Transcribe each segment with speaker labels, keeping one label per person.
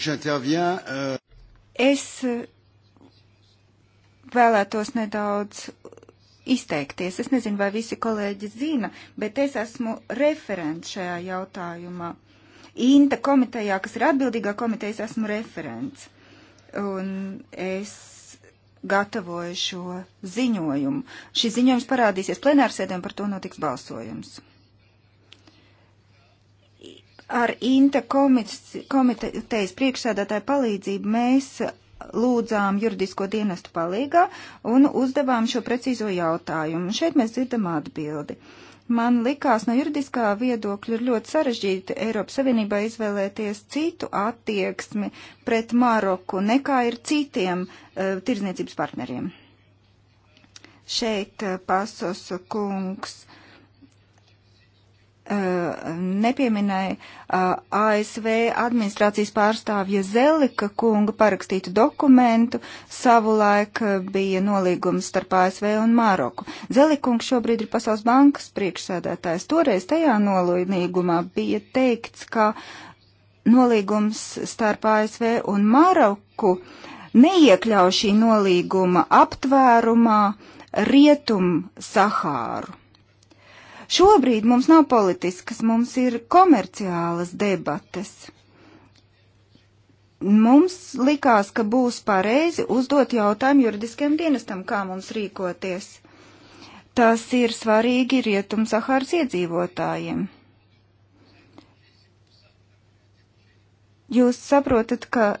Speaker 1: donc j'interviens.
Speaker 2: Euh... Es eh, vēlētos nedaudz izteikties. Es nezinu, vai visi kolēģi zina, bet es esmu referents šajā jautājumā. Inta komitejā, kas ir atbildīgā komiteja, es esmu referents. Un es gatavoju šo ziņojumu. Šis ziņojums parādīsies plenārsēdē un par to notiks balsojums. Ar Inta komitejas priekšsēdētāju palīdzību mēs lūdzām juridisko dienestu palīgā un uzdevām šo precīzo jautājumu. Šeit mēs dzirdam atbildi. Man likās no juridiskā viedokļa ļoti sarežģīti Eiropas Savienībā izvēlēties citu attieksmi pret Maroku nekā ir citiem uh, tirzniecības partneriem. Šeit uh, e, pasos kungs nepieminēja ASV administrācijas pārstāvja Zelika kunga parakstītu dokumentu, savulaik bija nolīgums starp ASV un Māroku. Zelikungs šobrīd ir Pasaules bankas priekšsēdētājs. Toreiz tajā nolīgumā bija teikts, ka nolīgums starp ASV un Māroku neiekļauj šī nolīguma aptvērumā Rietum Sahāru Šobrīd mums nav politiskas, mums ir komerciālas debates. Mums likās, ka būs pareizi uzdot jautājumu juridiskiem dienestam, kā mums rīkoties. Tas ir svarīgi Rietum-Sahāras iedzīvotājiem. Jūs saprotat, ka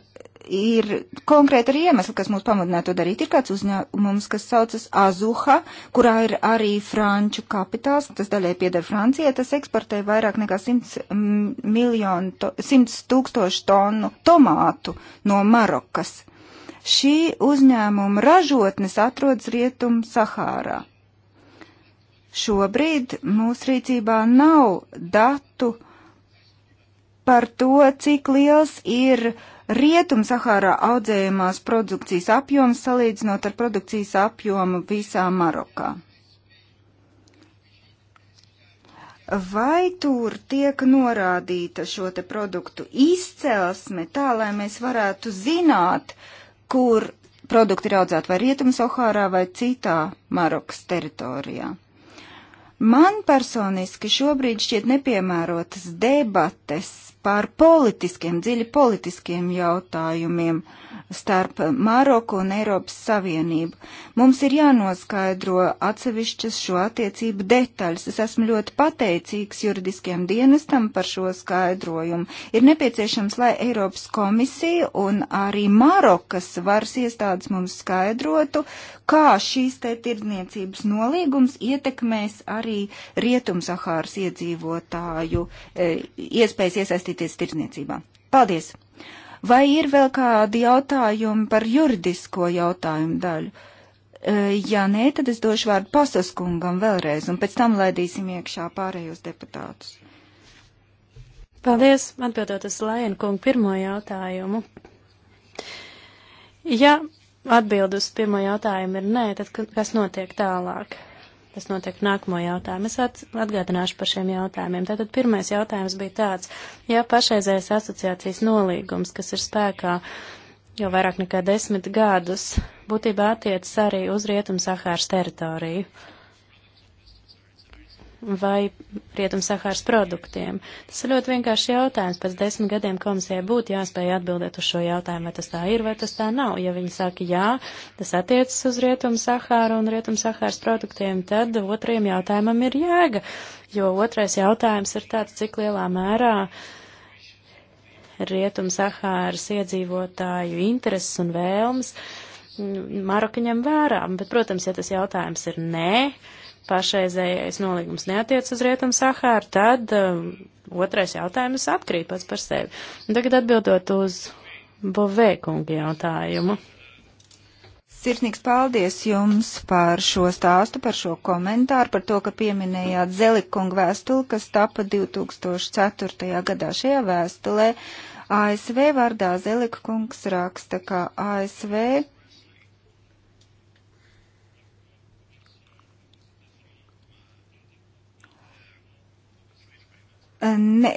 Speaker 2: ir konkrēti arī iemesli, kas mūs pamudinātu to darīt. Ir kāds uzņēmums, kas saucas Azuha, kurā ir arī franču kapitāls, tas daļai pieder Francijai, tas eksportē vairāk nekā 100, mm, miljonu, to, 100 tūkstošu tonu tomātu no Marokas. Šī uzņēmuma ražotnes atrodas Rietum Sahārā. Šobrīd mūsu rīcībā nav datu par to, cik liels ir uh, Rietum Sahārā audzējumās produkcijas apjoms salīdzinot ar produkcijas apjomu visā Marokā. Vai tur tiek norādīta šo te produktu izcelsme tā, lai mēs varētu zināt, kur produkti ir audzēti vai Rietum-Sahārā vai citā Marokas teritorijā? Man personiski šobrīd šķiet nepiemērotas debates par politiskiem, dziļi politiskiem jautājumiem. Uh, starp Maroku un Eiropas Savienību. Mums ir jānoskaidro atsevišķas šo attiecību detaļas. Es esmu ļoti pateicīgs juridiskiem dienestam par šo skaidrojumu. Ir nepieciešams, lai Eiropas komisija un arī Marokas varas iestādes mums skaidrotu, kā šīs te tirdniecības nolīgums ietekmēs arī Rietumsahāras iedzīvotāju e, iespējas iesaistīties tirdniecībā. Paldies! Vai ir vēl kādi jautājumi par juridisko jautājumu daļu? E, ja nē, tad es došu vārdu pasaskungam vēlreiz, un pēc tam laidīsim iekšā pārējos deputātus.
Speaker 3: Paldies, atbildot uz Lajana kungu pirmo jautājumu. Ja atbild uz pirmo jautājumu ir nē, tad kas notiek tālāk? tas notiek nākamo jautājumu. Es atgādināšu par šiem jautājumiem. Tātad pirmais jautājums bija tāds, ja pašreizējais asociācijas nolīgums, kas ir spēkā jau vairāk nekā desmit gadus, būtībā attiecas arī uz Rietumu Sahāras teritoriju. Uh, vai Rietumsahāras produktiem? Tas ir ļoti vienkārši jautājums. Pēc desmit gadiem komisijai būtu jāspēj atbildēt uz šo jautājumu, vai tas tā ir, vai tas tā nav. Ja viņi saka jā, tas attiecas uz Rietumsahāru un Rietumsahāras produktiem, tad otrajam jautājumam ir jēga, jo otrais jautājums ir tāds, cik lielā mērā Rietumsahāras iedzīvotāju intereses un vēlmes Maroka ņem vērā. Bet, protams, ja tas jautājums ir nē, pašreizējais nolīgums neatiec uz Rietumu Sahāru, tad um, otrais jautājums atkrīt pats par sevi. Un tagad atbildot uz Bovēkunga jautājumu. Sirsnīgs paldies jums par šo
Speaker 2: stāstu, par šo komentāru, par to, ka pieminējāt Zelikunga vēstuli, kas tapa 2004. gadā šajā vēstulē. ASV vārdā Zelika kungs raksta, ka ASV ne,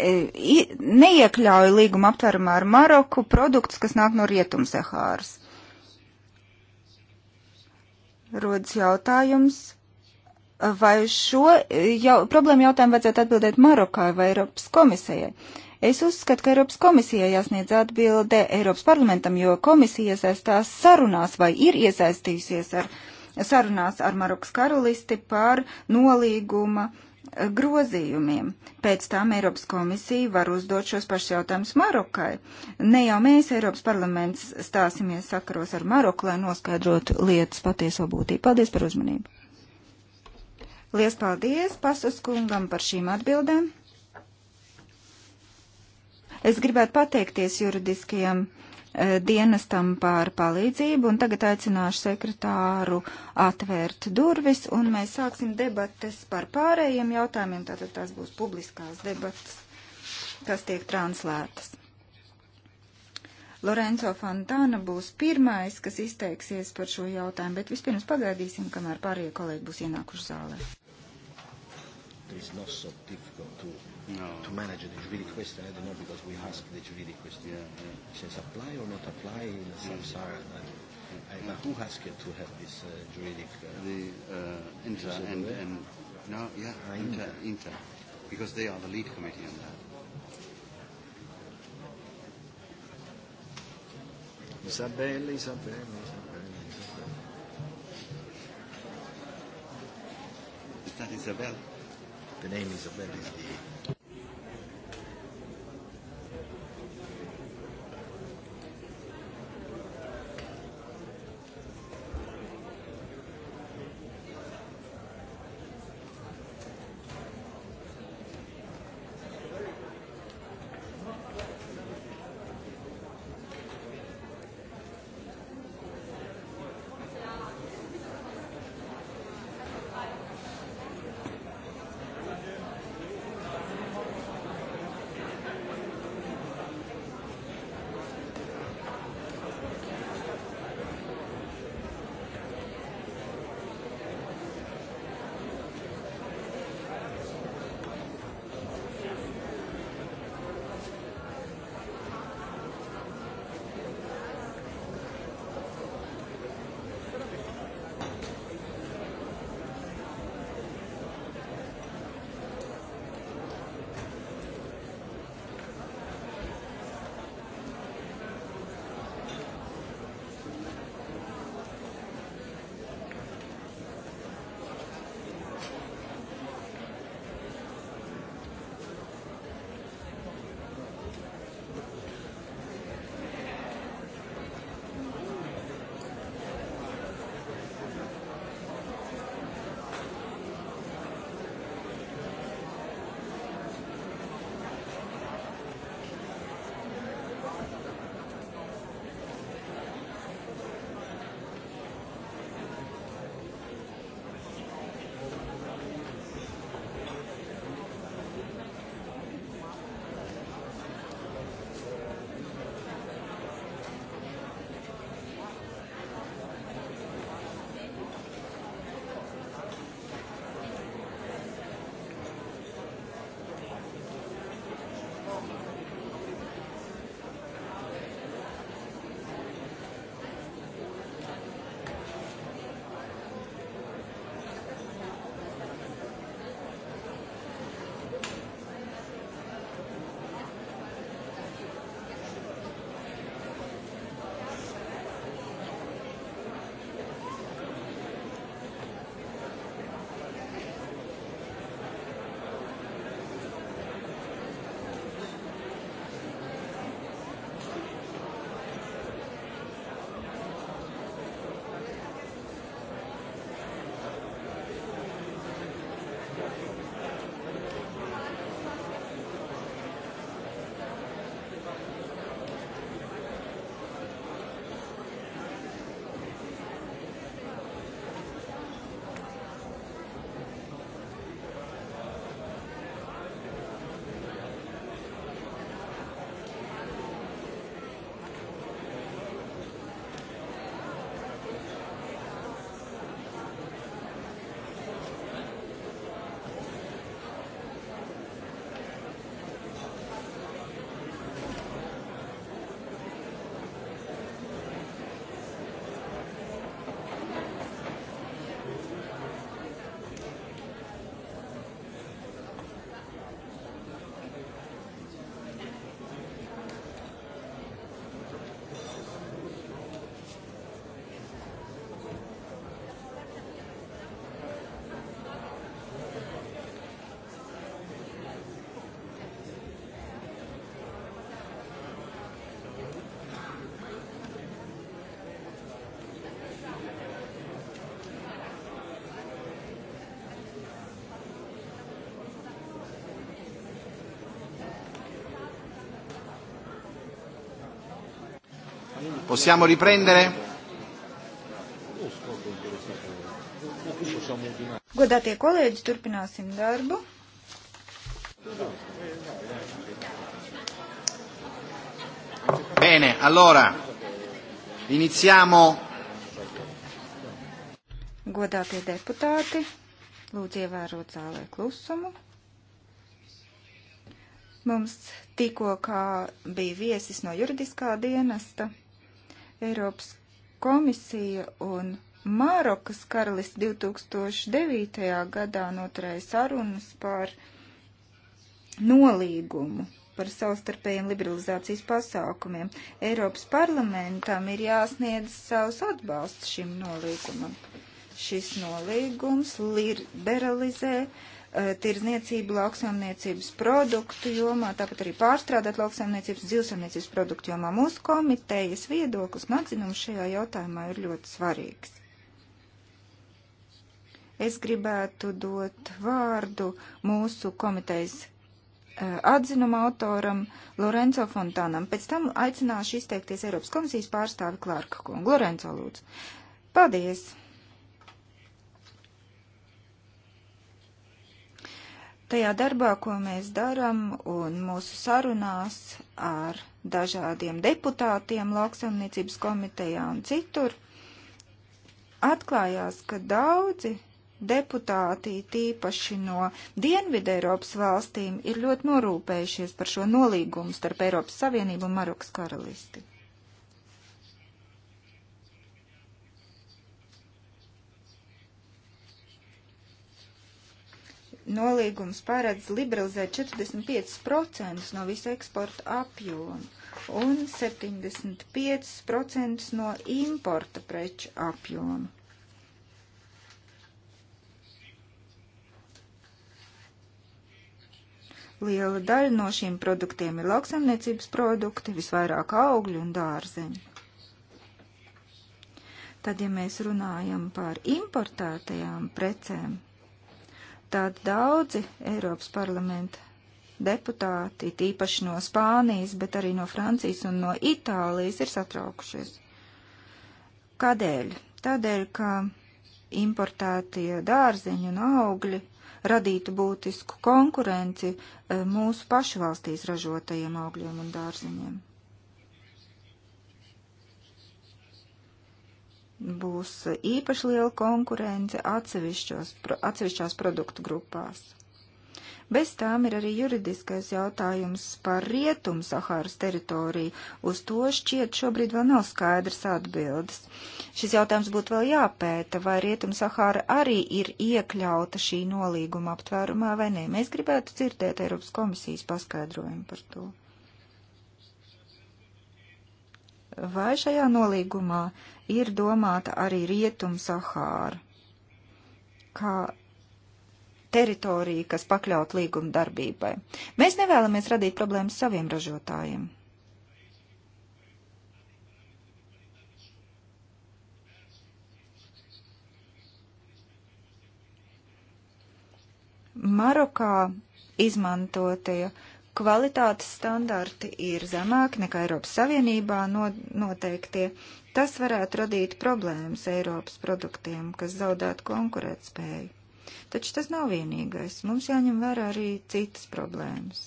Speaker 2: neiekļauj līguma aptvērumā ar Maroku produktus, kas nāk no Rietumsehāras. Rodas jautājums, vai šo jau, problēmu jautājumu vajadzētu atbildēt Marokai vai Eiropas komisijai. Es uzskatu, ka Eiropas komisijai jāsniedz atbilde Eiropas parlamentam, jo komisija iesaistās sarunās vai ir iesaistījusies ar sarunās ar Marokas karalisti par nolīguma uh, grozījumiem. Pēc tam Eiropas komisija var uzdot šos pašus jautājumus Marokai. Ne jau mēs, Eiropas parlaments, stāsimies sakaros ar Maroku, lai noskaidrotu lietas patieso būtību. Paldies par uzmanību! Lies paldies pasas kungam par šīm atbildēm! Es gribētu pateikties juridiskajam uh, Eh, dienestam par palīdzību, un tagad aicināšu sekretāru atvērt durvis, un mēs sāksim debates par pārējiem jautājumiem, tātad tās būs publiskās debates, kas tiek translētas. Lorenzo Fantāna būs pirmais, kas izteiksies par šo jautājumu, bet vispirms pagaidīsim, kamēr pārējie kolēģi būs ienākuši zālē.
Speaker 1: It is not so difficult to no. to manage the juridic question. Eh, I don't know because we ask the juridic question. Yeah, yeah. It says apply or not apply in the samsara. And, I, but who asked you to have this uh, juridic? Uh, the uh, Inter and, and no, yeah, ah, Inter, Inter, because they are the lead committee on that. Isabella, Isabella, Isabella, Isabella. Is that Isabel? The name Isabel is the Possiamo riprendere?
Speaker 2: Godātie kolēģi, turpināsim darbu.
Speaker 1: Bene, allora,
Speaker 2: iniziamo. Godātie deputāti, lūdzu ievērot zālē klusumu. Mums tikko kā bija viesis no juridiskā dienesta. Eiropas komisija un Mārokas karalis 2009. gadā noturēja sarunas par nolīgumu par savstarpējiem liberalizācijas pasākumiem. Eiropas parlamentam ir jāsniedz savus atbalsts šim nolīgumam. Šis nolīgums liberalizē uh, Eh, tirzniecību lauksaimniecības produktu jomā, tāpat arī pārstrādāt lauksaimniecības dzīvesaimniecības produktu jomā. Mūsu komitejas viedoklis un atzinums šajā jautājumā ir ļoti svarīgs. Es gribētu dot vārdu mūsu komitejas eh, atzinuma autoram Lorenzo Fontānam. Pēc tam aicināšu izteikties Eiropas komisijas pārstāvi Klārka kungu. Lorenzo, lūdzu. Paldies! Tajā darbā, ko mēs darām un mūsu sarunās ar dažādiem deputātiem, lauksaimniecības komitejā un citur, atklājās, ka daudzi deputāti, tīpaši no Dienvidu Eiropas valstīm, ir ļoti norūpējušies par šo nolīgumu starp Eiropas Savienību un Marokas karalisti. nolīgums paredz liberalizēt 45% no visu eksporta apjomu un 75% no importa preču apjomu. Liela daļa no šiem produktiem ir lauksaimniecības produkti, visvairāk augļi un dārzeņi. Tad, ja mēs runājam par importētajām precēm, Tad daudzi Eiropas parlamenta deputāti, tīpaši no Spānijas, bet arī no Francijas un no Itālijas, ir satraukušies. Kādēļ? Tādēļ, ka importētie dārzeņi un augļi radītu būtisku konkurenci eh, mūsu pašu valstīs ražotajiem augļiem un dārzeņiem. būs īpaši liela konkurence atsevišķās produktu grupās. Bez tām ir arī juridiskais jautājums par rietumu Sahāras teritoriju. Uz to šķiet šobrīd vēl nav skaidrs atbildes. Šis jautājums būtu vēl jāpēta, vai rietumu Sahāra arī ir iekļauta šī nolīguma aptvērumā vai nē. Mēs gribētu dzirdēt Eiropas komisijas paskaidrojumu par to. Vai šajā nolīgumā uh, ir domāta arī Rietum Sahāra, kā teritorija, kas pakļaut līguma darbībai. Mēs nevēlamies radīt problēmas saviem ražotājiem. Marokā izmantotie uh, kvalitātes standarti ir zemāki nekā Eiropas Savienībā no, noteiktie. Tas varētu radīt problēmas Eiropas produktiem, kas zaudētu konkurētspēju. Taču tas nav vienīgais. Mums jāņem vērā arī citas problēmas.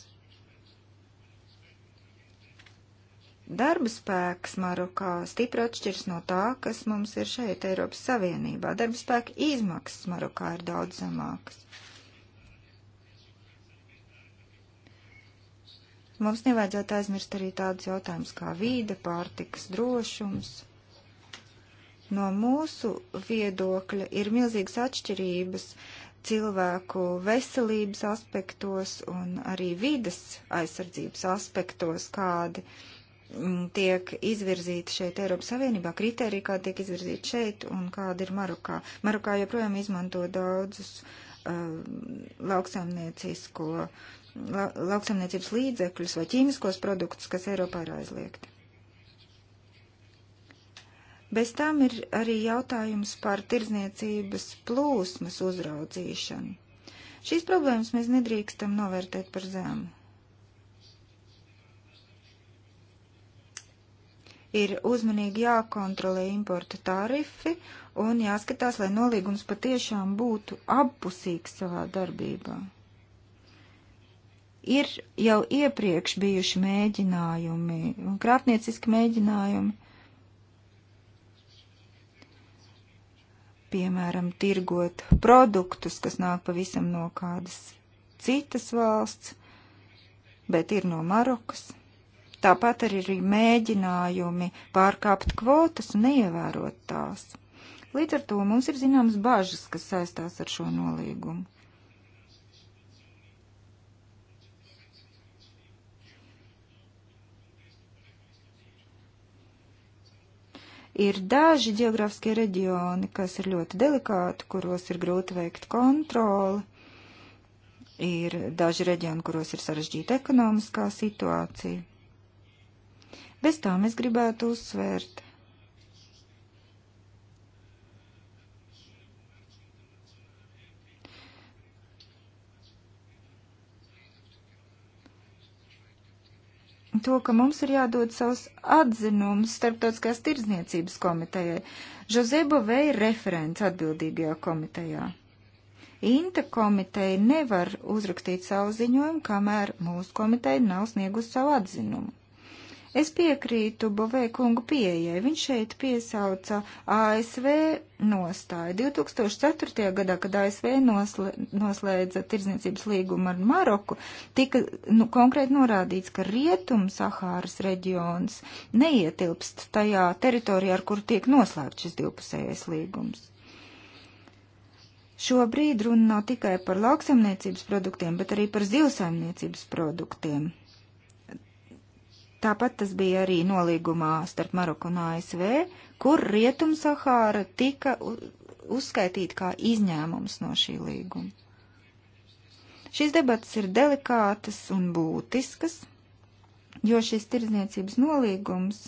Speaker 2: Darba spēks Marokā stipri atšķirs no tā, kas mums ir šeit Eiropas Savienībā. Darba spēka izmaksas Marokā ir daudz zemākas. Mums nevajadzētu aizmirst arī tādus jautājumus kā vīde, pārtikas drošums. No mūsu viedokļa ir milzīgas atšķirības cilvēku veselības aspektos un arī vides aizsardzības aspektos, kādi mm, tiek izvirzīti šeit Eiropas Savienībā, kriteriji, kādi tiek izvirzīti šeit un kādi ir Marokā. Marokā joprojām izmanto daudzus uh, lauksaimniecisko uh, la, lauksamniecības līdzekļus vai ķīmiskos produktus, kas Eiropā ir aizliegti. Bez tam ir arī jautājums par tirzniecības plūsmas uzraudzīšanu. Šīs problēmas mēs nedrīkstam novērtēt par zemu. Ir uzmanīgi jākontrolē importa tarifi un jāskatās, lai nolīgums patiešām būtu appusīgs savā darbībā. Ir jau iepriekš bijuši mēģinājumi, krāpnieciski mēģinājumi. Piemēram, tirgot produktus, kas nāk pavisam no kādas citas valsts, bet ir no Marokas. Tāpat arī ir mēģinājumi pārkāpt kvotas un neievērot tās. Līdz ar to mums ir zināmas bažas, kas saistās ar šo nolīgumu. Ir daži geogrāfiskie reģioni, kas ir ļoti delikāti, kuros ir grūti veikt kontroli. Ir daži reģioni, kuros ir sarežģīta ekonomiskā situācija. Bez tām es gribētu uzsvērt to, ka mums ir jādod savus atzinumus starptautiskās tirdzniecības komitejai. Žozebo Vei referents atbildīgajā komitejā. Inta komiteja nevar uzrakstīt savu ziņojumu, kamēr mūsu komiteja nav sniegusi savu atzinumu. Es piekrītu Bovēkungu pieejai. Viņš šeit piesauca ASV nostāju. 2004. gadā, kad ASV noslē, noslēdza tirdzniecības līgumu ar Maroku, tika nu, konkrēti norādīts, ka rietum Sahāras reģions neietilpst tajā teritorijā, ar kuru tiek noslēgts šis divpusējais līgums. Šobrīd runa nav tikai par lauksaimniecības produktiem, bet arī par zivsaimniecības produktiem. Tāpat tas bija arī nolīgumā starp Maroku un ASV, kur Rietumsahāra tika uzskaitīta kā izņēmums no šī līguma. Šīs debatas ir delikātas un būtiskas, jo šis tirdzniecības nolīgums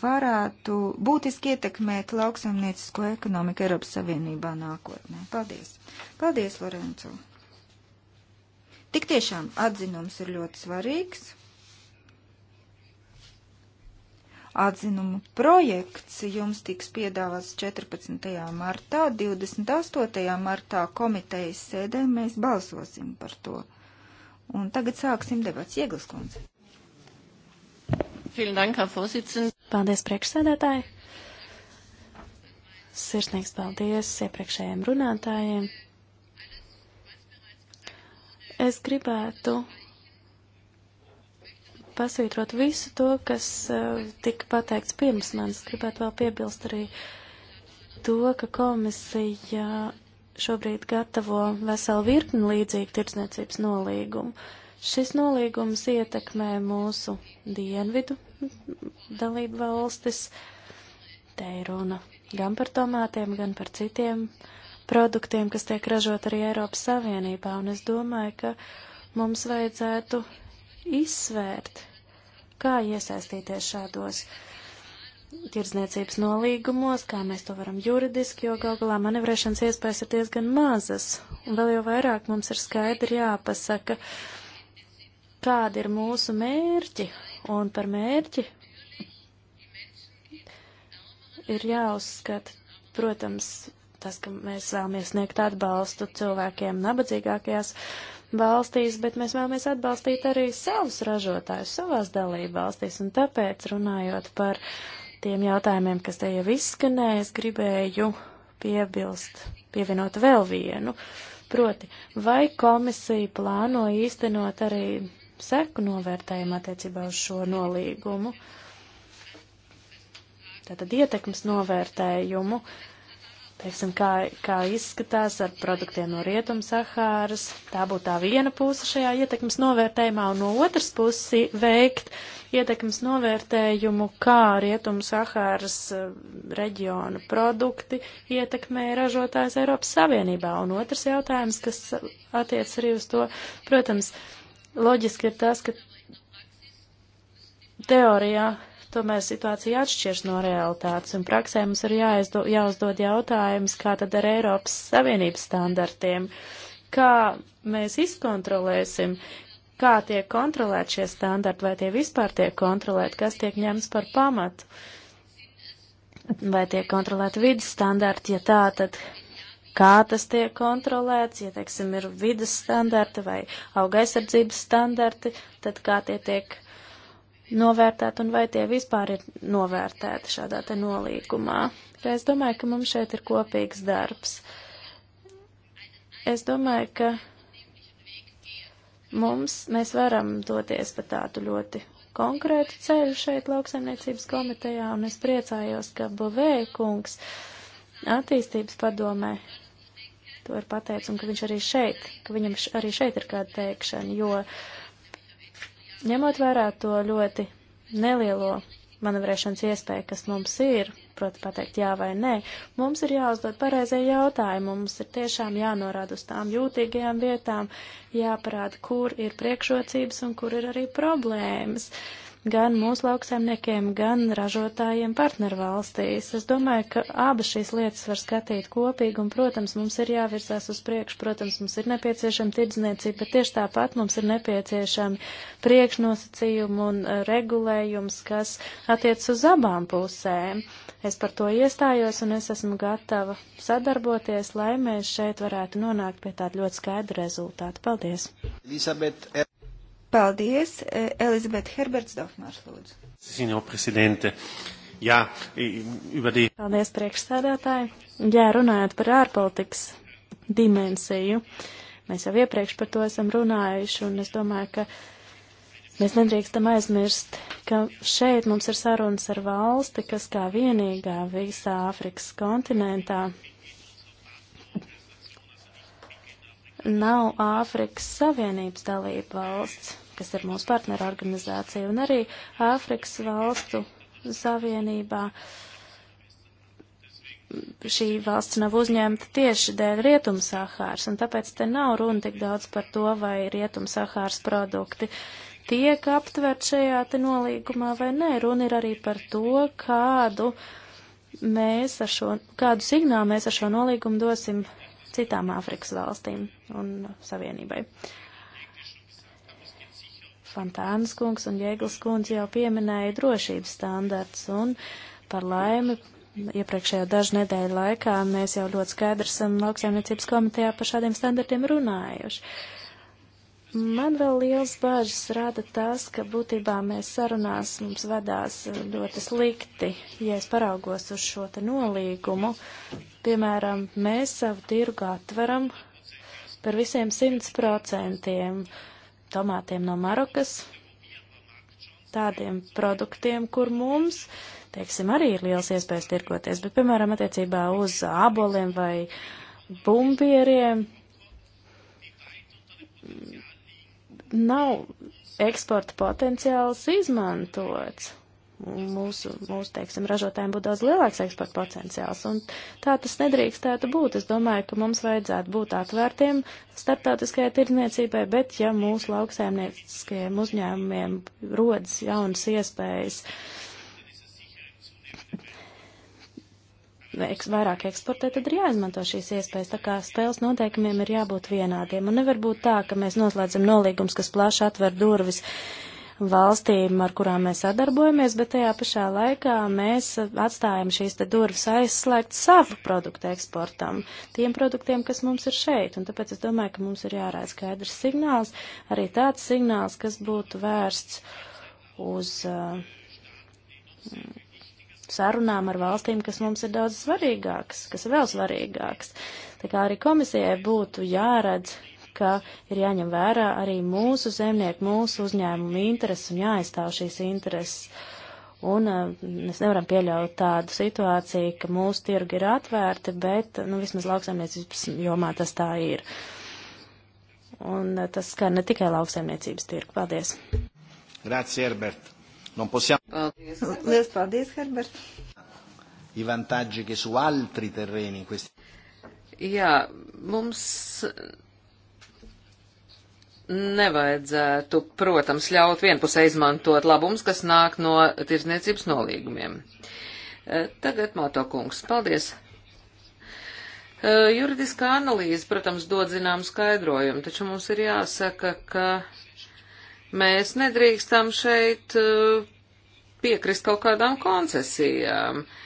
Speaker 2: varētu būtiski ietekmēt lauksaimniecisko ekonomiku Eiropas Savienībā nākotnē. Paldies! Paldies, Lorenco! Tik tiešām atzinums ir ļoti svarīgs. Atzinumu projekts jums tiks piedāvāts 14. martā, 28. martā komitejas sēdē mēs balsosim par to. Un tagad sāksim debats Ieglas kundze.
Speaker 3: Paldies, priekšsēdētāji! Sirsnīgs paldies iepriekšējiem runātājiem. Es gribētu pasvītrot visu to, kas uh, tika pateikts pirms manis. Gribētu vēl piebilst arī to, ka komisija šobrīd gatavo veselu virkni līdzīgu tirdzniecības nolīgumu. Šis nolīgums ietekmē mūsu dienvidu dalību valstis. Te ir runa gan par tomātiem, gan par citiem produktiem, kas tiek ražot arī Eiropas Savienībā, un es domāju, ka mums vajadzētu izsvērt, kā iesaistīties šādos tirdzniecības nolīgumos, kā mēs to varam juridiski, jo gal galā manevrēšanas iespējas ir diezgan mazas. Un vēl jau vairāk mums ir skaidri jāpasaka, kādi ir mūsu mērķi, un par mērķi ir jāuzskata, protams, tas, ka mēs vēlamies sniegt atbalstu cilvēkiem nabadzīgākajās valstīs, bet mēs vēlamies atbalstīt arī savus ražotājus savās dalību valstīs, un tāpēc runājot par tiem jautājumiem, kas te jau izskanēja, es gribēju piebilst, pievienot vēl vienu. Proti, vai komisija plāno īstenot arī seku novērtējumu attiecībā uz šo nolīgumu? Tātad ietekmes novērtējumu. Uh, teiksim, kā, kā izskatās ar produktiem no Rietuma Sahāras. Tā būtu tā viena puse šajā ietekmes novērtējumā, un no otras puses veikt ietekmes novērtējumu, kā Rietuma Sahāras eh, reģiona produkti ietekmē ražotājs Eiropas Savienībā. Un otrs jautājums, kas attiec arī uz to, protams, loģiski ir tas, ka teorijā Tomēr situācija atšķirs no realitātes, un praksē mums ir jāizdo, jāuzdod jautājums, kā tad ar Eiropas Savienības standartiem, kā mēs izkontrolēsim, kā tiek kontrolēt šie standarti, vai tie vispār tiek kontrolēt, kas tiek ņemts par pamatu, vai tiek kontrolēt vidas standarti, ja tā, tad kā tas tiek kontrolēts, ja, teiksim, ir vidas standarti vai augaisardzības standarti, tad kā tie tiek novērtēt un vai tie vispār ir novērtēti šādā te nolīgumā. Es domāju, ka mums šeit ir kopīgs darbs. Es domāju, ka mums, mēs varam doties pa tādu ļoti konkrētu ceļu šeit lauksaimniecības komitejā, un es priecājos, ka Bovēja kungs attīstības padomē to ir pateicis, un ka viņš arī šeit, ka viņam arī šeit ir kāda teikšana, jo Ņemot vērā to ļoti nelielo manevrēšanas iespēju, kas mums ir, proti pateikt jā vai nē, mums ir jāuzdod pareizie jautājumi, mums ir tiešām jānorāda uz tām jūtīgajām vietām, jāparāda, kur ir priekšrocības un kur ir arī problēmas. Uh, gan mūsu lauksaimniekiem, gan ražotājiem partnervalstīs. Es domāju, ka abas šīs lietas var skatīt kopīgi, un, protams, mums ir jāvirzās uz priekšu, protams, mums ir nepieciešama tirdzniecība, bet tieši tāpat mums ir nepieciešami priekšnosacījumi un eh, regulējums, kas attiec uz abām pusēm. Es par to iestājos, un es esmu gatava sadarboties, lai mēs šeit varētu nonākt pie tāda ļoti skaidra rezultāta. Paldies!
Speaker 1: Elizabeth.
Speaker 3: Paldies, e, Elizabete Herberts Dofmārs, lūdzu.
Speaker 4: Sino prezidente. Jā, ivadī.
Speaker 3: Paldies, priekšsēdētāji. Jā, runājot par ārpolitikas dimensiju, mēs jau iepriekš par to esam runājuši, un es domāju, ka mēs nedrīkstam aizmirst, ka šeit mums ir sarunas ar valsti, kas kā vienīgā visā Āfrikas kontinentā nav Āfrikas Savienības dalība valsts kas ir mūsu partneru organizācija, un arī Āfrikas valstu savienībā šī valsts nav uzņemta tieši dēļ Rietumsahāras, un tāpēc te nav runa tik daudz par to, vai Rietumsahāras produkti tiek aptvert šajā te nolīgumā vai nē. Runa ir arī par to, kādu, mēs ar šo, kādu signālu mēs ar šo nolīgumu dosim citām Āfrikas valstīm un savienībai. Uh, Fantānas kungs un Jēglas kundze jau pieminēja drošības standarts un par laimi iepriekšējo dažu nedēļu laikā mēs jau ļoti skaidri esam lauksaimniecības komitejā par šādiem standartiem runājuši. Man vēl liels bažas rada tas, ka būtībā mēs sarunās mums vedās ļoti slikti, ja es paraugos uz šo te nolīgumu. Piemēram, mēs savu tirgu atveram par visiem simts procentiem. Uh, tomātiem no Marokas, tādiem produktiem, kur mums, teiksim, arī ir liels iespējas tirkoties, bet, piemēram, attiecībā uz āboliem vai bumbieriem nav eksporta potenciāls izmantots mūsu, mūsu teiksim, ražotājiem būtu daudz lielāks eksporta potenciāls. Un tā tas nedrīkstētu būt. Es domāju, ka mums vajadzētu būt atvērtiem starptautiskajai tirdzniecībai, bet ja mūsu lauksaimnieciskajiem uzņēmumiem rodas jaunas iespējas vairāk eksportē, tad ir jāizmanto šīs iespējas. Tā kā spēles noteikumiem ir jābūt vienādiem. Un nevar būt tā, ka mēs noslēdzam nolīgums, kas plaši atver durvis uh, valstīm, ar kurām mēs sadarbojamies, bet tajā pašā laikā mēs atstājam šīs te durvis aizslēgt savu produktu eksportam, tiem produktiem, kas mums ir šeit. Un tāpēc es domāju, ka mums ir jārāda skaidrs signāls, arī tāds signāls, kas būtu vērsts uz uh, sarunām ar valstīm, kas mums ir daudz svarīgākas, kas ir vēl svarīgākas. Tā kā arī komisijai būtu jāredz ka ir jāņem vērā arī mūsu zemnieku, mūsu uzņēmumu intereses un jāaizstāv šīs intereses. Un eh, mēs nevaram pieļaut tādu situāciju, ka mūsu tirgi ir atvērti, bet, nu, vismaz lauksaimniecības jomā tas tā ir. Un eh, tas skar ne tikai lauksaimniecības tirgu. Paldies!
Speaker 1: Grazie, Herbert! Non possiamo... Paldies, Herbert.
Speaker 2: Liels paldies, Herbert!
Speaker 1: I vantaggi che su altri terreni questi...
Speaker 4: Jā, mums nevajadzētu, protams, ļaut vienpusē izmantot labums, kas nāk no tirzniecības nolīgumiem. E, tagad Mato kungs, paldies! E, Juridiskā analīze, protams, dod zinām skaidrojumu, taču mums ir jāsaka, ka mēs nedrīkstam šeit e, piekrist kaut kādām koncesijām. Uh,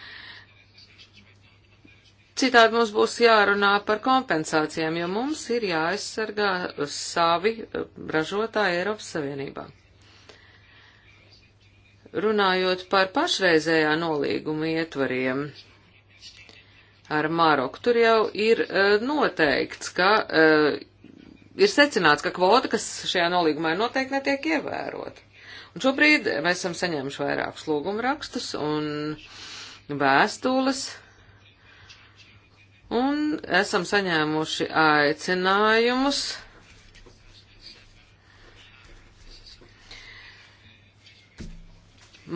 Speaker 4: Citādi mums būs jārunā par kompensācijām, jo mums ir jāaizsargā savi eh, ražotāji Eiropas Savienībā. Runājot par pašreizējā nolīguma ietvariem, ar Maroku. Tur jau ir uh, noteikts, ka uh, ir secināts, ka kvota, kas šajā nolīgumā ir noteikti, netiek ievērota. Un šobrīd mēs esam saņēmuši vairākus lūgumu rakstus un vēstules Un esam saņēmuši aicinājumus.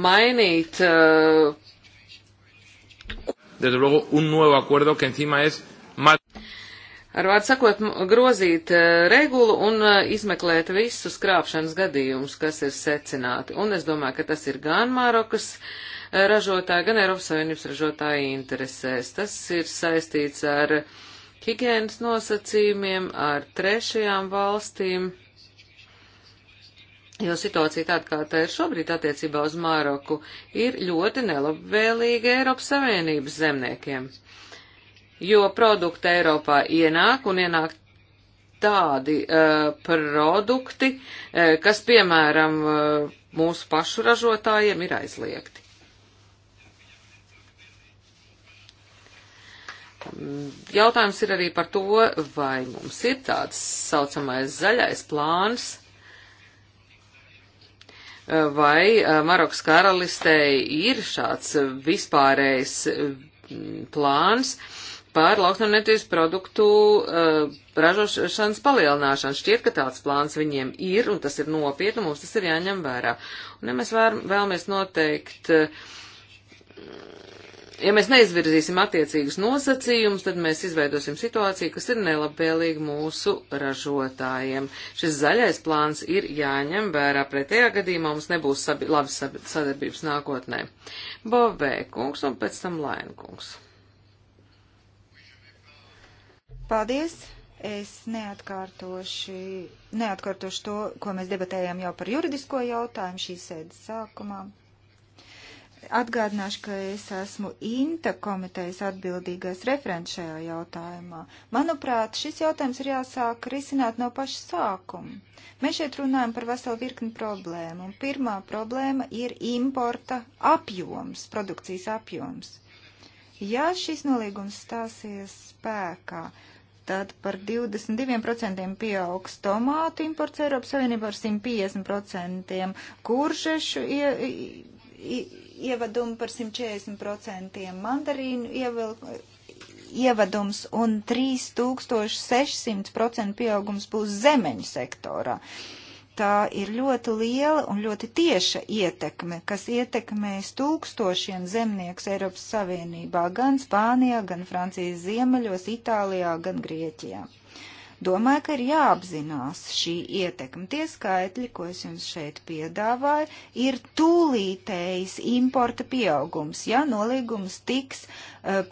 Speaker 4: Mainīt. Uh, Desde luego, un nuevo acuerdo que encima es más. Ar vārdu sakot, grozīt uh, regulu un uh, izmeklēt visus krāpšanas gadījumus, kas ir secināti. Un es domāju, ka tas ir gan Marokas uh, ražotāju, gan Eiropas Savienības ražotāju interesēs. Tas ir saistīts ar higienas nosacījumiem, ar trešajām valstīm, jo situācija tāda, kā tā ir šobrīd attiecībā uz Māroku, ir ļoti nelabvēlīga Eiropas Savienības zemniekiem. Jo produkti Eiropā ienāk un ienāk tādi uh, produkti, uh, kas, piemēram, uh, mūsu pašu ražotājiem ir aizliegti. Jautājums ir arī par to, vai mums ir tāds saucamais zaļais plāns, vai eh, Marokas karalistei ir šāds vispārējs mm, plāns par lauksaimniecības produktu uh, ražošanas palielināšanu. Šķiet, ka tāds plāns viņiem ir, un tas ir nopietni, mums tas ir jāņem vērā. Un ja mēs vēr, vēlamies noteikt uh, ja mēs neizvirzīsim attiecīgus nosacījumus, tad mēs izveidosim situāciju, kas ir nelabvēlīga mūsu ražotājiem. Šis zaļais plāns ir jāņem vērā, pretējā gadījumā mums nebūs sabi, labi sabi, sadarbības nākotnē. Bovē kungs un pēc tam Laina kungs. Paldies!
Speaker 2: Es neatkārtoši, neatkārtoši to, ko mēs debatējām jau par juridisko jautājumu šīs sēdes sākumā. Atgādināšu, ka es esmu INTA komitejas atbildīgais referents šajā jautājumā. Manuprāt, šis jautājums ir jāsāk risināt no paša sākuma. Mēs šeit runājam par veselu virkni problēmu, un pirmā problēma ir importa apjoms, produkcijas apjoms. Ja šis nolīgums stāsies spēkā, tad par 22% pieaugs tomātu imports Eiropas Savienībā ar 150%, kuržešu ievadumu par 140% mandarīnu ievilk, ievadums un 3600% pieaugums būs zemeņu sektorā. Tā ir ļoti liela un ļoti tieša ietekme, kas ietekmēs tūkstošiem zemniekus Eiropas Savienībā, gan Spānijā, gan Francijas ziemeļos, Itālijā, gan Grieķijā. Domāju, ka ir jāapzinās šī ietekme. Tie skaitļi, ko es jums šeit piedāvāju, ir tūlītējs importa pieaugums, ja nolīgums tiks uh,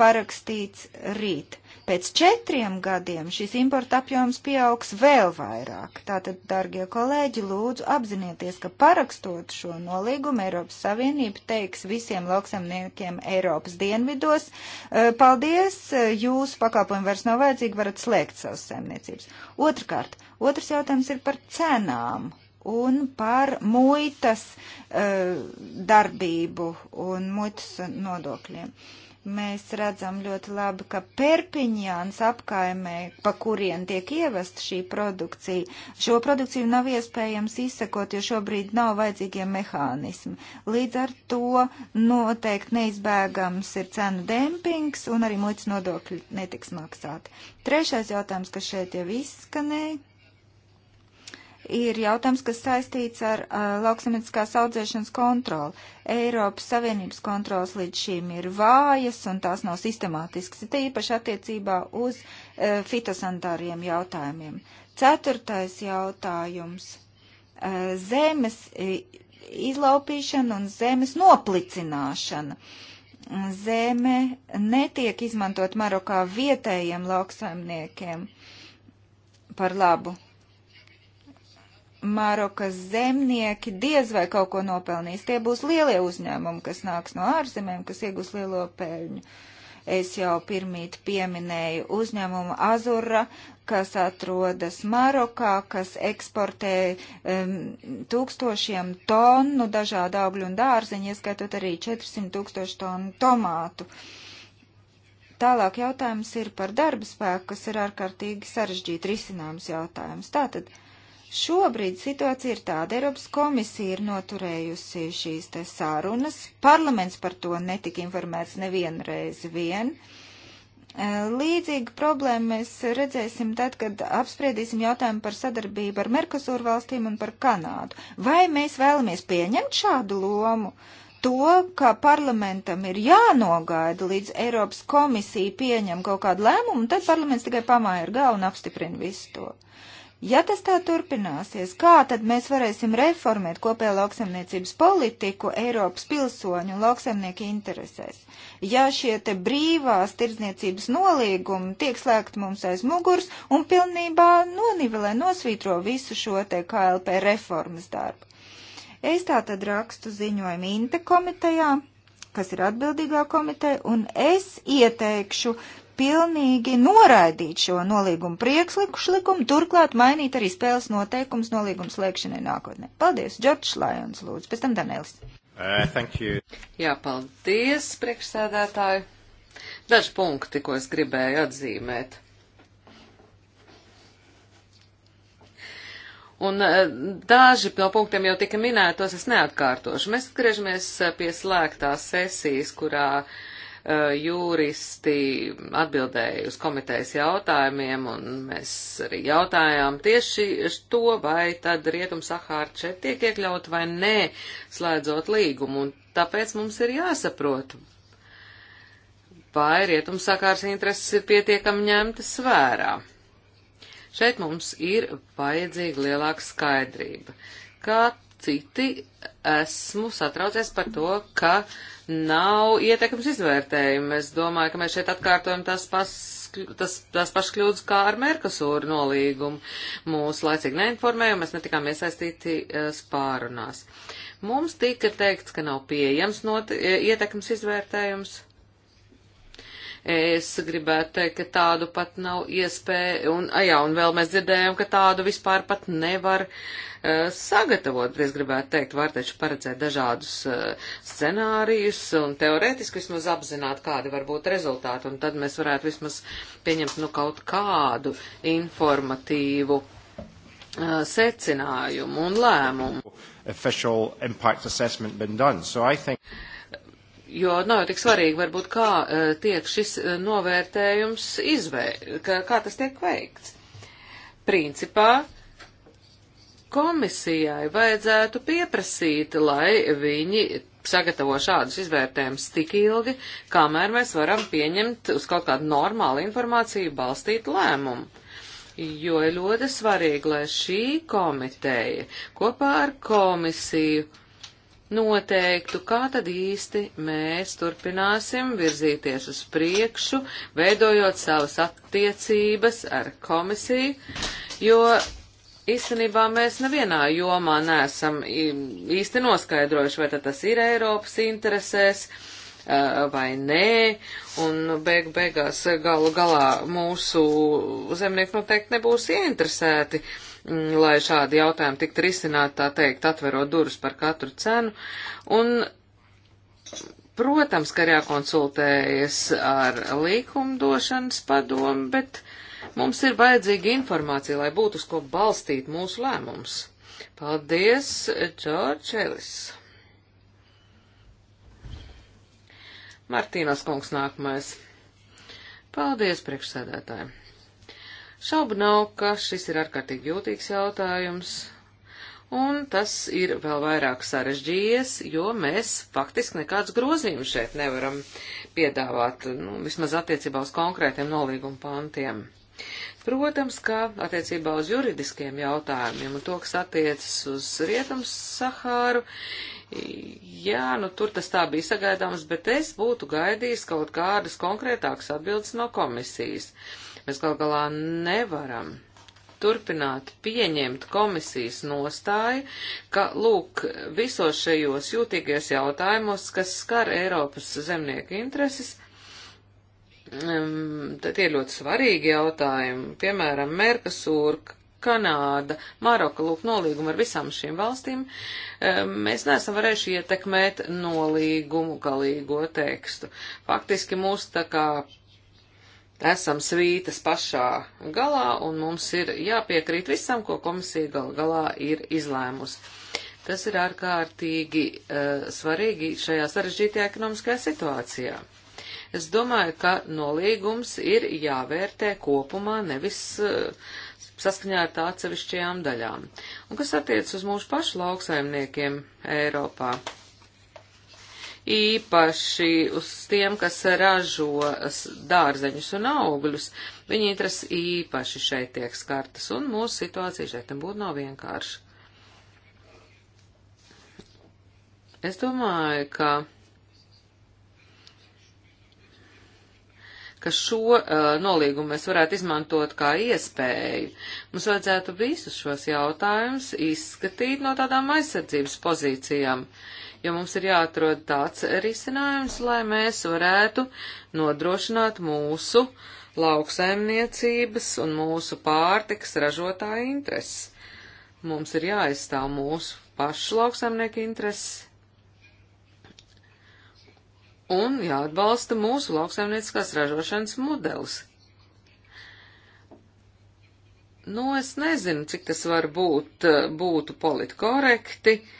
Speaker 2: parakstīts rīt. Pēc četriem gadiem šis importa apjoms pieaugs vēl vairāk. Tātad, dargie kolēģi, lūdzu apzinieties, ka parakstot šo nolīgumu Eiropas Savienība teiks visiem lauksamniekiem Eiropas dienvidos, e, paldies, e, jūsu pakalpojumi vairs nav vajadzīgi, varat slēgt savas saimniecības. Otrkārt, otrs jautājums ir par cenām un par muitas uh, darbību un muitas nodokļiem. Uh, Mēs redzam ļoti labi, ka Perpiņāns apkaimē, pa kurien tiek ievest šī produkcija, šo produkciju nav iespējams izsekot, jo šobrīd nav vajadzīgie mehānismi. Līdz ar to noteikti neizbēgams ir cenu dempings un arī muitas nodokļi netiks maksāti. Trešais jautājums, kas šeit jau izskanēja ir jautājums, kas saistīts ar uh, lauksamnieciskās audzēšanas kontroli. Eiropas Savienības kontrols līdz šīm ir vājas un tās nav sistemātiskas, it īpaši attiecībā uz uh, fitosantāriem jautājumiem. Ceturtais jautājums uh, - zemes izlaupīšana un zemes noplicināšana. Zeme netiek izmantot Marokā vietējiem lauksaimniekiem par labu Marokas zemnieki diez vai kaut ko nopelnīs. Tie būs lielie uzņēmumi, kas nāks no ārzemēm, kas iegūs lielo peļņu. Es jau pirmīt pieminēju uzņēmumu Azura, kas atrodas Marokā, kas eksportē um, tūkstošiem tonu dažādu augļu un dārziņu, ieskaitot arī 400 tūkstošu tonu tomātu. Tālāk jautājums ir par darba spēku, kas ir ārkārtīgi sarežģīti risinājums jautājums. Tātad. Šobrīd situācija ir tāda, Eiropas komisija ir noturējusi šīs te sārunas, parlaments par to netika informēts nevienreiz vien. Līdzīgu problēmu mēs redzēsim tad, kad apspriedīsim jautājumu par sadarbību ar Merkosūru valstīm un par Kanādu. Vai mēs vēlamies pieņemt šādu lomu? To, ka parlamentam ir jānogaida, līdz Eiropas komisija pieņem kaut kādu lēmumu, un tad parlaments tikai pamāja ar galvu un apstiprina visu to. Uh, Ja tas tā turpināsies, kā tad mēs varēsim reformēt kopējo lauksaimniecības politiku Eiropas pilsoņu un lauksaimnieku interesēs? Ja šie te brīvās tirdzniecības nolīgumi tiek slēgti mums aiz muguras un pilnībā nonivelē, nosvītro visu šo te KLP reformas darbu. Es tā tad rakstu ziņojumu Inte komitejā, kas ir atbildīgā komiteja, un es ieteikšu pilnīgi noraidīt šo nolīgumu priekšlikumu, turklāt mainīt arī spēles noteikums nolīgums slēgšanai nākotnē. Paldies, Džordžs Lajons, lūdzu, pēc tam Danēlis.
Speaker 4: Uh, Jā, paldies, priekšsēdētāji. Daži punkti, ko es gribēju atzīmēt. Un uh, daži no punktiem jau tika minētos, es neatkārtošu. Mēs griežamies uh, pie slēgtās sesijas, kurā uh, Eh, juristi atbildēja uz komitejas jautājumiem, un mēs arī jautājām tieši to, vai tad Rietum Sahāra šeit tiek iekļaut vai nē, slēdzot līgumu, un tāpēc mums ir jāsaprot, vai Rietum Sahāras intereses ir pietiekami ņemtas vērā. Šeit mums ir vajadzīga lielāka skaidrība. Kat citi esmu satraucies par to, ka nav ietekmes izvērtējumi. Es domāju, ka mēs šeit atkārtojam tas, pas, tas, tas pašas kļūdas kā ar Merkasūru nolīgumu. Mūs laicīgi neinformēja, un mēs netikām iesaistīti eh, spārunās. Mums tika teikts, ka nav pieejams not, eh, ietekmes izvērtējums. Es gribētu teikt, ka tādu pat nav iespēja, un, a, jā, un vēl mēs dzirdējām, ka tādu vispār pat nevar uh, sagatavot. Es gribētu teikt, var taču paredzēt dažādus uh, scenārijus un teoretiski vismaz apzināt, kādi var būt rezultāti, un tad mēs varētu vismaz pieņemt, nu, kaut kādu informatīvu e, secinājumu un lēmumu. Jo nav jau tik svarīgi, varbūt, kā eh, tiek šis eh, novērtējums izvērts, kā tas tiek veikts. Principā komisijai vajadzētu pieprasīt, lai viņi sagatavo šādus izvērtējumus tik ilgi, kamēr mēs varam pieņemt uz kaut kādu normālu informāciju balstītu lēmumu. Jo ir ļoti svarīgi, lai šī komiteja kopā ar komisiju noteiktu, kā tad īsti mēs turpināsim virzīties uz priekšu, veidojot savas attiecības ar komisiju, jo īstenībā mēs nevienā jomā neesam īsti noskaidrojuši, vai tad tas ir Eiropas interesēs vai nē, un beig beigās galu galā mūsu zemnieki noteikti nebūs ieinteresēti. Uh, Mm, lai šādi jautājumi tiktu risināti, tā teikt, atverot durus par katru cenu. Un, protams, ka ir jākonsultējas ar līkumdošanas padomu, bet mums ir vajadzīga informācija, lai būtu uz ko balstīt mūsu lēmums. Paldies, Džordž Elis. Martīnas kungs nākamais. Paldies, priekšsēdētāji. Šaubu nav, ka šis ir ārkārtīgi jūtīgs jautājums, un tas ir vēl vairāk sarežģījies, jo mēs faktiski nekādus grozījumus šeit nevaram piedāvāt, nu, vismaz attiecībā uz konkrētiem nolīguma pantiem. Protams, ka attiecībā uz juridiskiem jautājumiem un to, kas attiecas uz Rietums Sahāru, jā, nu tur tas tā bija sagaidāms, bet es būtu gaidījis kaut kādas konkrētākas atbildes no komisijas. Uh, Mēs gal galā nevaram turpināt pieņemt komisijas nostāju, ka, lūk, visos šajos jūtīgajos jautājumos, kas skar Eiropas zemnieku intereses, tad tie ir ļoti svarīgi jautājumi, piemēram, Merkasūra, Kanāda, Maroka, lūk, nolīguma ar visām šīm valstīm, mēs neesam varējuši ietekmēt nolīgumu galīgo tekstu. Faktiski mūs tā kā esam svītas pašā galā un mums ir jāpiekrīt visam, ko komisija gal galā ir izlēmusi. Tas ir ārkārtīgi uh, svarīgi šajā sarežģītajā ekonomiskajā situācijā. Es domāju, ka nolīgums ir jāvērtē kopumā, nevis uh, saskaņā ar tā atsevišķajām daļām. Un kas attiec uz mūsu pašu lauksaimniekiem Eiropā? Uh, īpaši uz tiem, kas ražo dārzeņus un augļus. Viņa intereses īpaši šeit tiek skartas, un mūsu situācija šeit nebūtu nav vienkārša. Es domāju, ka, ka šo uh, nolīgumu mēs varētu izmantot kā iespēju. Mums vajadzētu visus šos jautājumus izskatīt no tādām aizsardzības pozīcijām. Uh, jo mums ir jāatrod tāds risinājums, lai mēs varētu nodrošināt mūsu lauksaimniecības un mūsu pārtiks ražotāju intereses. Mums ir jāaizstāv mūsu pašu lauksaimnieku intereses un jāatbalsta mūsu lauksaimnieciskās ražošanas modelis. Nu, es nezinu, cik tas var būt, būtu politkorekti. Uh,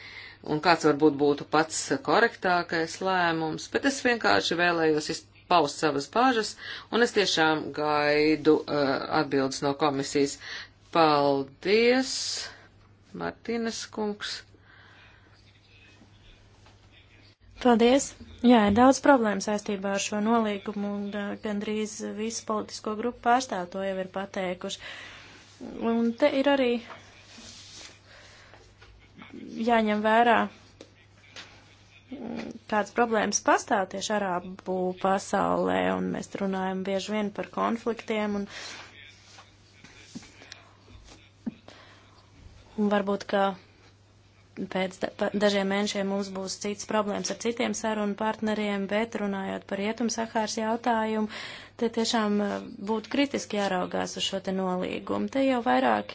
Speaker 4: un kāds varbūt būtu pats korektākais lēmums, bet es vienkārši vēlējos paust savas bāžas, un es tiešām gaidu uh, atbildes no komisijas. Paldies, Martīnas kungs.
Speaker 3: Paldies! Jā, ir daudz problēmu saistībā ar šo nolīgumu, un uh, gandrīz visu politisko grupu pārstāv to jau ir pateikuši. Un te ir arī jāņem vērā, mm, kādas problēmas pastāv tieši arābu pasaulē, un mēs runājam bieži vien par konfliktiem, un, un varbūt, ka pēc dažiem mēnešiem mums būs cits problēmas ar citiem sarunu partneriem, bet runājot par Rietum-Sahāras jautājumu, te tiešām eh, būtu kritiski jāraugās uz šo te nolīgumu. Te jau vairāk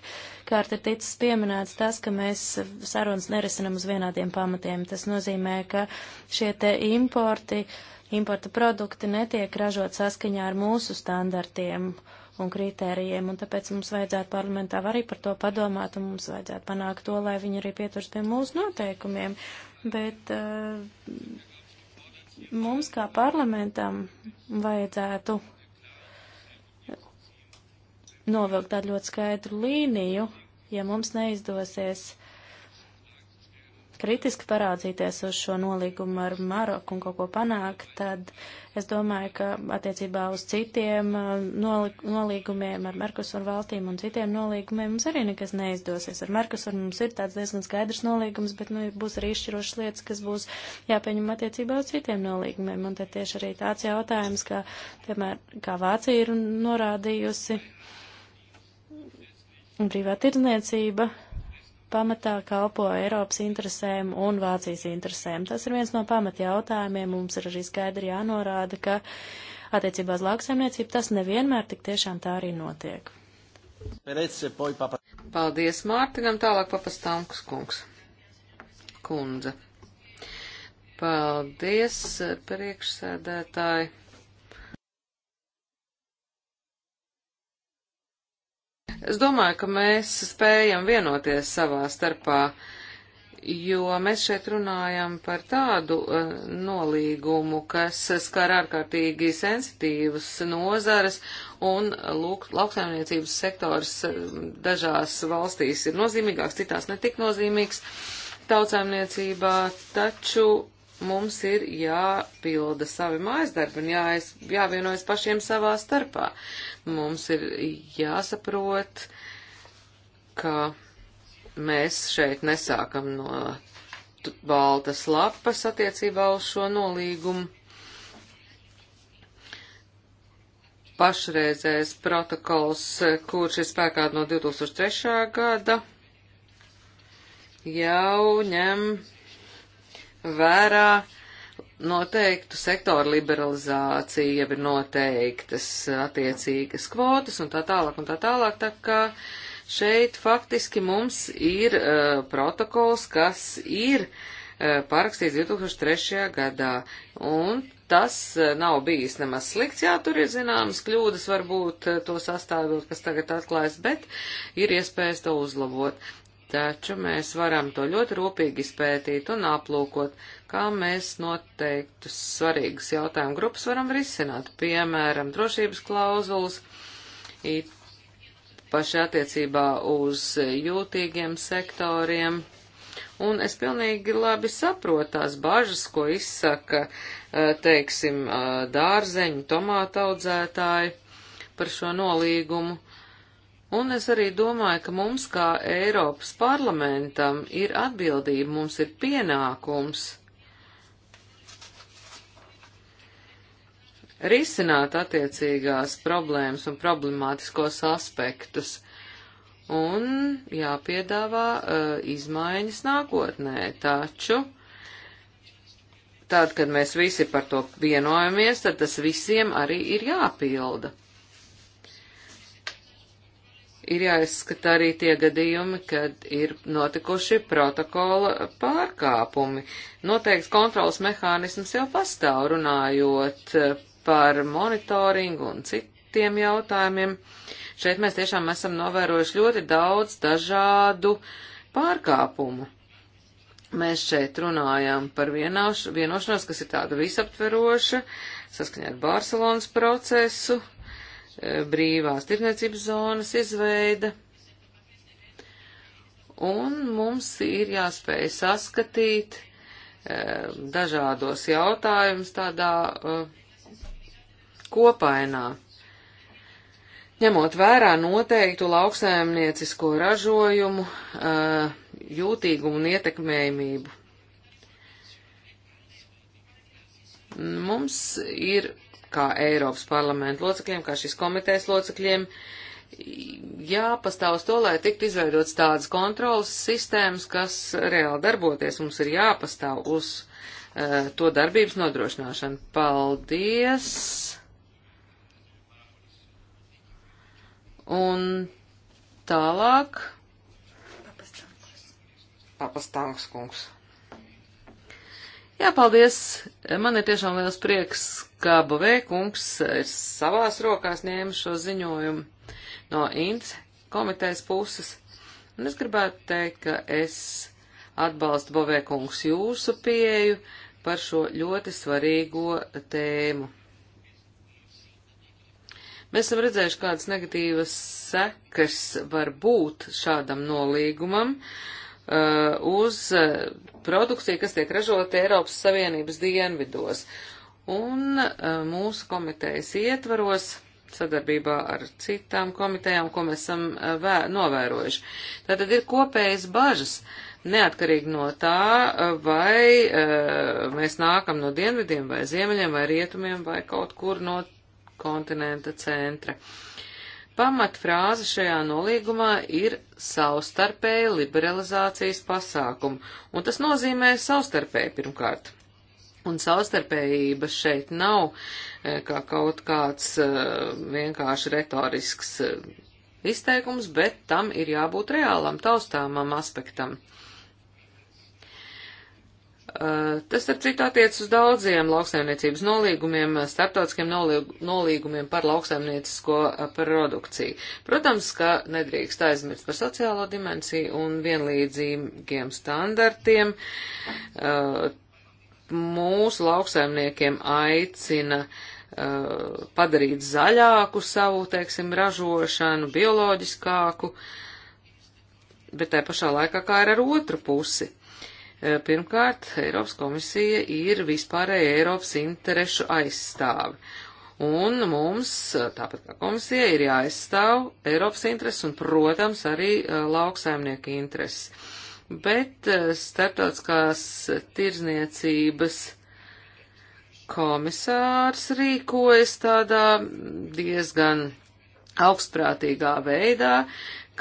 Speaker 3: kārt ir ticis pieminēts tas, ka mēs sarunas nerisinam uz vienādiem pamatiem. Tas nozīmē, ka šie te importi, importa produkti netiek ražot saskaņā ar mūsu standartiem. Uh, un kritērijiem, un tāpēc mums vajadzētu parlamentā arī par to padomāt, un mums vajadzētu panākt to, lai viņi arī pieturas pie mūsu noteikumiem. Bet eh, mums kā parlamentam vajadzētu novilkt tādu ļoti skaidru līniju, ja mums neizdosies kritiski parādzīties uz šo nolīgumu ar Maroku un kaut ko panākt, tad es domāju, ka attiecībā uz citiem uh, nolīgumiem ar Merkusur valstīm un citiem nolīgumiem mums arī nekas neizdosies. Ar Merkusur mums ir tāds diezgan skaidrs nolīgums, bet nu, būs arī izšķirošas lietas, kas būs jāpieņem attiecībā uz citiem nolīgumiem. Un te tieši arī tāds jautājums, kā, piemēram, kā Vācija ir norādījusi brīvā tirdzniecība pamatā kalpo Eiropas interesēm un Vācijas interesēm. Tas ir viens no pamatjautājumiem. Mums ir arī skaidri jānorāda, ka attiecībā uz lauksaimniecību tas nevienmēr tik tiešām tā arī notiek.
Speaker 4: Paldies Mārtiņam, tālāk papastāmks kungs. Kundze. Paldies, priekšsēdētāji. Es domāju, ka mēs spējam vienoties savā starpā, jo mēs šeit runājam par tādu uh, nolīgumu, kas skar ārkārtīgi sensitīvas nozares un lūk, lauksaimniecības sektors e, dažās valstīs ir nozīmīgāks, citās netik nozīmīgs tautsēmniecībā, taču mums ir jāpilda savi mājas darbi un jāiz, jāvienojas pašiem savā starpā. Mums ir jāsaprot, ka mēs šeit nesākam no baltas lapas attiecībā uz šo nolīgumu. Pašreizējais protokols, kurš ir spēkā no 2003. gada, jau ņem vērā noteiktu sektoru liberalizāciju, jau ir noteiktas attiecīgas kvotas un tā tālāk un tā tālāk, tā kā šeit faktiski mums ir uh, protokols, kas ir uh, parakstīts 2003. gadā, un tas uh, nav bijis nemaz slikts, jā, tur ir zināmas kļūdas, varbūt uh, to sastāvot, kas tagad atklājas, bet ir iespējas to uzlabot taču mēs varam to ļoti rūpīgi izpētīt un aplūkot, kā mēs noteiktus svarīgus jautājumu grupas varam risināt, piemēram, drošības klauzulas, īpaši attiecībā uz jūtīgiem sektoriem. Un es pilnīgi labi saprotu tās bažas, ko izsaka, teiksim, dārzeņu, tomātu audzētāji par šo nolīgumu Un es arī domāju, ka mums kā Eiropas parlamentam ir atbildība, mums ir pienākums risināt attiecīgās problēmas un problemātiskos aspektus un jāpiedāvā uh, izmaiņas nākotnē. Taču, tad, kad mēs visi par to vienojamies, tad tas visiem arī ir jāpilda ir jāizskata arī tie gadījumi, kad ir notikuši protokola pārkāpumi. Noteikts kontrols mehānisms jau pastāv runājot eh, par monitoringu un citiem jautājumiem. Šeit mēs tiešām esam novērojuši ļoti daudz dažādu pārkāpumu. Mēs šeit runājam par vienoš, vienošanos, kas ir tāda visaptveroša, saskaņā ar Barcelonas procesu, brīvās tirniecības zonas izveida. Un mums ir jāspēj saskatīt eh, dažādos jautājumus tādā eh, kopainā. Ņemot vērā noteiktu lauksēmniecisko ražojumu, eh, jūtīgumu un ietekmējumību. Mums ir kā Eiropas parlamenta locekļiem, kā šīs komitejas locekļiem, jāpastāv uz to, lai tiktu izveidots tādas kontrolas sistēmas, kas reāli darboties. Mums ir jāpastāv uz uh, to darbības nodrošināšanu. Paldies! Un tālāk. Papastāvs kungs. Jā, paldies. Man ir tiešām liels prieks, ka Bavē kungs ir savās rokās ņēma šo ziņojumu no Ints komitejas puses. Un es gribētu teikt, ka es atbalstu Bavē kungs jūsu pieeju par šo ļoti svarīgo tēmu. Mēs esam redzējuši, kādas negatīvas sekas var būt šādam nolīgumam. Uh, Uh, uz uh, produkciju, kas tiek ražota Eiropas Savienības dienvidos. Un uh, mūsu komitejas ietvaros sadarbībā ar citām komitejām, ko mēs esam vē, novērojuši. Tātad ir kopējas bažas, neatkarīgi no tā, vai uh, mēs nākam no dienvidiem, vai ziemeļiem, vai rietumiem, vai kaut kur no kontinenta centra. Uh, Pamatfrāze šajā nolīgumā ir savstarpēja liberalizācijas pasākumu, un tas nozīmē savstarpēja pirmkārt. Un savstarpējība šeit nav e, kā kaut kāds e, vienkārši retorisks e, izteikums, bet tam ir jābūt reālam, taustāmam aspektam. Eh, tas, starp citu, attiec uz daudziem lauksaimniecības nolīgumiem, eh, starptautiskiem nolīgumiem par lauksaimniecisko eh, produkciju. Protams, ka nedrīkst aizmirst par sociālo dimensiju un vienlīdzīgiem standartiem. Mūsu lauksaimniekiem aicina padarīt zaļāku savu, teiksim, ražošanu, bioloģiskāku, bet tai pašā laikā kā ir ar otru pusi Eh, pirmkārt, Eiropas komisija ir vispārēja Eiropas interešu aizstāvi. Un mums, eh, tāpat kā komisija, ir jāaizstāv Eiropas intereses un, protams, arī eh, lauksaimnieku intereses. Bet starptautiskās tirzniecības komisārs rīkojas tādā diezgan augstprātīgā veidā,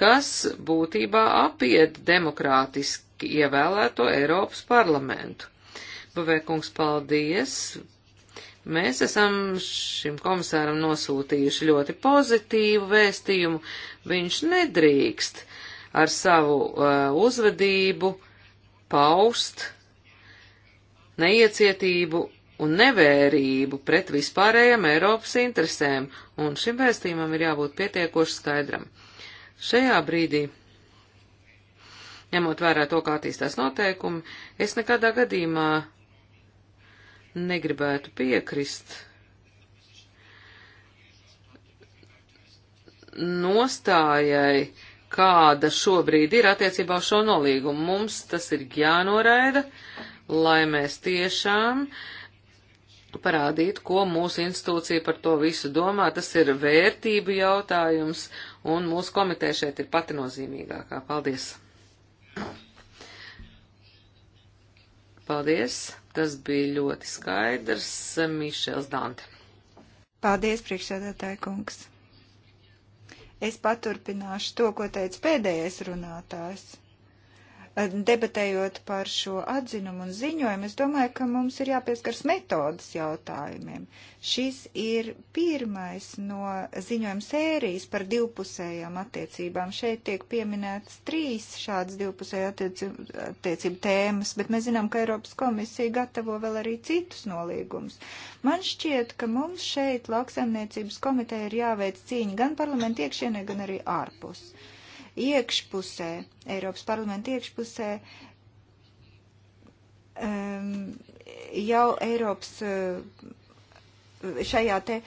Speaker 4: kas būtībā apiet demokrātiski demokrātiski ievēlēto Eiropas parlamentu. Buvēkungs, paldies! Mēs esam šim komisāram nosūtījuši ļoti pozitīvu vēstījumu. Viņš nedrīkst ar savu uh, uzvedību paust neiecietību un nevērību pret vispārējām Eiropas interesēm, un šim vēstījumam ir jābūt pietiekoši skaidram. Šajā brīdī ņemot vērā to, kā attīstās noteikumi, es nekādā gadījumā negribētu piekrist nostājai, kāda šobrīd ir attiecībā uz šo nolīgumu. Mums tas ir jānoraida, lai mēs tiešām parādītu, ko mūsu institūcija par to visu domā. Tas ir vērtību jautājums, un mūsu komiteja šeit ir pati nozīmīgākā. Paldies! Paldies! Tas bija ļoti skaidrs. Mišels Dante.
Speaker 2: Paldies, priekšsēdētāja kungs. Es paturpināšu to, ko teica pēdējais runātājs. Eh, debatējot par šo atzinumu un ziņojumu, es domāju, ka mums ir jāpieskars metodas jautājumiem. Šis ir pirmais no ziņojuma sērijas par divpusējām attiecībām. Šeit tiek pieminētas trīs šādas divpusēju attiecību tēmas, bet mēs zinām, ka Eiropas komisija gatavo vēl arī citus nolīgumus. Man šķiet, ka mums šeit lauksaimniecības komiteja ir jāveic cīņa gan parlamentu iekšienē, gan arī ārpus. Uh, iekšpusē, Eiropas parlamenta iekšpusē, um, jau Eiropas uh, šajā te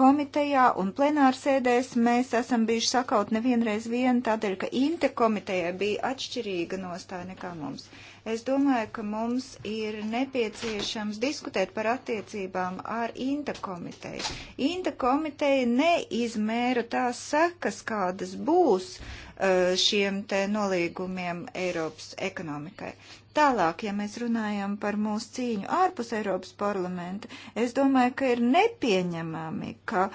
Speaker 2: komitejā un plenārsēdēs mēs esam bijuši sakaut nevienreiz vien tādēļ, ka Inte komitejai bija atšķirīga nostāja nekā mums. Uh, Es domāju, ka mums ir nepieciešams diskutēt par attiecībām ar Inta komiteju. Inta komiteja neizmēra tās sekas, kādas būs eh, šiem te nolīgumiem Eiropas ekonomikai. Tālāk, ja mēs runājam par mūsu cīņu ārpus Eiropas parlamenta, es domāju, ka ir nepieņemami, ka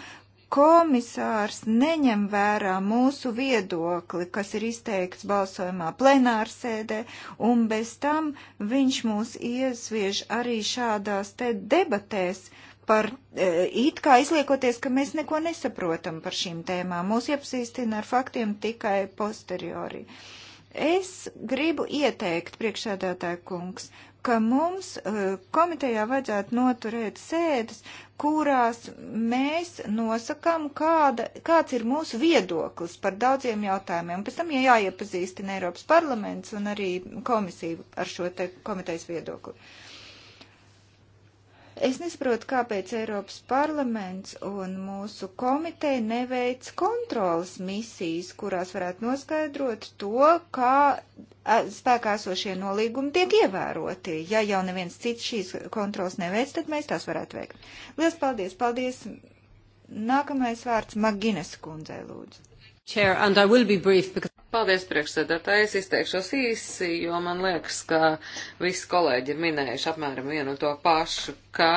Speaker 2: komisārs neņem vērā mūsu viedokli, kas ir izteikts balsojumā plenārsēdē, un bez tam viņš mūs iesviež arī šādās te debatēs par e, it kā izliekoties, ka mēs neko nesaprotam par šīm tēmām. Mūs iepazīstina ar faktiem tikai posteriori. Es gribu ieteikt, priekšsēdētāja kungs, ka mums e, komitejā vajadzētu noturēt sēdes, kurās mēs nosakām, kāda, kāds ir mūsu viedoklis par daudziem jautājumiem. Pēc tam, ja jāiepazīstina Eiropas parlaments un arī komisija ar šo te komitejas viedokli. Uh, Es nesaprotu, kāpēc Eiropas parlaments un mūsu komiteja neveic kontrolas misijas, kurās varētu noskaidrot to, kā spēkā esošie nolīgumi tiek ievēroti. Ja jau neviens cits šīs kontrolas neveic, tad mēs tās varētu veikt. Lielas paldies! Paldies! Nākamais vārds Maginas kundzei lūdzu.
Speaker 4: Chair, and I will be brief because... Paldies, priekšsēdētāji. Es izteikšos īsi, jo man liekas, ka visi kolēģi ir minējuši apmēram vienu un to pašu, ka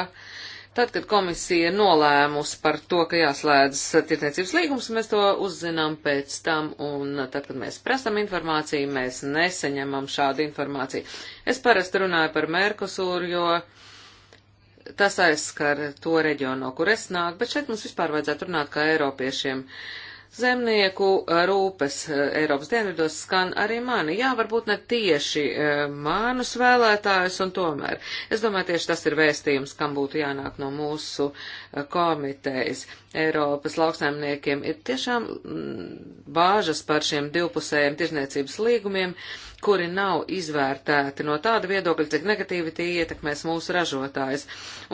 Speaker 4: tad, kad komisija nolēmusi par to, ka jāslēdz tirdzniecības līgums, mēs to uzzinām pēc tam, un tad, kad mēs prasam informāciju, mēs neseņemam šādu informāciju. Es parasti runāju par Merkosūru, jo tas aizskar to reģionu, no kur es nāku, bet šeit mums vispār vajadzētu runāt kā Eiropiešiem. Uh, Zemnieku eh, rūpes eh, Eiropas dienvidos skan arī mani. Jā, varbūt ne tieši eh, manus vēlētājus, un tomēr es domāju, tieši tas ir vēstījums, kam būtu jānāk no mūsu komitejas. Eiropas lauksaimniekiem ir tiešām mm, bāžas par šiem divpusējiem tirzniecības līgumiem. Uh, kuri nav izvērtēti no tāda viedokļa, cik negatīvi tie ietekmēs mūsu ražotājs.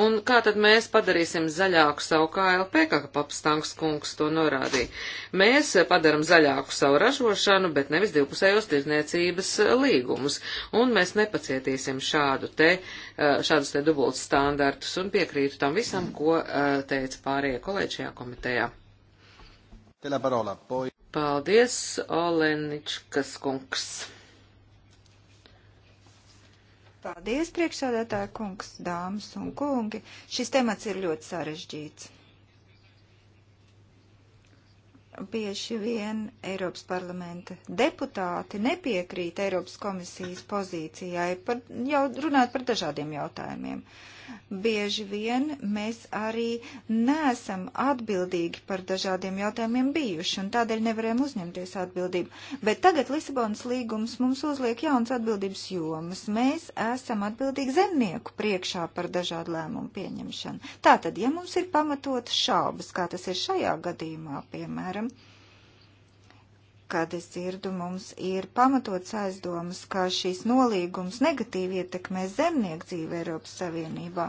Speaker 4: Un kā tad mēs padarīsim zaļāku savu KLP, kā papstangs kungs to norādīja? Mēs padaram zaļāku savu ražošanu, bet nevis divpusējos tirzniecības līgumus, un mēs nepacietīsim šādu te, eh, šādus te dubult standartus, un piekrītu tam visam, ko eh, teica pārējie kolēģi šajā komitejā. Te la parola, poi. Paldies, Oleničkas kungs.
Speaker 2: Paldies, priekšsādātāja kungs, dāmas un kungi. Šis temats ir ļoti sarežģīts. Bieži vien Eiropas parlamenta deputāti nepiekrīt Eiropas komisijas pozīcijai, par, jau runāt par dažādiem jautājumiem. Uh, Bieži vien mēs arī nesam atbildīgi par dažādiem jautājumiem bijuši, un tādēļ nevarējam uzņemties atbildību. Bet tagad Lisabonas līgums mums uzliek jaunas atbildības jomas. Mēs esam atbildīgi zemnieku priekšā par dažādu lēmumu pieņemšanu. Tātad, ja mums ir pamatotas šaubas, kā tas ir šajā gadījumā, piemēram, kad es dzirdu, mums ir pamatots aizdomas, ka šīs nolīgums negatīvi ietekmēs zemnieku dzīvi Eiropas Savienībā.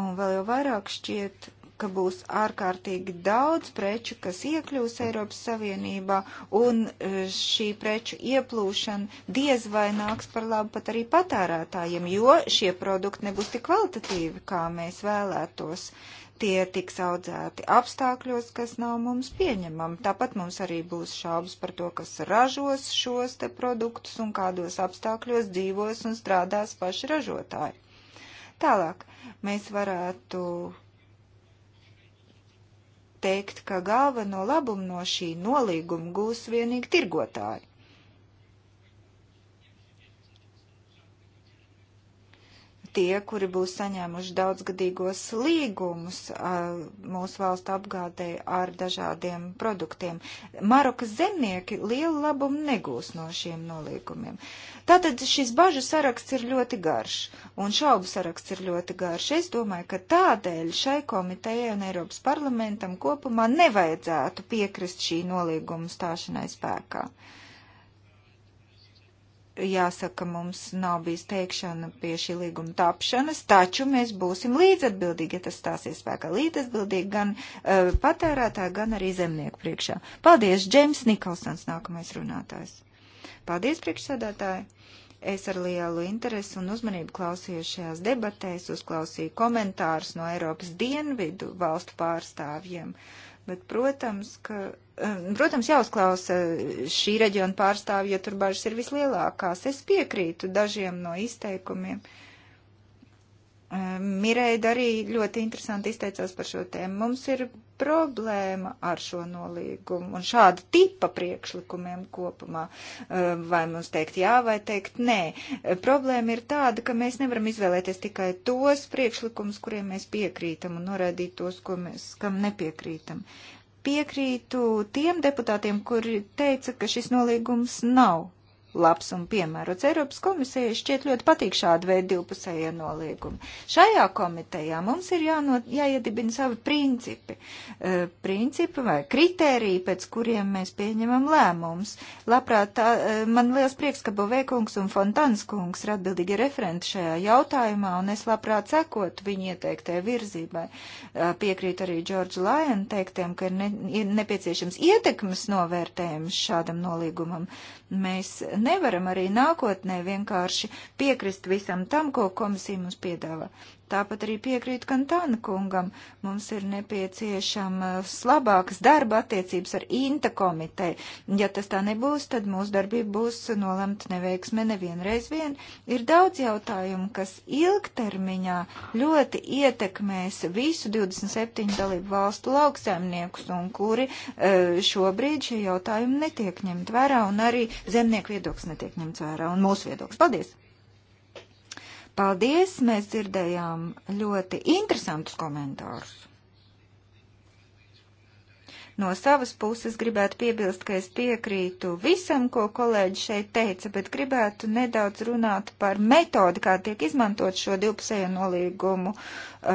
Speaker 2: Un vēl jau vairāk šķiet, ka būs ārkārtīgi daudz preču, kas iekļūs Eiropas Savienībā, un e, šī preču ieplūšana diez vai nāks par labu pat arī patērētājiem, jo šie produkti nebūs tik kvalitatīvi, kā mēs vēlētos tie tiks audzēti apstākļos, kas nav mums pieņemami. Tāpat mums arī būs šaubas par to, kas ražos šos te produktus un kādos apstākļos dzīvos un strādās paši ražotāji. Tālāk mēs varētu teikt, ka galveno labumu no šī nolīguma gūs vienīgi tirgotāji. tie, kuri būs saņēmuši daudzgadīgos līgumus mūsu valstu apgādē ar dažādiem produktiem. Marokas zemnieki lielu labumu negūs no šiem nolīgumiem. Tātad šis bažu saraksts ir ļoti garš, un šaubu saraksts ir ļoti garš. Es domāju, ka tādēļ šai komitejai un Eiropas parlamentam kopumā nevajadzētu piekrist šī nolīguma stāšanai spēkā. Uh, jāsaka, mums nav bijis teikšana pie šī līguma tapšanas, taču mēs būsim līdzatbildīgi, ja tas stāsies spēkā līdzatbildīgi gan uh, patērētāji, gan arī zemnieku priekšā. Paldies, Džeims Nikolsons, nākamais runātājs. Paldies, priekšsēdētāji! Es ar lielu interesi un uzmanību klausījos šajās debatēs, uzklausīju komentārus no Eiropas dienvidu valstu pārstāvjiem, bet, protams, ka Ehm, protams, jāuzklausa eh, šī reģiona pārstāvja, ja tur bažas ir vislielākās. Es piekrītu dažiem no izteikumiem. Ehm, Mireida arī ļoti interesanti izteicās par šo tēmu. Mums ir problēma ar šo nolīgumu un šāda tipa priekšlikumiem kopumā. Ehm, vai mums teikt jā vai teikt nē. Problēma ir tāda, ka mēs nevaram izvēlēties tikai tos priekšlikumus, kuriem mēs piekrītam un noraidīt tos, mēs, kam nepiekrītam piekrītu tiem deputātiem, kuri teica, ka šis nolīgums nav labs un piemērots. Eiropas komisijai šķiet ļoti patīk šāda veida divpusējie noliegumi. Šajā komitejā mums ir jāno, jāiedibina savi principi, uh, principi vai kritēriji, pēc kuriem mēs pieņemam lēmumus. Labprāt, tā, uh, man liels prieks, ka Bovēkungs un Fontanskungs ir atbildīgi referenti šajā jautājumā, un es labprāt sekotu viņu ieteiktajai virzībai. Uh, piekrīt arī Džordžu Lajanu teiktiem, ka ir, ne, ir nepieciešams ietekmes novērtējums šādam nolīgumam. Mēs nevaram arī nākotnē vienkārši piekrist visam tam, ko komisija mums piedāvā. Tāpat arī piekrītu Kantāna kungam. Mums ir nepieciešamas labākas darba attiecības ar Inta komiteju. Ja tas tā nebūs, tad mūsu darbība būs nolemta neveiksme nevienreiz vien. Ir daudz jautājumu, kas ilgtermiņā ļoti ietekmēs visu 27 dalību valstu lauksaimniekus un kuri e, šobrīd šie jautājumi netiek ņemt vērā un arī zemnieku viedoklis netiek ņemts vērā un mūsu viedoklis. Paldies! Paldies, mēs dzirdējām ļoti interesantus komentārus. No savas puses gribētu piebilst, ka es piekrītu visam, ko kolēģi šeit teica, bet gribētu nedaudz runāt par metodi, kā tiek izmantot šo divpusējo nolīgumu uh,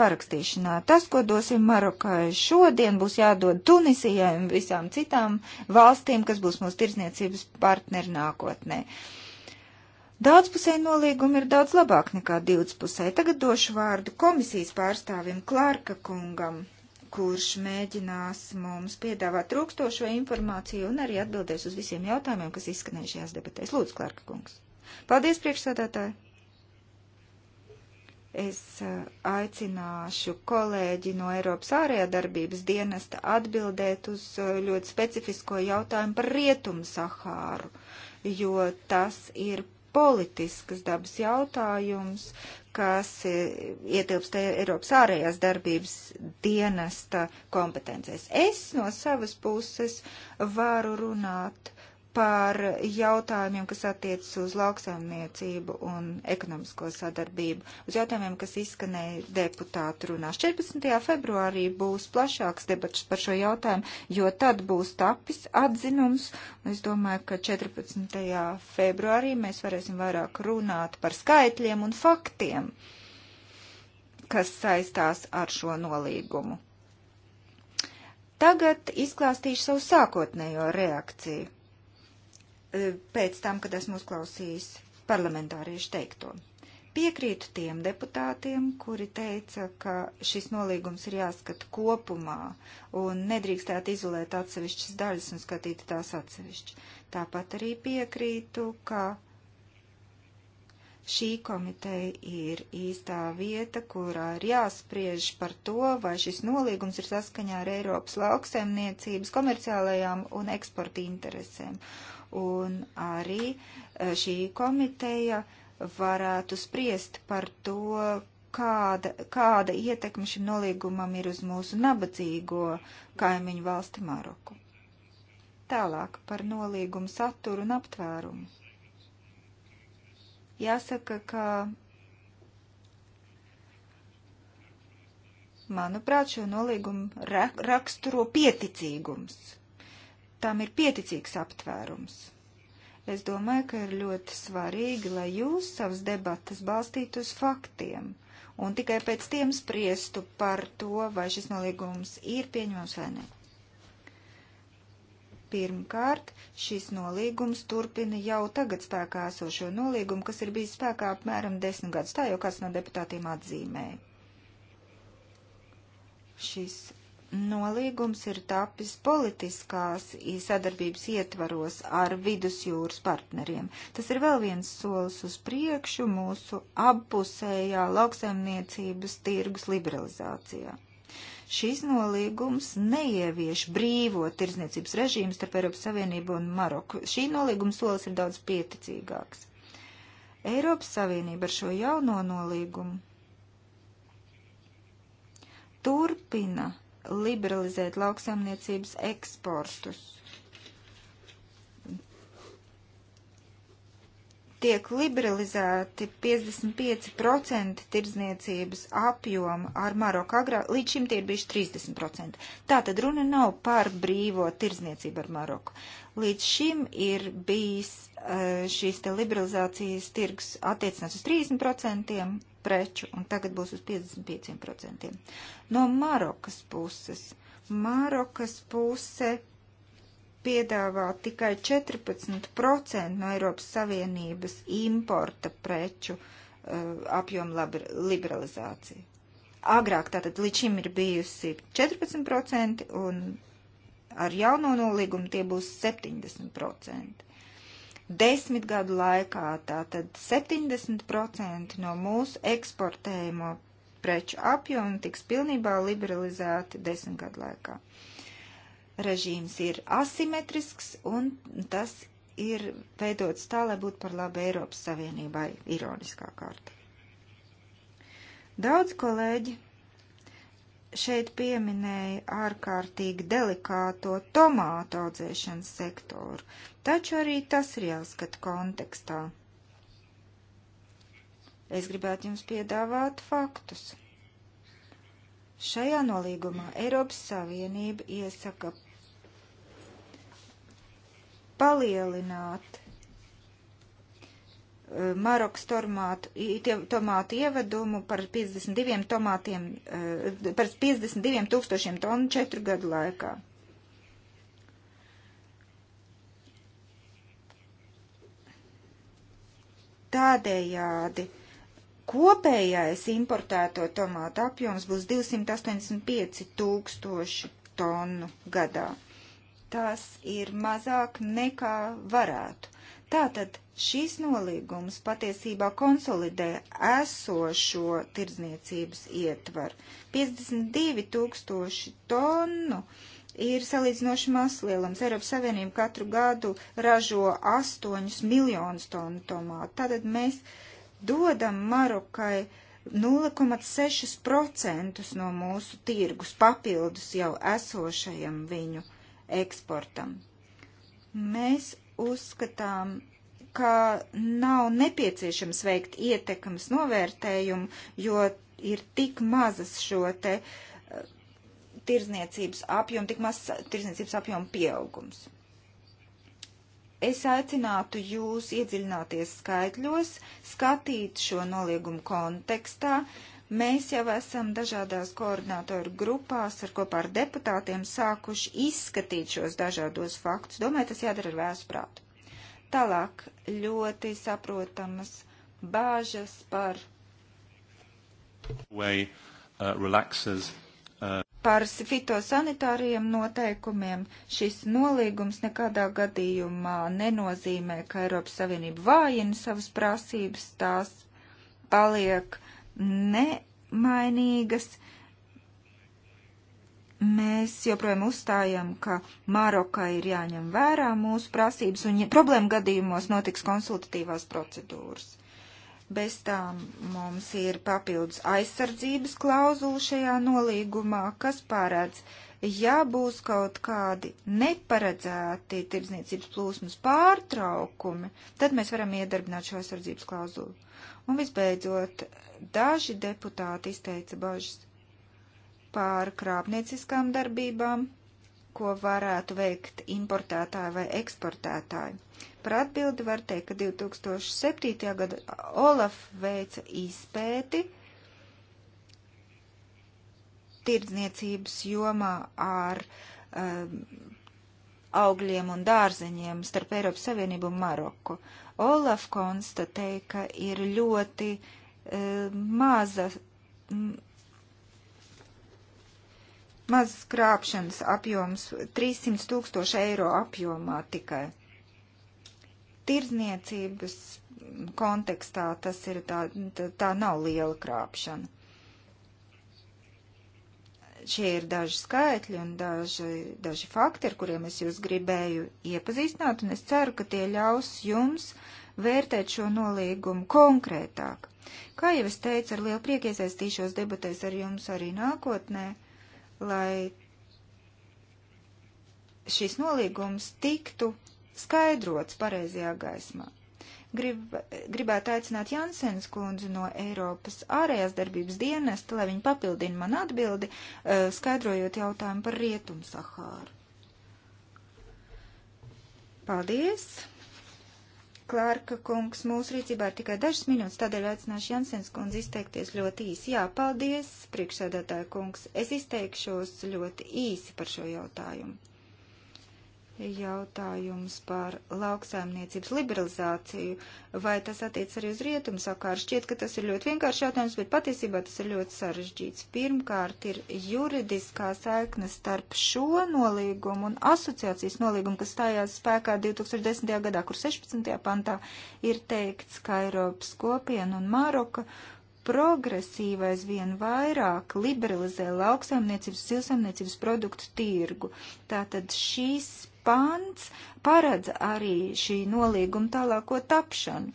Speaker 2: parakstīšanā. Tas, ko dosim Marokai šodien, būs jādod Tunisijai un visām citām valstīm, kas būs mūsu tirzniecības partneri nākotnē. Uh, Daudzpusēji nolīgumi ir daudz labāk nekā divpusēji. Tagad došu vārdu komisijas pārstāvim Klārka kungam, kurš mēģinās mums piedāvāt trūkstošo informāciju un arī atbildēs uz visiem jautājumiem, kas izskanēja šajās debatēs. Lūdzu, Klārka kungs. Paldies, priekšsādātāji! es aicināšu kolēģi no Eiropas ārējā darbības dienesta atbildēt uz ļoti specifisko jautājumu par Rietumu Sahāru, jo tas ir politiskas dabas jautājums, kas e, ietilpst e- Eiropas ārējās darbības dienesta kompetencēs. Es no savas puses varu runāt par jautājumiem, kas attiecas uz lauksaimniecību un ekonomisko sadarbību, uz jautājumiem, kas izskanēja deputātu runās. 14. februārī būs plašāks debats par šo jautājumu, jo tad būs tapis atzinums. Es domāju, ka 14. februārī mēs varēsim vairāk runāt par skaitļiem un faktiem, kas saistās ar šo nolīgumu. Tagad izklāstīšu savu sākotnējo reakciju pēc tam, kad esmu uzklausījis parlamentāriešu teikto. Piekrītu tiem deputātiem, kuri teica, ka šis nolīgums ir jāskata kopumā un nedrīkstētu izolēt atsevišķas daļas un skatīt tās atsevišķi. Tāpat arī piekrītu, ka šī komiteja ir īstā vieta, kurā ir jāspriež par to, vai šis nolīgums ir saskaņā ar Eiropas lauksaimniecības komerciālajām un eksporta interesēm un arī eh, šī komiteja varētu spriest par to, kāda, kāda ietekme šim nolīgumam ir uz mūsu nabadzīgo kaimiņu valsti Maroku. Tālāk par nolīgumu saturu un aptvērumu. Jāsaka, ka Manuprāt, šo nolīgumu raksturo pieticīgums tam ir pieticīgs aptvērums. Es domāju, ka ir ļoti svarīgi, lai jūs savas debatas balstītu uz faktiem un tikai pēc tiem spriestu par to, vai šis nolīgums ir pieņemams vai ne. Pirmkārt, šis nolīgums turpina jau tagad spēkā esošo nolīgumu, kas ir bijis spēkā apmēram desmit gadus, tā jau kāds no deputātiem atzīmēja. Šis nolīgums ir tapis politiskās sadarbības ietvaros ar vidusjūras partneriem. Tas ir vēl viens solis uz priekšu mūsu appusējā lauksaimniecības tirgus liberalizācijā. Šis nolīgums neievieš brīvo tirzniecības režīmu starp Eiropas Savienību un Maroku. Šī nolīguma solis ir daudz pieticīgāks. Eiropas Savienība ar šo jauno nolīgumu turpina liberalizēt lauksaimniecības eksportus. Tiek liberalizēti 55% tirdzniecības apjoma ar Maroku agrāk, līdz šim tie ir bijuši 30%. Tā tad runa nav par brīvo tirdzniecību ar Maroku. Līdz šim ir bijis eh, šīs te liberalizācijas tirgs attiecinās uz 30%, preču, un tagad būs uz 55%. No Marokas puses. Marokas puse piedāvā tikai 14% no Eiropas Savienības importa preču uh, apjoma liberalizācija. Agrāk tātad līdz šim ir bijusi 14% un ar jauno nolīgumu tie būs 70% desmit gadu laikā. Tātad 70% no mūsu eksportējumu preču apjomu tiks pilnībā liberalizēti desmit gadu laikā. Režīms ir asimetrisks un tas ir veidots tā, lai būtu par labu Eiropas Savienībai ironiskā kārta. Daudz kolēģi šeit pieminēja ārkārtīgi delikāto tomātu audzēšanas sektoru, taču arī tas ir jāskata kontekstā. Es gribētu jums piedāvāt faktus. Šajā nolīgumā Eiropas Savienība iesaka palielināt Marokas tomātu, tomātu ievedumu par 52, tomātiem, eh, par 52 tūkstošiem tonu četru gadu laikā. Tādējādi kopējais importēto tomātu apjoms būs 285 tūkstoši tonu gadā. Tas ir mazāk nekā varētu. Tātad Šis nolīgums patiesībā konsolidē esošo tirdzniecības ietvaru. 52 tūkstoši tonu ir salīdzinoši mazs lielums. Eiropas Savienība katru gadu ražo 8 miljonus tonu tomātu. Tātad mēs dodam Marokai 0,6% no mūsu tirgus papildus jau esošajam viņu eksportam. Mēs uzskatām, ka nav nepieciešams veikt ietekmes novērtējumu, jo ir tik mazas šo te uh, tirzniecības apjomu, tik maz tirzniecības apjomu pieaugums. Es aicinātu jūs iedziļināties skaitļos, skatīt šo noliegumu kontekstā, uh, mēs jau esam dažādās koordinātoru grupās ar kopā ar deputātiem sākuši izskatīt šos dažādos faktus. Domāju, tas jādara ar vēsprātu. Tālāk ļoti saprotamas bāžas par, Way, uh, relaxes, uh... par fitosanitāriem noteikumiem. Šis nolīgums nekādā gadījumā nenozīmē, ka Eiropas Savienība vājina savas prasības, tās paliek nemainīgas. Uh, Mēs joprojām uzstājam, ka Marokai ir jāņem vērā mūsu prasības un ja problēma gadījumos notiks konsultatīvās procedūras. Bez tām mums ir papildus aizsardzības klauzula šajā nolīgumā, kas pārēdz, ja būs kaut kādi neparedzēti tirdzniecības plūsmas pārtraukumi, tad mēs varam iedarbināt šo aizsardzības klauzulu. Un visbeidzot, daži deputāti izteica bažas pār krāpnieciskām darbībām, ko varētu veikt importētāji vai eksportētāji. Par atbildi var teikt, ka 2007. gada Olaf veica izpēti tirdzniecības jomā ar um, augļiem un dārzeņiem starp Eiropas Savienību un Maroku. Olaf konstatēja, ka ir ļoti um, maza. Um, mazas krāpšanas apjoms 300 tūkstoši eiro apjomā tikai. Tirzniecības kontekstā tas ir tā, tā nav liela krāpšana. Šie ir daži skaitļi un daži, daži fakti, ar kuriem es jūs gribēju iepazīstināt, un es ceru, ka tie ļaus jums vērtēt šo nolīgumu konkrētāk. Kā jau es teicu, ar lielu prieku iesaistīšos debatēs ar jums arī nākotnē lai šīs nolīgums tiktu skaidrots pareizajā gaismā. Grib, gribētu aicināt Jansens kundzi no Eiropas ārējās darbības dienesta, lai viņa papildina man atbildi, eh, skaidrojot jautājumu par Rietumu Sahāru. Paldies! Klārka kungs, mūsu rīcībā ir tikai dažas minūtes, tādēļ aicināšu Jansens kundzi izteikties ļoti īsi. Jā, paldies, priekšsēdētāja kungs. Es izteikšos ļoti īsi par šo jautājumu jautājums par lauksaimniecības liberalizāciju, vai tas attiec arī uz rietumu sakāru. Šķiet, ka tas ir ļoti vienkārši jautājums, bet patiesībā tas ir ļoti sarežģīts. Pirmkārt ir juridiskā saikne starp šo nolīgumu un asociācijas nolīgumu, kas stājās spēkā 2010. gadā, kur 16. pantā ir teikts, ka Eiropas kopiena un Maroka progresīvais vien vairāk liberalizē lauksaimniecības, zilsaimniecības produktu tirgu. Tātad šīs pants paredz arī šī nolīguma tālāko tapšanu.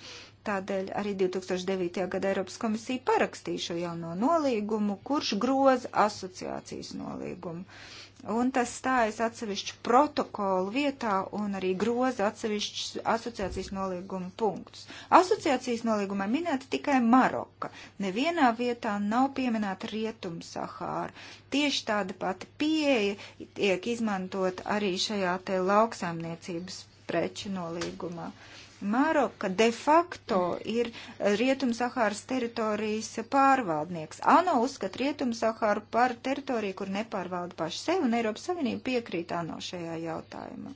Speaker 2: Tādēļ arī 2009. gada Eiropas komisija parakstīja šo jauno nolīgumu, kurš groza asociācijas nolīgumu un tas stājas atsevišķu protokolu vietā un arī groza atsevišķus asociācijas nolīguma punktus. Asociācijas nolīgumā minēta tikai Maroka. Nevienā vietā nav pieminēta Rietum Sahāra. Tieši tāda pati pieeja tiek izmantot arī šajā te lauksaimniecības preču nolīgumā. Maroka de facto ir Rietumsahāras teritorijas pārvaldnieks. ANO uzskata Rietumsahāru par teritoriju, kur nepārvalda paši sevi, un Eiropas Savienība piekrīt ANO šajā jautājumā.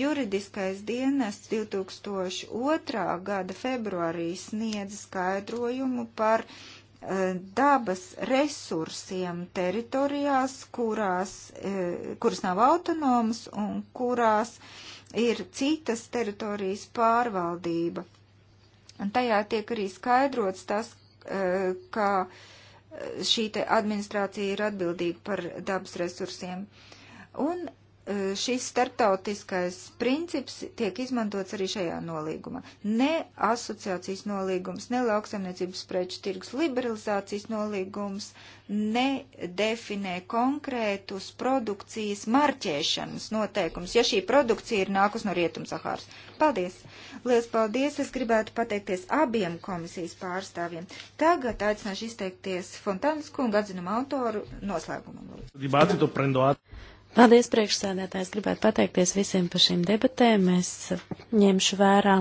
Speaker 2: Juridiskais dienests 2002. gada februārī sniedz skaidrojumu par eh, dabas resursiem teritorijās, kurās, eh, kuras nav autonomas un kurās uh, ir citas teritorijas pārvaldība. Un tajā tiek arī skaidrots tas, e, ka e, šī administrācija ir atbildīga par dabas resursiem. Un Eh, šis starptautiskais princips tiek izmantots arī šajā nolīgumā. Ne asociācijas nolīgums, ne lauksaimniecības preču tirgus liberalizācijas nolīgums nedefinē konkrētus produkcijas marķēšanas noteikumus, ja šī produkcija ir nākus no Rietumsahāras. Paldies! Lielas paldies! Es gribētu pateikties abiem komisijas pārstāvjiem. Tagad aicināšu izteikties Fontānas kunga atzinuma autoru
Speaker 4: noslēgumam. Dibāti to prendo at.
Speaker 3: Paldies, priekšsēdētājs. Gribētu pateikties visiem par šīm debatēm. Es ņemšu vērā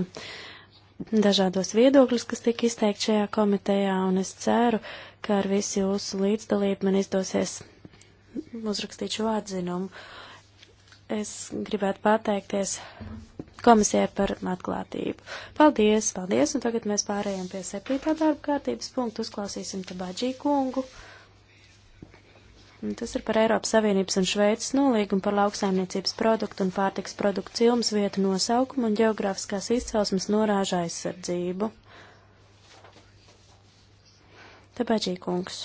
Speaker 3: dažādos viedokļus, kas tika izteikti šajā komitejā, un es ceru, ka ar visu jūsu līdzdalību man izdosies uzrakstīt šo atzinumu. Es gribētu pateikties komisijai par atklātību. Paldies, paldies, un tagad mēs pārējām pie septītā darba kārtības punktu. Uzklausīsim tabadžī kungu. Uh, Tas ir par Eiropas Savienības un Šveices nolīgumu par lauksaimniecības produktu un pārtiks produktu cilmas vietu nosaukumu un geogrāfiskās izcelsmes norāža aizsardzību. Tāpēc, kungs,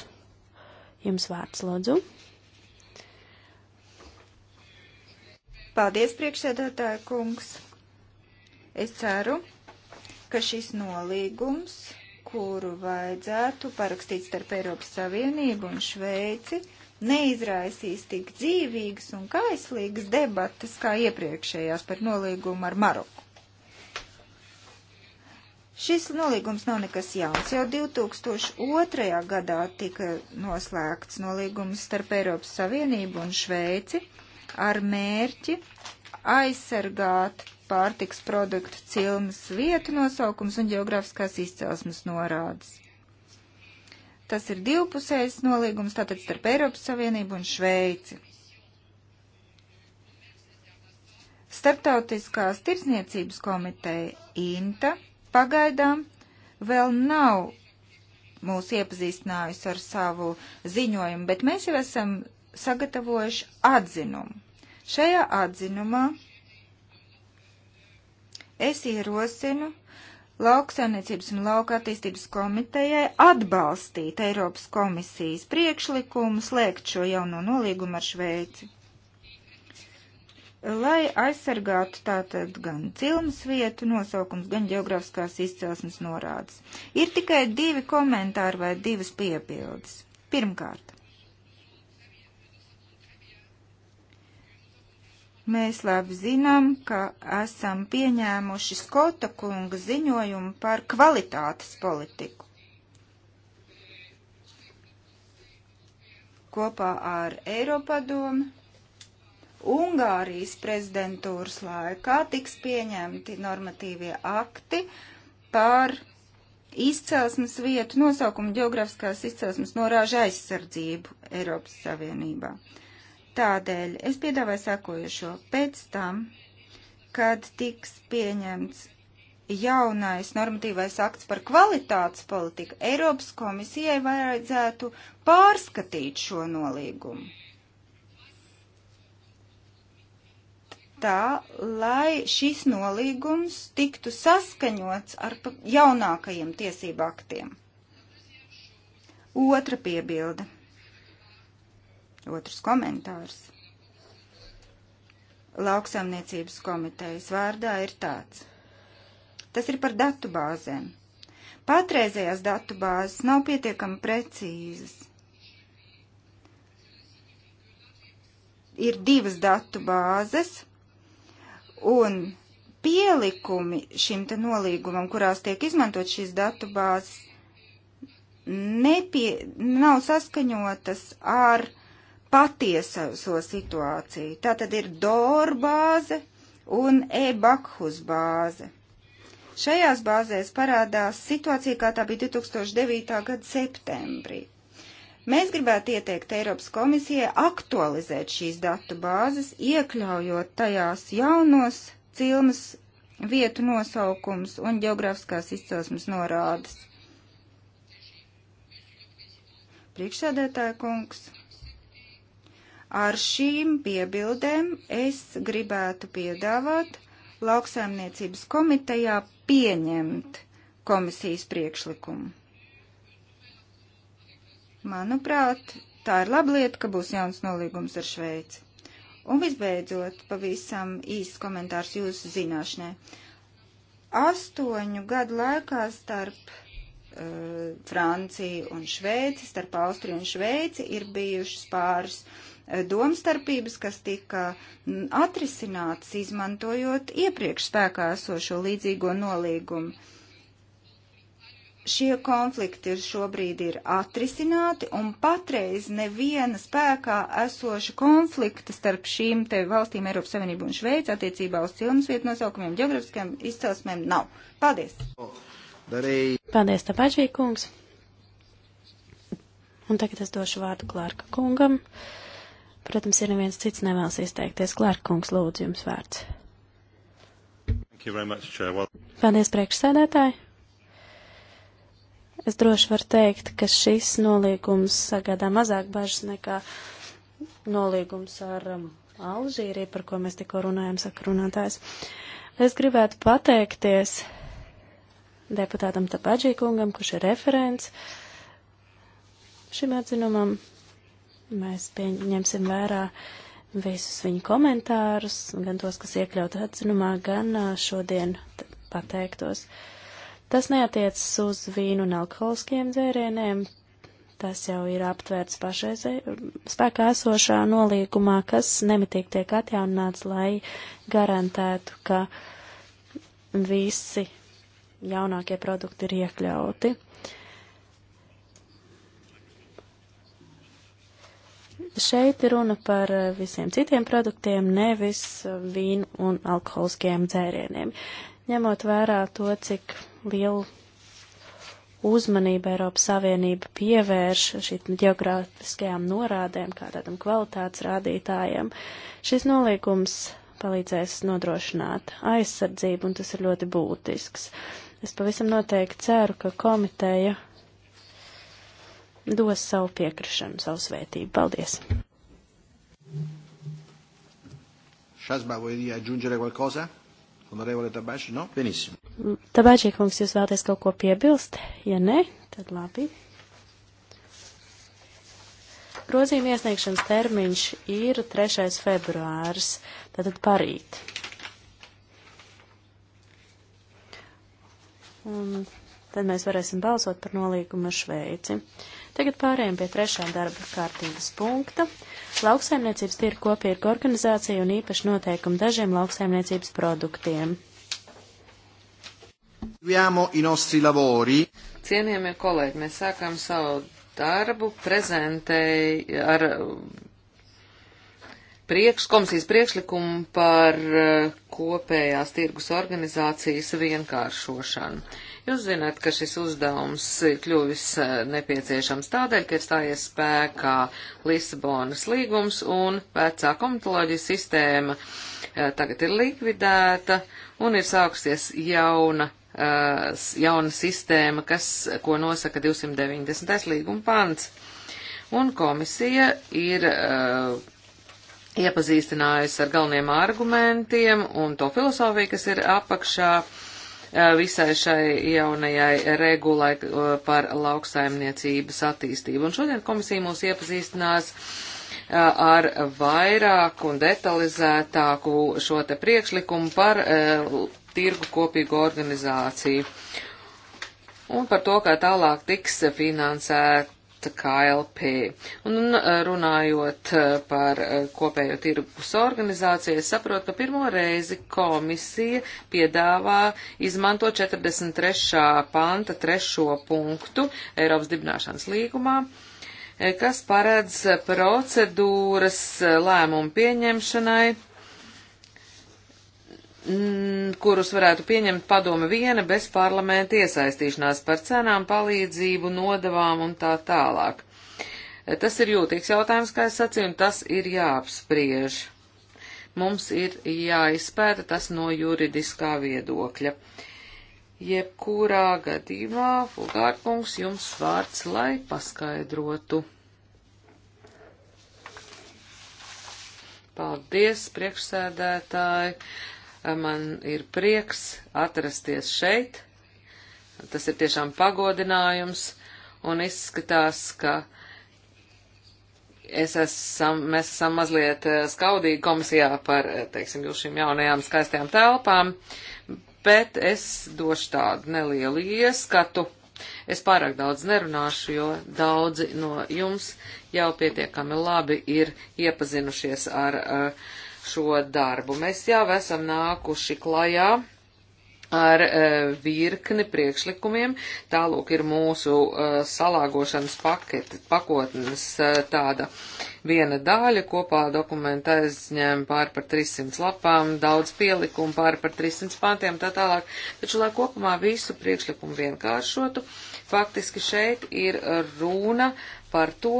Speaker 3: jums vārds lūdzu. Paldies, priekšsēdētāja
Speaker 2: kungs. Es ceru, ka šis nolīgums, kuru vajadzētu parakstīt starp Eiropas Savienību un Šveici, neizraisīs tik dzīvīgas un kaislīgas debatas kā iepriekšējās par nolīgumu ar Maroku. Šis nolīgums nav nekas jauns. Jau 2002. gadā tika noslēgts nolīgums starp Eiropas Savienību un Šveici ar mērķi aizsargāt pārtiks produktu cilmas vietu nosaukums un geogrāfiskās izcelsmes norādes. Tas ir divpusējs nolīgums, tātad starp Eiropas Savienību un Šveici. Startautiskās tirsniecības komiteja INTA pagaidām vēl nav mūs iepazīstinājusi ar savu ziņojumu, bet mēs jau esam sagatavojuši atzinumu. Šajā atzinumā es ierosinu lauksaimniecības un lauka attīstības komitejai atbalstīt Eiropas komisijas priekšlikumu slēgt šo jauno nolīgumu ar Šveici. Lai aizsargātu tātad gan cilmes vietu nosaukums, gan geogrāfiskās izcelsmes norādes, ir tikai divi komentāri vai divas piebildes. Pirmkārt, Mēs labi zinām, ka esam pieņēmuši Skota kunga ziņojumu par kvalitātes politiku. Kopā ar Eiropadomu Ungārijas prezidentūras laikā tiks pieņemti normatīvie akti par izcelsmes vietu nosaukumu geogrāfiskās izcelsmes norāža aizsardzību Eiropas Savienībā. Uh, Tādēļ es piedāvāju sekojušo. Pēc tam, kad tiks pieņemts jaunais normatīvais akts par kvalitātes politiku, Eiropas komisijai vajadzētu pārskatīt šo nolīgumu. Tā, lai šis nolīgums tiktu saskaņots ar jaunākajiem tiesību aktiem. Otra piebilde. Otrs komentārs lauksaimniecības komitejas vārdā ir tāds. Tas ir par datu bāzēm. Patreizējās datu bāzes nav pietiekami precīzas. Ir divas datu bāzes un pielikumi šim te nolīgumam, kurās tiek izmantot šīs datu bāzes, nepie, nav saskaņotas ar patieso so situāciju. Tā tad ir Dor bāze un Ebakhus bāze. Šajās bāzēs parādās situācija, kā tā bija 2009. gada septembrī. Mēs gribētu ieteikt Eiropas komisijai aktualizēt šīs datu bāzes, iekļaujot tajās jaunos cilmes vietu nosaukums un geogrāfiskās izcelsmes norādes. Priekšsēdētāja kungs. Ar šīm piebildēm es gribētu piedāvāt lauksaimniecības komitejā pieņemt komisijas priekšlikumu. Manuprāt, tā ir laba lieta, ka būs jauns nolīgums ar Šveici. Un visbeidzot, pavisam īsts komentārs jūsu zināšanai. Astoņu gadu laikā starp uh, Francija un Šveici, starp Austriju un Šveici ir bijušas pāris domstarpības, kas tika atrisinātas izmantojot iepriekš spēkā esošo līdzīgo nolīgumu. Šie konflikti ir šobrīd ir atrisināti, un patreiz neviena spēkā esoša konflikta starp šīm te valstīm Eiropas Savienību un Šveici attiecībā uz cilvēcvietu nosaukumiem, geogrāfiskajām izcelsmēm nav. Paldies! Paldies, Tabačvī
Speaker 3: kungs! Un tagad es došu vārdu Klārka kungam. Uh, Protams, ja neviens cits nevēlas izteikties, Klārkungs, lūdzu jums vārds. Much, well... Paldies, priekšsēdētāji! Es droši varu teikt, ka šis nolīgums sagādā mazāk bažas nekā nolīgums ar um, Alžīriju, par ko mēs tikko runājam, saka runātājs. Es gribētu pateikties deputātam Tapadžī kungam, kurš ir referents šim atzinumam. Mēs pieņemsim vērā visus viņu komentārus, gan tos, kas iekļaut atzinumā, gan šodien pateiktos. Tas neatiecas uz vīnu un alkoholiskiem dzērieniem, tas jau ir aptvērts pašreizē spēkā esošā nolīgumā, kas nemitīgi tiek atjaunināts, lai garantētu, ka visi jaunākie produkti ir iekļauti. šeit ir runa par eh, visiem citiem produktiem, nevis eh, vīnu un alkoholiskajiem dzērieniem. Ņemot vērā to, cik lielu uzmanību Eiropas Savienība pievērš šīm geogrāfiskajām norādēm, kā tādam kvalitātes rādītājam, šis nolīgums palīdzēs nodrošināt aizsardzību, un tas ir ļoti būtisks. Es pavisam noteikti ceru, ka komiteja dos savu piekrišanu, savu svētību. Paldies!
Speaker 1: Šasbā, vai ir jāģunģere kaut cosa? Honorevole Tabači, no? Benissimo.
Speaker 3: Tabači, kungs, jūs vēlaties kaut ko piebilst? Ja nē, tad labi. Grozījuma iesniegšanas termiņš ir 3. februāris, tātad parīt. Un tad mēs varēsim balsot par nolīgumu ar Šveici. Uh, Tagad pārējām pie trešā darba kārtības punkta. Lauksaimniecības tirku kopīga organizācija un īpaši noteikumi dažiem lauksaimniecības
Speaker 4: produktiem. Cienījamie kolēģi, mēs sākām savu darbu prezentēju ar uh, priekš, komisijas priekšlikumu par uh, kopējās tirgus organizācijas vienkāršošanu. Jūs zināt, ka šis uzdevums ir kļuvis eh, nepieciešams tādēļ, ka ir stājies spēkā Lisabonas līgums un vecā komitoloģijas sistēma eh, tagad ir likvidēta un ir sākusies jauna, eh, jauna sistēma, kas, ko nosaka 290. līguma pants. Un komisija ir iepazīstinājusi ar galveniem argumentiem un to filozofiju, kas ir apakšā Eh, visai šai jaunajai regulai eh, par lauksaimniecības attīstību. Un šodien komisija mūs iepazīstinās eh, ar vairāku un detalizētāku šo te priekšlikumu par tirgu kopīgu organizāciju un par to, kā tālāk tiks finansēt KLP. Un uh, runājot uh, par uh, kopējo tirgus organizāciju, es saprotu, ka pirmo reizi komisija piedāvā izmanto 43. panta trešo punktu Eiropas dibināšanas līgumā eh, kas paredz procedūras eh, lēmumu pieņemšanai Mm, kurus varētu pieņemt padome viena bez parlamenta iesaistīšanās par cenām, palīdzību, nodavām un tā tālāk. Tas ir jūtīgs jautājums, kā es sacīju, un tas ir jāapspriež. Mums ir jāizpēta tas no juridiskā viedokļa. Jebkurā gadījumā, Fulgārkungs, jums vārds, lai paskaidrotu. Paldies, priekšsēdētāji! Man ir prieks atrasties šeit. Tas ir tiešām pagodinājums un izskatās, ka es esam, mēs esam mazliet eh, skaudīgi komisijā par, eh, teiksim, jūs šīm jaunajām skaistajām telpām, bet es došu tādu nelielu ieskatu. Es pārāk daudz nerunāšu, jo daudzi no jums jau pietiekami labi ir iepazinušies ar uh, šo darbu. Mēs jau esam nākuši klajā ar e, virkni priekšlikumiem. Tālūk ir mūsu e, salāgošanas paketi, pakotnes e, tāda viena daļa. Kopā dokumenta aizņem pār par 300 lapām, daudz pielikumu pār par 300 pantiem tā tālāk. Taču, lai kopumā visu priekšlikumu vienkāršotu, e, Faktiski šeit ir runa par to,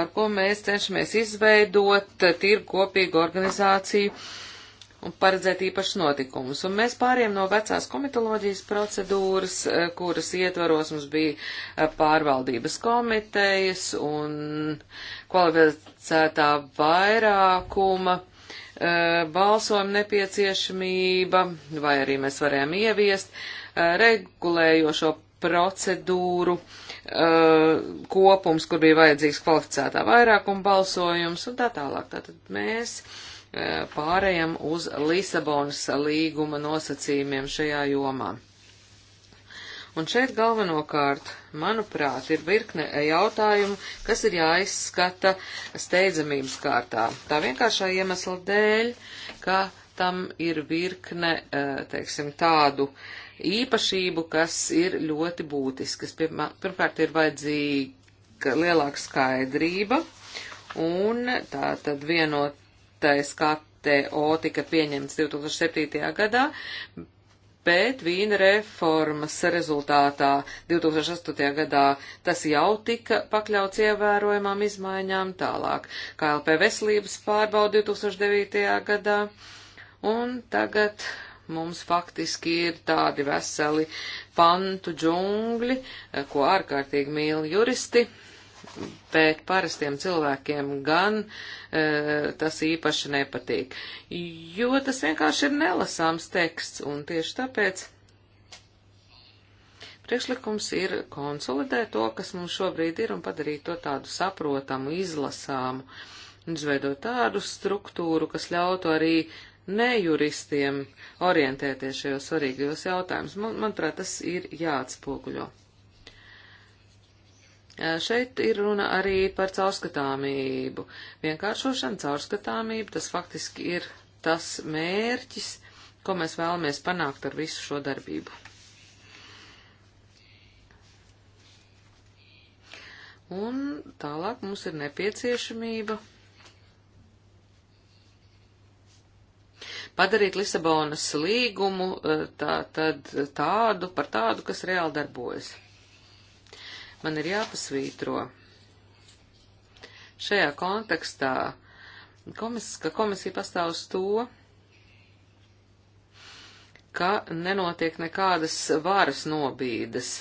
Speaker 4: ar ko mēs cenšamies izveidot tirgu kopīgu organizāciju un paredzēt īpašus notikumus. Un mēs pāriem no vecās komitoloģijas procedūras, eh, kuras ietvaros mums bija eh, pārvaldības komitejas un kvalificētā vairākuma eh, balsojuma nepieciešamība, vai arī mēs varējām ieviest regulējošo procedūru uh, kopums, kur bija vajadzīgs kvalificētā vairākuma balsojums un tā tālāk. Tātad mēs uh, pārējam uz Lisabonas līguma nosacījumiem šajā jomā. Un šeit galvenokārt, manuprāt, ir virkne jautājumu, kas ir jāizskata steidzamības kārtā. Tā vienkāršā iemesla dēļ, ka tam ir virkne, eh, teiksim, tādu uh, īpašību, kas ir ļoti būtiskas. Pirmkārt, ir vajadzīga lielāka skaidrība, un tā tad vienotais KTO tika pieņemts 2007. gadā, bet vīna reformas rezultātā 2008. gadā tas jau tika pakļauts ievērojamām izmaiņām tālāk. KLP veselības pārbauda 2009. gadā, un tagad mums faktiski ir tādi veseli pantu džungļi, eh, ko ārkārtīgi mīl juristi, bet parastiem cilvēkiem gan e, tas īpaši nepatīk, jo tas vienkārši ir nelasāms teksts, un tieši tāpēc priekšlikums ir konsolidēt to, kas mums šobrīd ir, un padarīt to tādu saprotamu, izlasāmu, un izveidot tādu struktūru, kas ļautu arī nejuristiem orientēties šajos svarīgajos jautājumus. Man, manuprāt, tas ir jāatspoguļo. Šeit ir runa arī par caurskatāmību. Vienkāršošana, caurskatāmība, tas faktiski ir tas mērķis, ko mēs vēlamies panākt ar visu šo darbību. Un tālāk mums ir nepieciešamība padarīt Lisabonas līgumu e, tā, tad, tādu par tādu, kas reāli darbojas. Man ir jāpasvītro. Šajā kontekstā komis, ka komisija pastāv uz to, ka nenotiek nekādas varas nobīdes.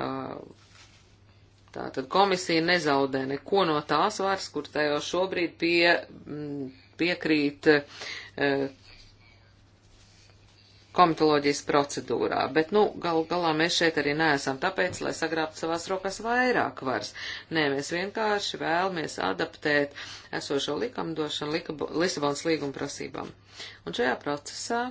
Speaker 4: E, Tātad komisija nezaudē neko no tās varas, kur tajā šobrīd pie, piekrīt Eh, komitoloģijas procedūrā, bet, nu, gal galā mēs šeit arī neesam tāpēc, lai sagrābtu savās rokās vairāk varas. Nē, mēs vienkārši vēlamies adaptēt esošo likumdošanu Lisabonas līguma prasībām. Un šajā procesā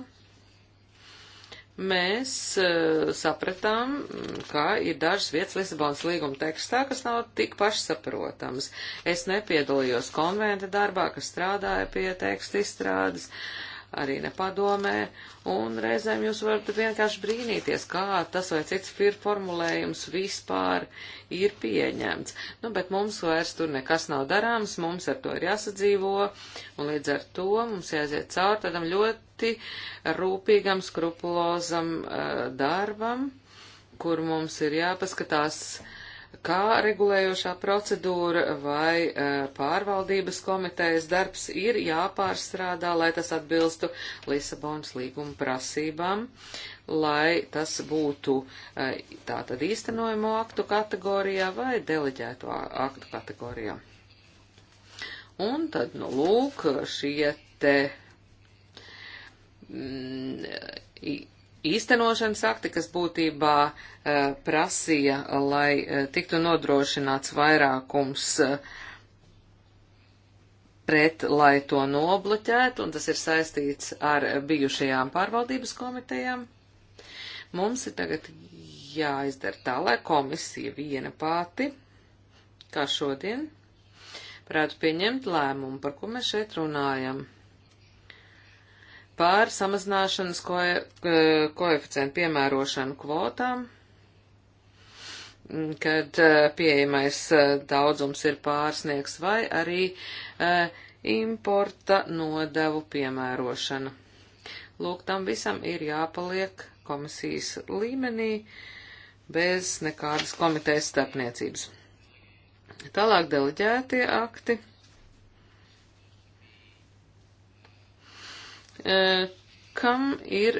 Speaker 4: mēs uh, sapratām, mm, ka ir dažas vietas Lisabonas līguma tekstā, kas nav tik pašsaprotams. Es nepiedalījos konventa darbā, kas strādāja pie teksta izstrādes. Uh, arī nepadomē, un reizēm jūs varat vienkārši brīnīties, kā tas vai cits ir formulējums vispār ir pieņemts. Nu, bet mums vairs tur nekas nav darāms, mums ar to ir jāsadzīvo, un līdz ar to mums jāiziet cauri tādam ļoti rūpīgam, skrupulozam uh, darbam, kur mums ir jāpaskatās, uh, kā regulējošā procedūra vai eh, pārvaldības komitejas darbs ir jāpārstrādā, lai tas atbilstu Lisabonas līguma prasībām, lai tas būtu eh, tātad īstenojamo aktu kategorijā vai deleģēto aktu kategorijā. Un tad, nu, lūk, šie te. Mm, īstenošanas akti, kas būtībā eh, prasīja, lai eh, tiktu nodrošināts vairākums eh, pret, lai to nobloķētu, un tas ir saistīts ar bijušajām pārvaldības komitejām. Mums ir tagad jāizdara tā, lai komisija viena pati, kā šodien, varētu pieņemt lēmumu, par ko mēs šeit runājam par samazināšanas e, koeficientu piemērošanu kvotām, kad e, pieejamais e, daudzums ir pārsniegs, vai arī importa nodevu piemērošana. Lūk, tam visam ir jāpaliek komisijas līmenī bez nekādas komitejas starpniecības. Tālāk deleģētie akti. Eh, kam ir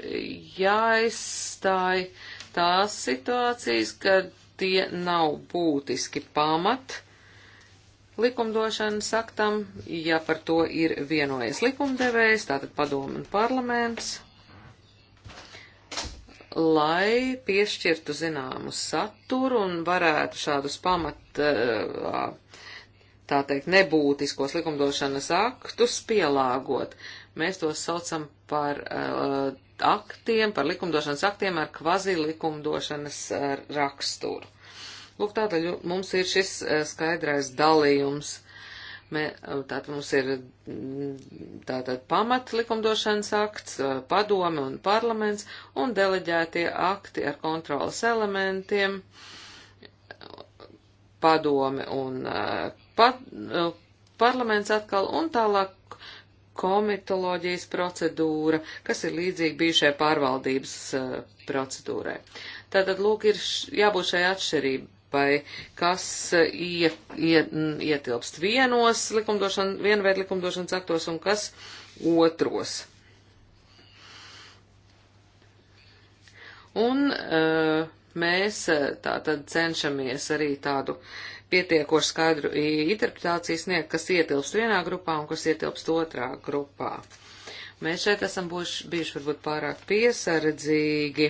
Speaker 4: jāizstāj tās situācijas, kad tie nav būtiski pamat likumdošanas aktam, ja par to ir vienojies likumdevējs, tātad padomu un parlaments, lai piešķirtu zināmu saturu un varētu šādus pamat, eh, tā teikt, nebūtiskos likumdošanas aktus pielāgot. Mēs tos saucam par uh, aktiem, par likumdošanas aktiem ar kvazi likumdošanas uh, raksturu. Lūk, tātad mums ir šis uh, skaidrais dalījums. Mē, uh, tātad mums ir mm, tātad pamat likumdošanas akts, uh, padome un parlaments un deleģētie akti ar kontrolas elementiem, padome un uh, pat, parlaments atkal un tālāk komitoloģijas procedūra, kas ir līdzīga bijušai pārvaldības uh, procedūrai. Tātad, lūk, ir š, jābūt šai atšķirībai, kas uh, ie, ie, ietilpst vienos likumdošana, vienveidu likumdošanas aktos un kas otros. Un uh, mēs tātad cenšamies arī tādu uh, pietiekoši skaidru interpretāciju sniegt, kas ietilpst vienā grupā un kas ietilpst otrā grupā. Mēs šeit esam būši, bijuši varbūt pārāk piesardzīgi.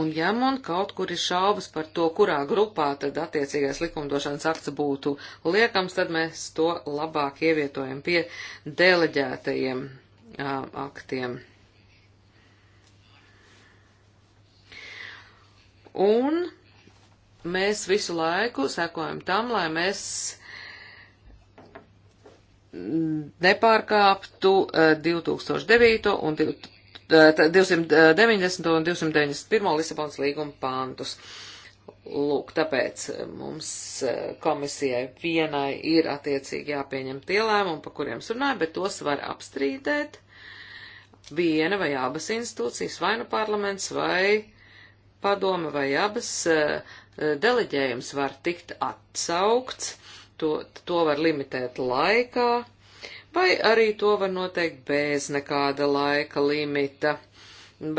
Speaker 4: Un ja man kaut kur ir šaubas par to, kurā grupā tad attiecīgais likumdošanas akts būtu liekams, tad mēs to labāk ievietojam pie deleģētajiem uh, aktiem. Un mēs visu laiku sekojam tam, lai mēs nepārkāptu 2009 eh, un 290 un 291 Lisabonas līguma pantus. Lūk, tāpēc eh, mums eh, komisijai vienai ir attiecīgi jāpieņem tie lēmumi, pa kuriem runāja, bet tos var apstrīdēt viena vai abas institūcijas, vai nu parlaments, vai padome, vai abas deleģējums var tikt atsaukts, to, to var limitēt laikā, vai arī to var noteikt bez nekāda laika limita.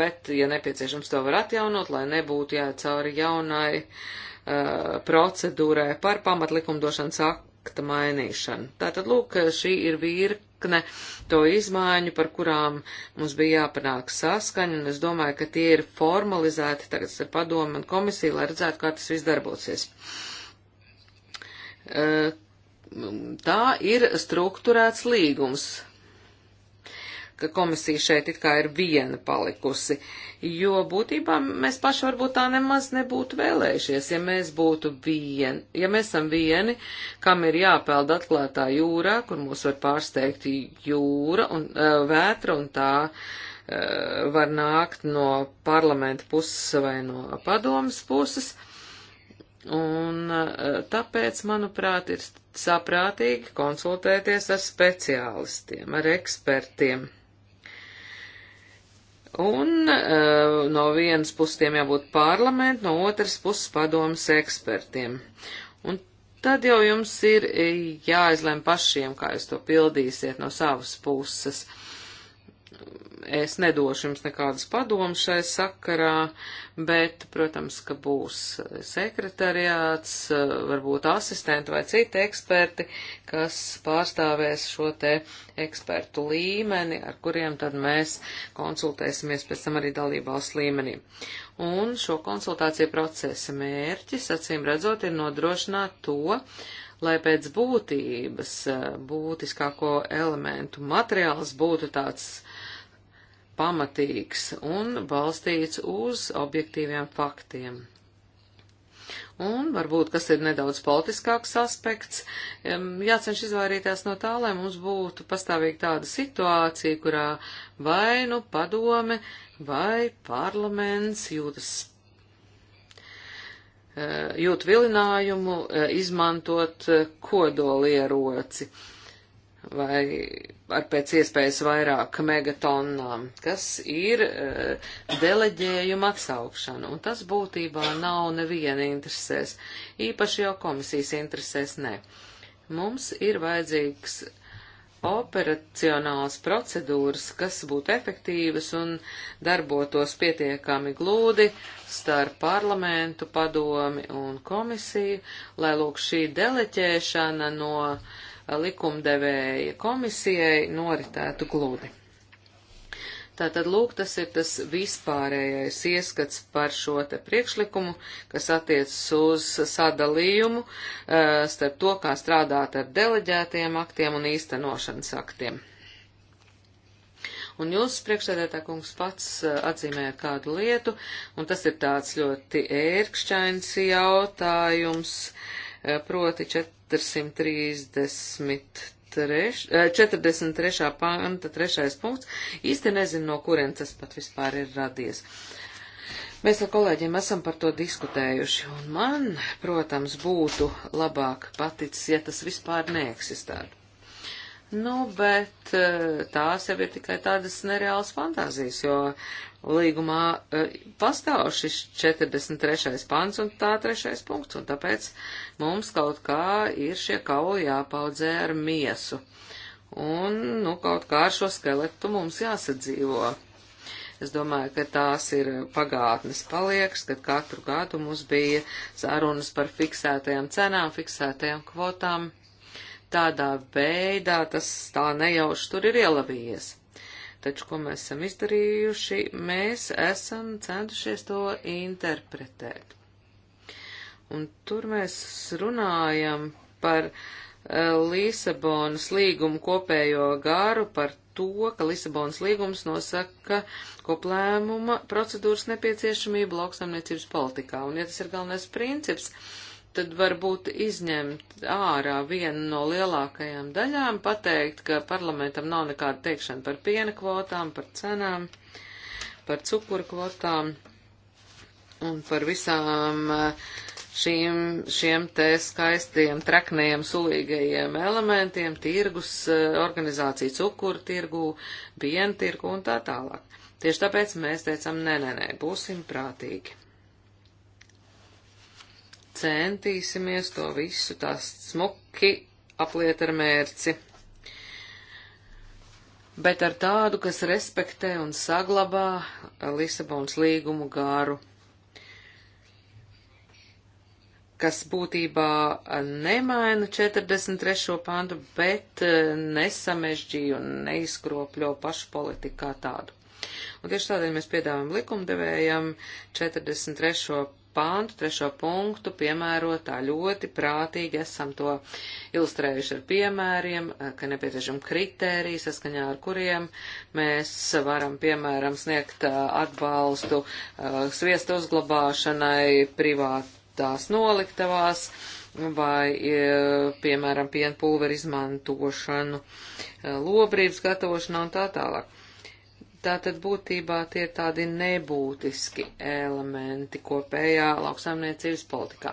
Speaker 4: Bet, ja nepieciešams, to var atjaunot, lai nebūtu jācauri jaunai uh, procedūrai par pamatlikumdošanas akta mainīšanu. Tātad, lūk, šī ir virkne virkne to izmaiņu, par kurām mums bija jāpanāk saskaņa, un es domāju, ka tie ir formalizēti tagad ar padomu un komisiju, lai redzētu, kā tas viss darbosies. Eh, tā ir struktūrēts līgums, ka komisija šeit it kā ir viena palikusi, jo būtībā mēs paši varbūt tā nemaz nebūtu vēlējušies, ja mēs būtu vieni, ja mēs esam vieni, kam ir jāpeld atklātā jūrā, kur mūs var pārsteigt jūra un eh, vētra un tā eh, var nākt no parlamenta puses vai no padomas puses. Un eh, tāpēc, manuprāt, ir saprātīgi konsultēties ar speciālistiem, ar ekspertiem. Un uh, no vienas puses tiem jābūt parlamentu, no otras puses padomas ekspertiem. Un tad jau jums ir eh, jāizlem pašiem, kā jūs to pildīsiet no savas puses. Uh, es nedošu jums nekādas padomas šai sakarā, bet, protams, ka būs eh, sekretariāts, eh, varbūt asistenti vai citi eksperti, kas pārstāvēs šo te ekspertu līmeni, ar kuriem tad mēs konsultēsimies pēc tam arī dalībās līmenī. Un šo konsultāciju procesa mērķis, acīm redzot, ir nodrošināt to, lai pēc būtības eh, būtiskāko elementu materiāls būtu tāds, pamatīgs un balstīts uz objektīviem faktiem. Un varbūt, kas ir nedaudz politiskāks aspekts, jāceņš izvairīties no tā, lai mums būtu pastāvīgi tāda situācija, kurā vai nu padome vai parlaments jūtas eh, jūt vilinājumu eh, izmantot eh, kodolieroci. ieroci vai ar pēc iespējas vairāk megatonnām, kas ir uh, deleģējuma atsaukšana, un tas būtībā nav neviena interesēs, īpaši jau komisijas interesēs nē. Mums ir vajadzīgs operacionāls procedūras, kas būtu efektīvas un darbotos pietiekami glūdi starp parlamentu, padomi un komisiju, lai lūk šī deleķēšana no uh, likumdevēja komisijai noritētu gludi. Tātad, lūk, tas ir tas vispārējais ieskats par šo te priekšlikumu, kas attiecas uz sadalījumu eh, starp to, kā strādāt ar deleģētiem aktiem un īstenošanas aktiem. Un jūs, priekšsēdētā kungs, pats eh, atzīmējat kādu lietu, un tas ir tāds ļoti ērkšķains jautājums, eh, proti 4. 433. 43. Eh, panta trešais punkts. Īsti nezinu, no kurien tas pat vispār ir radies. Mēs ar kolēģiem esam par to diskutējuši, un man, protams, būtu labāk paticis, ja tas vispār neeksistētu. Nu, bet eh, tās jau ir tikai tādas nereālas fantāzijas, jo Līgumā eh, pastāv šis 43. pants un tā trešais punkts, un tāpēc mums kaut kā ir šie kauli jāpaudzē ar miesu. Un, nu, kaut kā ar šo skeletu mums jāsadzīvo. Es domāju, ka tās ir pagātnes paliekas, kad katru gadu mums bija sarunas par fiksētajām cenām, fiksētajām kvotām. Tādā veidā tas tā nejauši tur ir ielavījies. Taču, ko mēs esam izdarījuši, mēs esam centušies to interpretēt. Un tur mēs runājam par uh, Lisabonas līgumu kopējo gāru, par to, ka Lisabonas līgums nosaka koplēmuma procedūras nepieciešamību lauksamniecības politikā. Un, ja tas ir galvenais princips, uh, tad varbūt izņemt ārā vienu no lielākajām daļām, pateikt, ka parlamentam nav nekāda teikšana par piena kvotām, par cenām, par cukuru kvotām un par visām eh, šīm, šiem te skaistiem, traknējiem, sulīgajiem elementiem, tirgus, eh, organizācija cukuru tirgu, piena tirgu un tā tālāk. Tieši tāpēc mēs teicam, nē, nē, nē, būsim prātīgi centīsimies to visu tā smuki apliet ar mērci, bet ar tādu, kas respektē un saglabā Lisabons līgumu gāru, kas būtībā nemaina 43. pantu, bet e, nesamežģīja un neizkropļo pašu politiku kā tādu. Un tieši tādēļ mēs piedāvājam likumdevējam 43 pāntu, trešo punktu piemērotā ļoti prātīgi esam to ilustrējuši ar piemēriem, eh, ka nepieciešam kritēriju, saskaņā ar kuriem mēs varam, piemēram, sniegt eh, atbalstu eh, sviesta uzglabāšanai privātās noliktavās vai, piemēram, pienpulveru izmantošanu, lobrības gatavošanu un tā tālāk. Tātad būtībā tie ir tādi nebūtiski elementi kopējā lauksaimniecības politikā.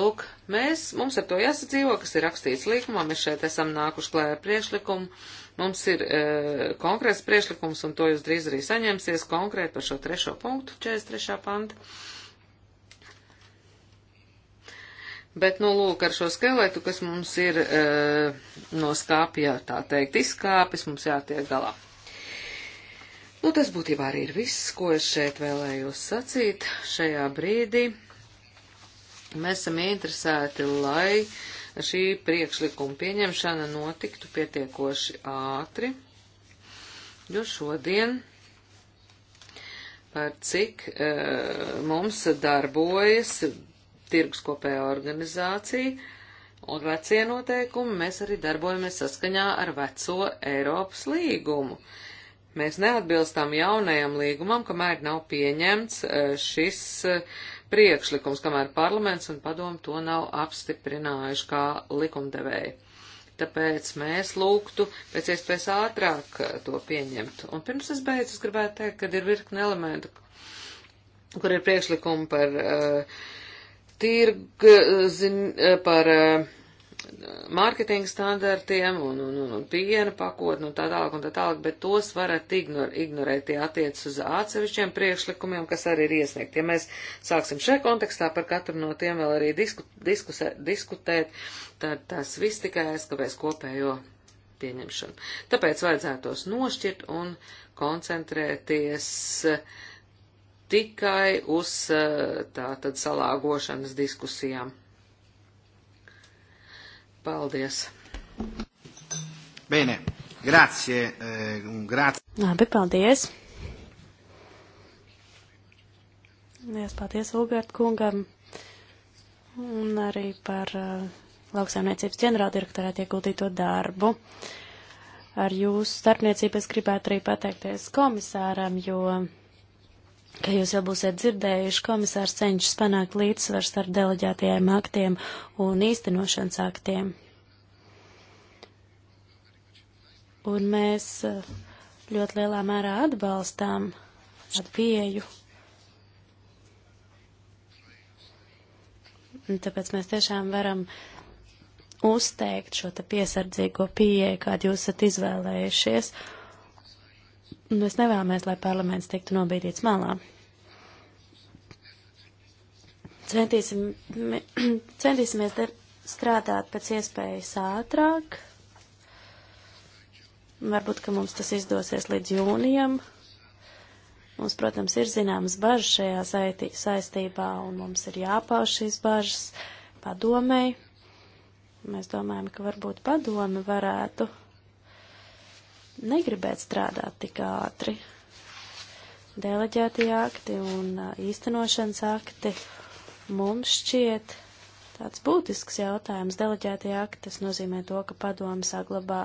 Speaker 4: Lūk, mēs, mums ar to jāsadzīvo, kas ir rakstīts līkumā, mēs šeit esam nākuši klējā priešlikumu, mums ir e, konkrēts priešlikums, un to jūs drīz arī saņemsies konkrēti par šo trešo punktu, 43. panta. Bet, nu, lūk, ar šo skeletu, kas mums ir e, no skāpjā, tā teikt, izskāpis, mums jātiek galā. Nu, tas būtībā arī ir viss, ko es šeit vēlējos sacīt šajā brīdī. Mēs esam interesēti, lai šī priekšlikuma pieņemšana notiktu pietiekoši ātri, jo šodien par cik e, mums darbojas tirgus kopējā organizācija un vecie noteikumi, mēs arī darbojamies saskaņā ar veco Eiropas līgumu. E, Mēs neatbilstam jaunajam līgumam, kamēr nav pieņemts e, šis e, priekšlikums, kamēr parlaments un padomu to nav apstiprinājuši kā likumdevēji. Tāpēc mēs lūgtu pēc iespējas ātrāk e, to pieņemt. Un pirms es beidzu, es gribētu teikt, ka ir virkni elementu, kur ir priekšlikumi par uh, tirgu, zin, par uh, mārketinga standartiem un, un, un, un piena pakotni un tā tālāk un tā tālāk, bet tos varat ignor, ignorēt, tie attiec uz atsevišķiem priekšlikumiem, kas arī ir iesniegti. Ja mēs sāksim šajā kontekstā par katru no tiem vēl arī disku, diskus, diskutēt, tad tas viss tikai aizkavēs kopējo pieņemšanu. Tāpēc vajadzētu tos nošķirt un koncentrēties eh, tikai uz eh, tātad salāgošanas diskusijām. Paldies!
Speaker 1: Bene, grazie, eh, grazie.
Speaker 3: Labi, paldies! Liels paldies Ugārt kungam un arī par uh, lauksaimniecības ģenerāldirektorēt ieguldīto darbu. Ar jūsu starpniecību es gribētu arī pateikties komisāram, jo ka jūs jau būsiet dzirdējuši, komisārs cenšas panākt līdzsvars starp deleģētajiem aktiem un īstenošanas aktiem. Un mēs eh, ļoti lielā mērā atbalstām šādu pieju. Un tāpēc mēs tiešām varam uzteikt šo te piesardzīgo pieeju, kādu jūs esat izvēlējušies. Uh, Mēs nevēlamies, lai parlaments tiktu nobīdīts malā. Centīsim, centīsimies dar, strādāt pēc iespējas ātrāk. Varbūt, ka mums tas izdosies līdz jūnijam. Mums, protams, ir zināmas bažas šajā saiti, saistībā, un mums ir jāpauž šīs bažas padomēji. Mēs domājam, ka varbūt padome varētu negribēt strādāt tik ātri. Deleģētie akti un īstenošanas akti mums šķiet tāds būtisks jautājums. Deleģētie akti tas nozīmē to, ka padomu saglabā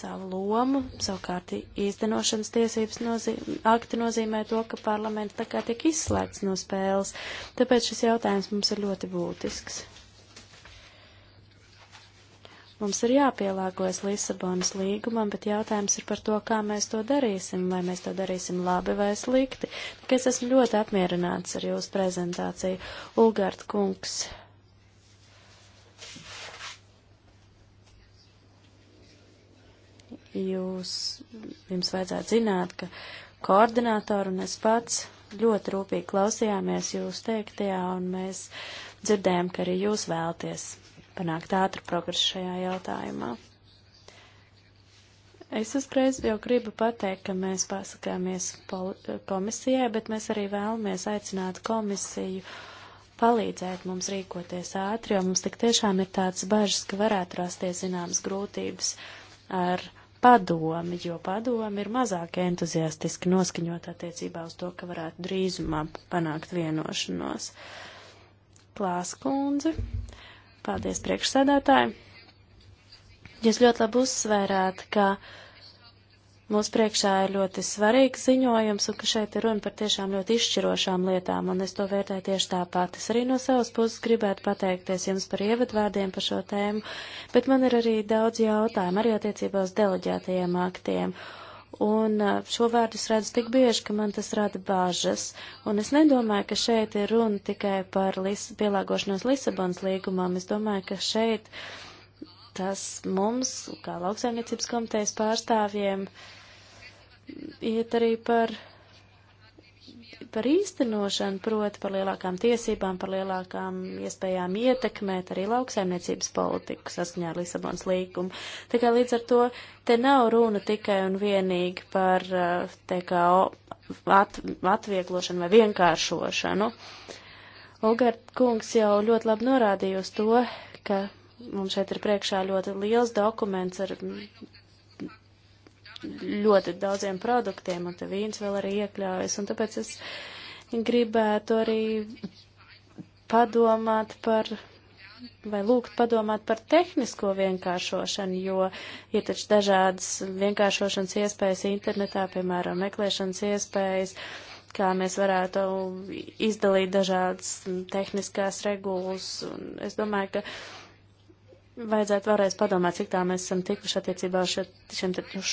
Speaker 3: savu lomu, savukārt īstenošanas tiesības nozīm, akti nozīmē to, ka parlaments tā kā tiek izslēgts no spēles. Tāpēc šis jautājums mums ir ļoti būtisks. Mums ir jāpielāgojas Lisabonas līgumam, bet jautājums ir par to, kā mēs to darīsim, vai mēs to darīsim labi vai slikti. Tikai es esmu ļoti apmierināts ar jūsu prezentāciju. Ulgārt kungs. Jūs, jums vajadzētu zināt, ka koordinātori un es pats ļoti rūpīgi klausījāmies jūs teiktajā, un mēs dzirdējām, ka arī jūs vēlties panākt ātru progresu šajā jautājumā. Es uzreiz jau gribu pateikt, ka mēs pasakāmies komisijai, bet mēs arī vēlamies aicināt komisiju palīdzēt mums rīkoties ātri, jo mums tik tiešām ir tāds bažas, ka varētu rasties zināmas grūtības ar padomi, jo padomi ir mazāk entuziastiski noskaņot attiecībā uz to, ka varētu drīzumā panākt vienošanos. Klāskundze. kundze. Paldies, priekšsēdētāji. Jūs ļoti labi uzsvērāt, ka mūsu priekšā ir ļoti svarīgs ziņojums un ka šeit ir runa par tiešām ļoti izšķirošām lietām, un es to vērtēju tieši tāpat. Es arī no savas puses gribētu pateikties jums par ievadvārdiem par šo tēmu, bet man ir arī daudz jautājumu arī attiecībā uz deleģētajiem aktiem. Un šo vārdu es redzu tik bieži, ka man tas rada bāžas. Un es nedomāju, ka šeit ir runa tikai par lis pielāgošanos Lisabonas līgumam. Es domāju, ka šeit tas mums, kā lauksaimniecības komitejas pārstāvjiem, iet arī par par īstenošanu, proti par lielākām tiesībām, par lielākām iespējām ietekmēt arī lauksaimniecības politiku saskaņā ar Lisabonas līgumu. Tā kā līdz ar to te nav runa tikai un vienīgi par eh, TKO at, atvieglošanu vai vienkāršošanu. Ugart kungs jau ļoti labi norādīja uz to, ka mums šeit ir priekšā ļoti liels dokuments ar ļoti daudziem produktiem, un te vīns vēl arī iekļaujas, un tāpēc es gribētu arī padomāt par vai lūgt padomāt par tehnisko vienkāršošanu, jo ir taču dažādas vienkāršošanas iespējas internetā, piemēram, meklēšanas iespējas, kā mēs varētu izdalīt dažādas tehniskās regulas. Un es domāju, ka vajadzētu vēlreiz padomāt, cik tā mēs esam tikuši attiecībā uz šo,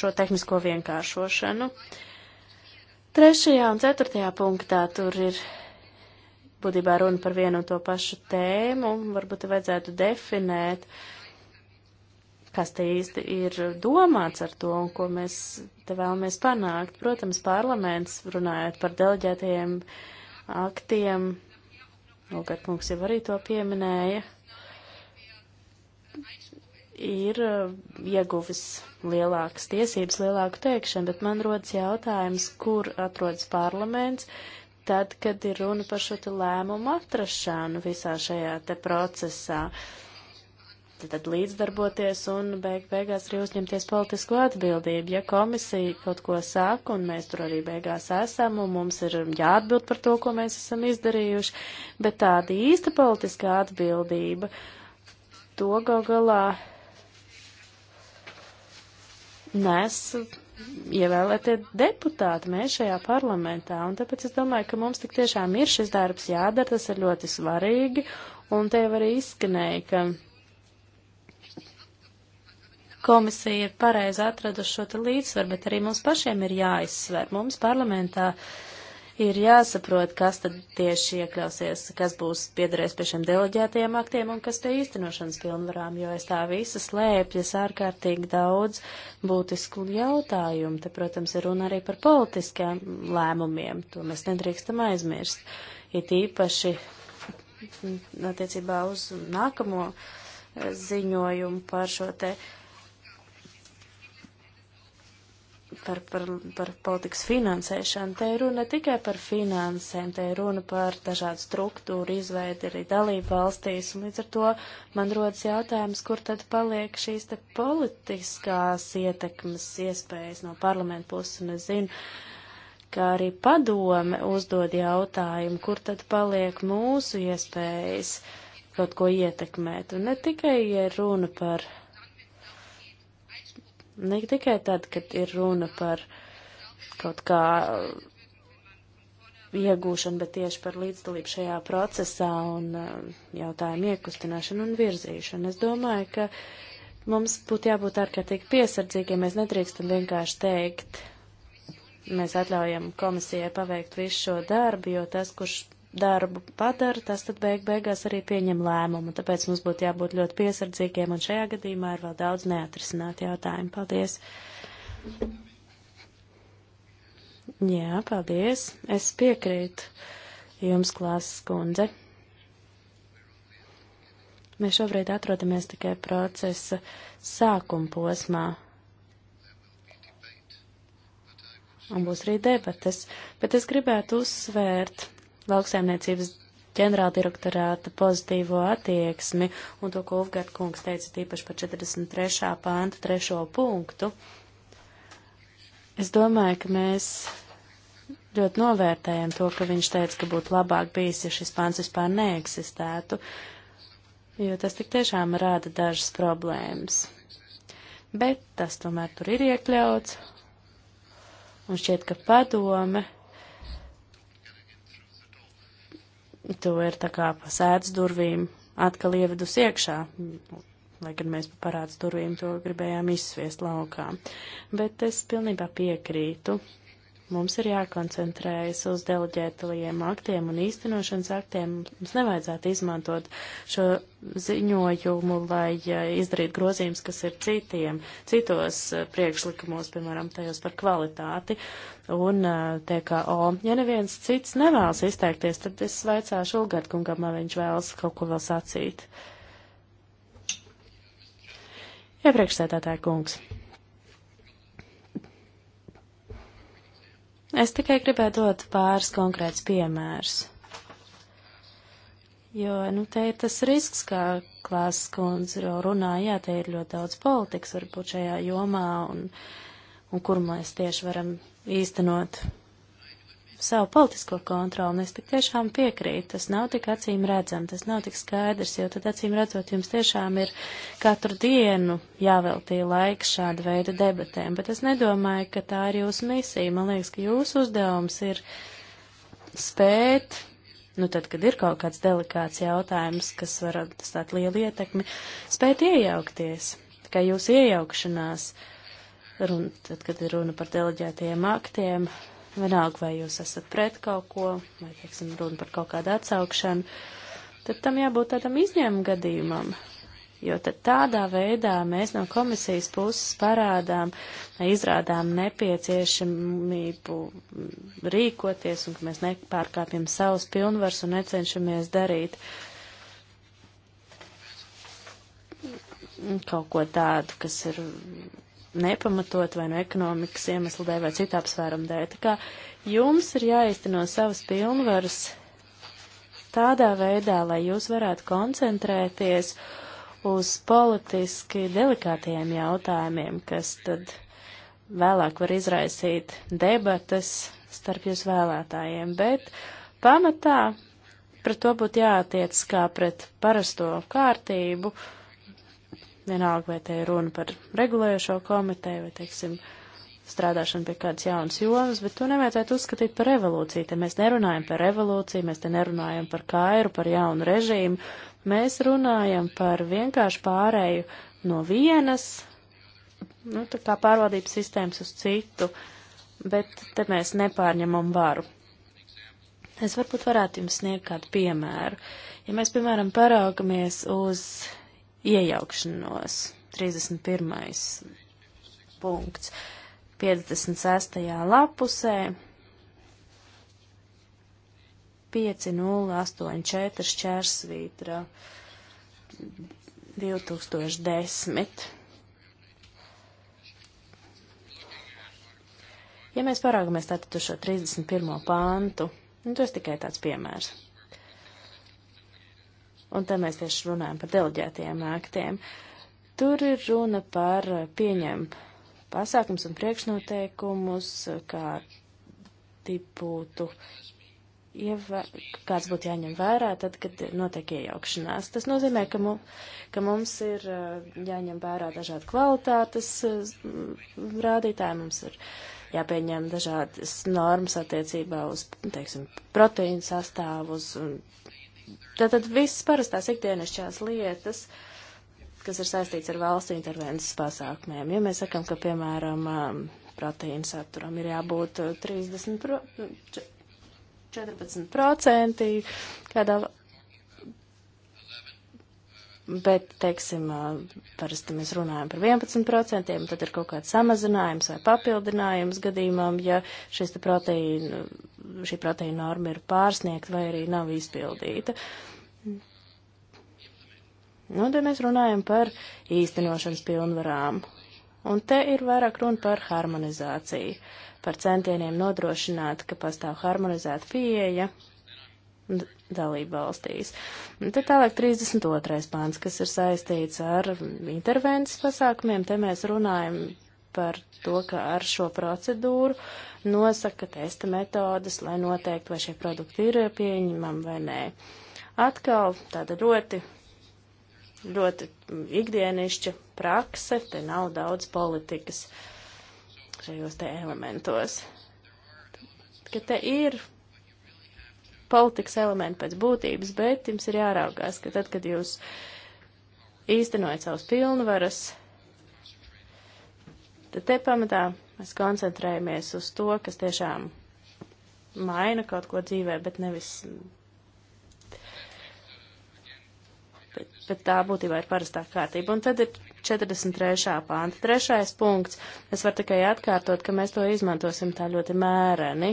Speaker 3: šo tehnisko vienkāršošanu. Trešajā un ceturtajā punktā tur ir būtībā runa par vienu un to pašu tēmu. Varbūt vajadzētu definēt, kas te īsti ir domāts ar to un ko mēs te vēlamies panākt. Protams, parlaments runājot par deleģētajiem aktiem, Ogar kungs jau arī to pieminēja ir uh, ieguvis lielākas tiesības, lielāku teikšanu, bet man rodas jautājums, kur atrodas parlaments, tad, kad ir runa par šo te lēmumu atrašanu visā šajā te procesā. Tad līdzdarboties un beig beigās arī uzņemties politisko atbildību. Ja komisija kaut ko saka, un mēs tur arī beigās esam, un mums ir jāatbild par to, ko mēs esam izdarījuši, bet tāda īsta politiskā atbildība. Uh, to gal galā nes ievēlētie deputāti mēs šajā parlamentā. Un tāpēc es domāju, ka mums tik tiešām ir šis darbs jādara, tas ir ļoti svarīgi. Un te jau arī izskanēja, ka komisija ir pareizi atraduši šo līdzsvaru, bet arī mums pašiem ir jāizsver. Mums parlamentā uh, ir jāsaprot, kas tad tieši iekļausies, kas būs piederēs pie šiem deleģētajiem aktiem un kas pie īstenošanas pilnvarām, jo aiz tā visa slēpjas ārkārtīgi daudz būtisku jautājumu. Te, protams, ir runa arī par politiskiem lēmumiem, to mēs nedrīkstam aizmirst. It īpaši attiecībā uz nākamo ziņojumu par šo te uh, par, par, par politikas finansēšanu. Te ir runa ne tikai par finansēm, te ir runa par dažādu struktūru izveidi arī dalību valstīs, un līdz ar to man rodas jautājums, kur tad paliek šīs te politiskās ietekmes iespējas no parlamentu puses, un es zinu, ka arī padome uzdod jautājumu, kur tad paliek mūsu iespējas kaut ko ietekmēt, un ne tikai, ja runa par Ne tikai tad, kad ir runa par kaut kā uh, iegūšanu, bet tieši par līdzdalību šajā procesā un uh, jautājumu iekustināšanu un virzīšanu. Es domāju, ka mums būtu jābūt ārkārtīgi piesardzīgiem. Ja mēs nedrīkstam vienkārši teikt, mēs atļaujam komisijai paveikt visu šo darbu, jo tas, kurš darbu padara, tas tad beig beigās arī pieņem lēmumu. Tāpēc mums būtu jābūt ļoti piesardzīgiem, un šajā gadījumā ir vēl daudz neatrisināt jautājumu. Paldies! Jā, paldies! Es piekrītu jums, klāsas kundze. Mēs šobrīd atrodamies tikai procesa sākuma posmā. Un būs arī debates, bet es gribētu uzsvērt, lauksaimniecības ģenerāldirektorāta pozitīvo attieksmi un to, ko Ulfgard kungs teica tīpaši par 43. pānta trešo punktu. Es domāju, ka mēs ļoti novērtējam to, ka viņš teica, ka būtu labāk bijis, ja šis pāns vispār neeksistētu, jo tas tik tiešām rāda dažas problēmas. Bet tas tomēr tur ir iekļauts, un šķiet, ka padome to ir tā kā pa sēdz durvīm atkal ievedus iekšā, lai gan mēs pa parāds durvīm to gribējām izsviest laukā. Bet es pilnībā piekrītu Mums ir jākoncentrējas uz deleģētajiem aktiem un īstenošanas aktiem. Mums nevajadzētu izmantot šo ziņojumu, lai izdarītu grozījums, kas ir citiem, citos eh, priekšlikumos, piemēram, tajos par kvalitāti un eh, TKO. Ja neviens cits nevēlas izteikties, tad es vaicāšu Ulgatkungam, vai viņš vēlas kaut ko vēl sacīt. Iepriekšsētātāja kungs. Es tikai gribēju dot pāris konkrēts piemērs. Jo, nu, te ir tas risks, kā klāsts kundze jau runā, jā, te ir ļoti daudz politikas varbūt šajā jomā un, un kur mēs tieši varam īstenot savu politisko kontroli, un es tik tiešām piekrītu, tas nav tik acīm redzam, tas nav tik skaidrs, jo tad acīm redzot jums tiešām ir katru dienu jāveltīja laiks šāda veida debatēm, bet es nedomāju, ka tā ir jūsu misija, man liekas, ka jūsu uzdevums ir spēt nu tad, kad ir kaut kāds delikāts jautājums, kas var atstāt lielu ietekmi, spēt iejaukties. Tikai jūsu iejaukšanās, runa, tad, kad ir runa par deleģētajiem aktiem, vienalga vai jūs esat pret kaut ko, vai, teiksim, runa par kaut kādu atsaukšanu, tad tam jābūt tādam izņēmuma gadījumam. Jo tad tādā veidā mēs no komisijas puses parādām, izrādām nepieciešamību rīkoties un ka mēs nepārkāpjam savus pilnvars un necenšamies darīt kaut ko tādu, kas ir nepamatot vai no ekonomikas iemeslu dēļ vai citu apsvērumu dēļ. Tā kā jums ir jāizteno savas pilnvaras tādā veidā, lai jūs varētu koncentrēties uz politiski delikātajiem jautājumiem, kas tad vēlāk var izraisīt debates starp jūs vēlētājiem, bet pamatā pret to būtu jātiec kā pret parasto kārtību, uh, Vienalga, vai te ir runa par regulējošo komiteju vai, teiksim, strādāšanu pie kādas jaunas jomas, bet to nevajadzētu uzskatīt par revolūciju. Te mēs nerunājam par revolūciju, mēs te nerunājam par kairu, par jaunu režīmu. Mēs runājam par vienkāršu pārēju no vienas, nu, tā kā pārvaldības sistēmas uz citu, bet te mēs nepārņemam varu. Es varbūt varētu jums sniegt kādu piemēru. Ja mēs, piemēram, paraugamies uz iejaukšanos. 31. punkts. 56. lapusē 5084 šķērsvītra 2010. Ja mēs parāgamies tātad uz šo 31. pāntu, nu, tas tikai tāds piemērs un te mēs tieši runājam par deleģētajiem aktiem. Tur ir runa par pieņemt pasākums un priekšnoteikumus, kā būtu, ievē, kāds būtu jāņem vērā tad, kad notiek iejaukšanās. Tas nozīmē, ka, mu, ka mums ir uh, jāņem vērā dažādi kvalitātes uh, rādītāji, mums ir jāpieņem dažādas normas attiecībā uz, teiksim, proteīnu sastāvu, uz Tātad viss parastās ikdienišķās lietas, kas ir saistīts ar valsts intervences pasākumiem. Ja mēs sakam, ka, piemēram, um, proteīna saturam ir jābūt 30, uh, pro, 14% kādā bet, teiksim, parasti mēs runājam par 11%, un tad ir kaut kāds samazinājums vai papildinājums gadījumam, ja šis te proteīna, šī proteīna norma ir pārsniegta vai arī nav izpildīta. Nu, tad mēs runājam par īstenošanas pilnvarām. Un te ir vairāk runa par harmonizāciju, par centieniem nodrošināt, ka pastāv harmonizēta pieeja dalībvalstīs. Tad tālāk 32. pāns, kas ir saistīts ar intervences pasākumiem, te mēs runājam par to, ka ar šo procedūru nosaka testa metodas, lai noteiktu, vai šie produkti ir pieņemami vai nē. Atkal tāda ļoti, ļoti ikdienišķa prakse, te nav daudz politikas šajos te elementos. Ka te ir politikas elementi pēc būtības, bet jums ir jāraugās, ka tad, kad jūs īstenojat savus pilnvaras, tad te pamatā mēs koncentrējamies uz to, kas tiešām maina kaut ko dzīvē, bet nevis. Bet, bet tā būtībā ir parastā kārtība. Un tad ir 43. pānta. Trešais punkts. Es varu tikai atkārtot, ka mēs to izmantosim tā ļoti mēreni.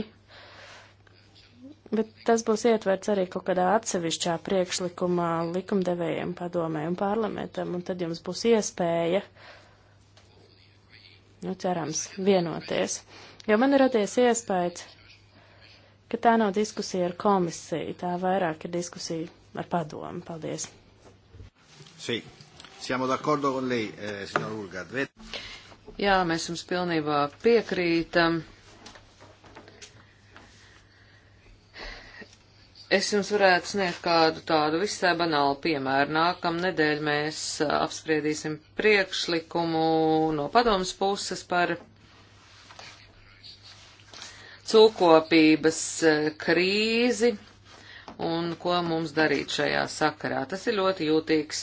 Speaker 3: Bet tas būs ietverts arī kaut kādā atsevišķā priekšlikumā likumdevējiem padomē un parlamentam, un tad jums būs iespēja, nu, cerams, vienoties. Jo man ir radies iespējas, ka tā nav diskusija ar komisiju, tā vairāk ir diskusija ar padomu.
Speaker 4: Paldies.
Speaker 1: Sí. Siamo d'accordo con lei, eh, signor Ulgard.
Speaker 4: Jā, mēs jums pilnībā piekrītam. Um, Es jums varētu sniegt kādu tādu visai banālu piemēru. Nākamā nedēļa mēs apspriedīsim priekšlikumu no padomas puses par cūkopības krīzi un ko mums darīt šajā sakarā. Tas ir ļoti jūtīgs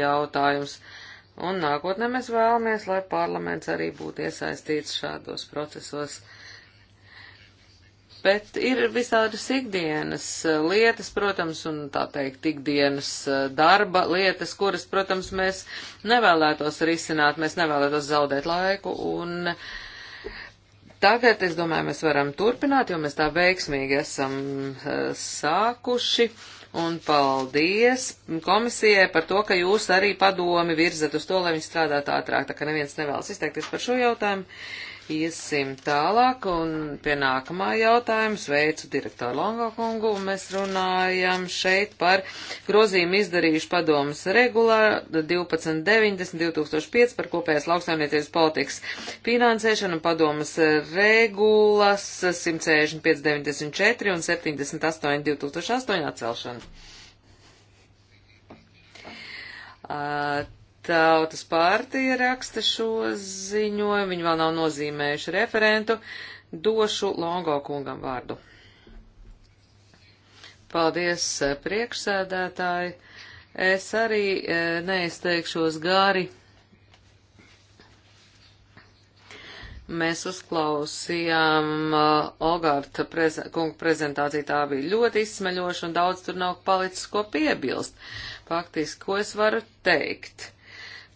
Speaker 4: jautājums. Un nākotnē mēs vēlamies, lai parlaments arī būtu iesaistīts šādos procesos. Uh, Bet ir visādas ikdienas eh, lietas, protams, un tā teikt, ikdienas eh, darba lietas, kuras, protams, mēs nevēlētos risināt, mēs nevēlētos zaudēt laiku. Un tagad, es domāju, mēs varam turpināt, jo mēs tā veiksmīgi esam eh, sākuši un paldies komisijai par to, ka jūs arī padomi virzat uz to, lai viņi strādātu ātrāk, tā ka neviens nevēlas izteikties par šo jautājumu. Iesim tālāk un pie nākamā jautājuma sveicu direktoru Longokungu. Mēs runājam šeit par grozījumu izdarījušu padomas regulā 1290-2005 par kopējās lauksaimniecības politikas finansēšanu padomas regulas 165-94 un 78-2008 atcelšanu. Uh, Tautas pārtīja raksta šo ziņojumu, viņi vēl nav nozīmējuši referentu, došu Longo kungam vārdu. Paldies, eh, priekšsēdētāji. Es arī eh, neizteikšos gāri. Mēs uzklausījām uh, eh, Olgārta preze kunga prezentāciju, tā bija ļoti izsmeļoša un daudz tur nav palicis ko piebilst. Faktiski, ko es varu teikt? Uh,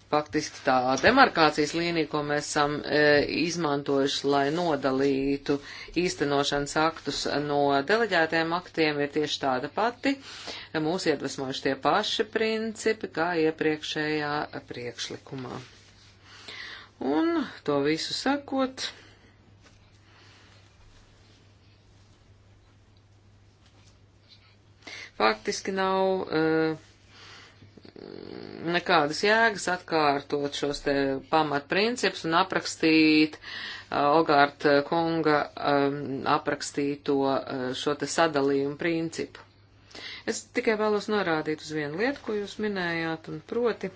Speaker 4: faktiski tā demarkācijas līnija, ko mēs esam e, izmantojuši, lai nodalītu īstenošanas aktus no deleģētiem aktiem, ir tieši tāda pati. Mūs iedvesmojuši tie paši principi, kā iepriekšējā priekšlikumā. Un to visu sakot. Faktiski nav uh, e, nekādas jēgas atkārtot šos te pamatprincips un aprakstīt Ogārta kunga aprakstīto šo te sadalījumu principu. Es tikai vēlos norādīt uz vienu lietu, ko jūs minējāt, un proti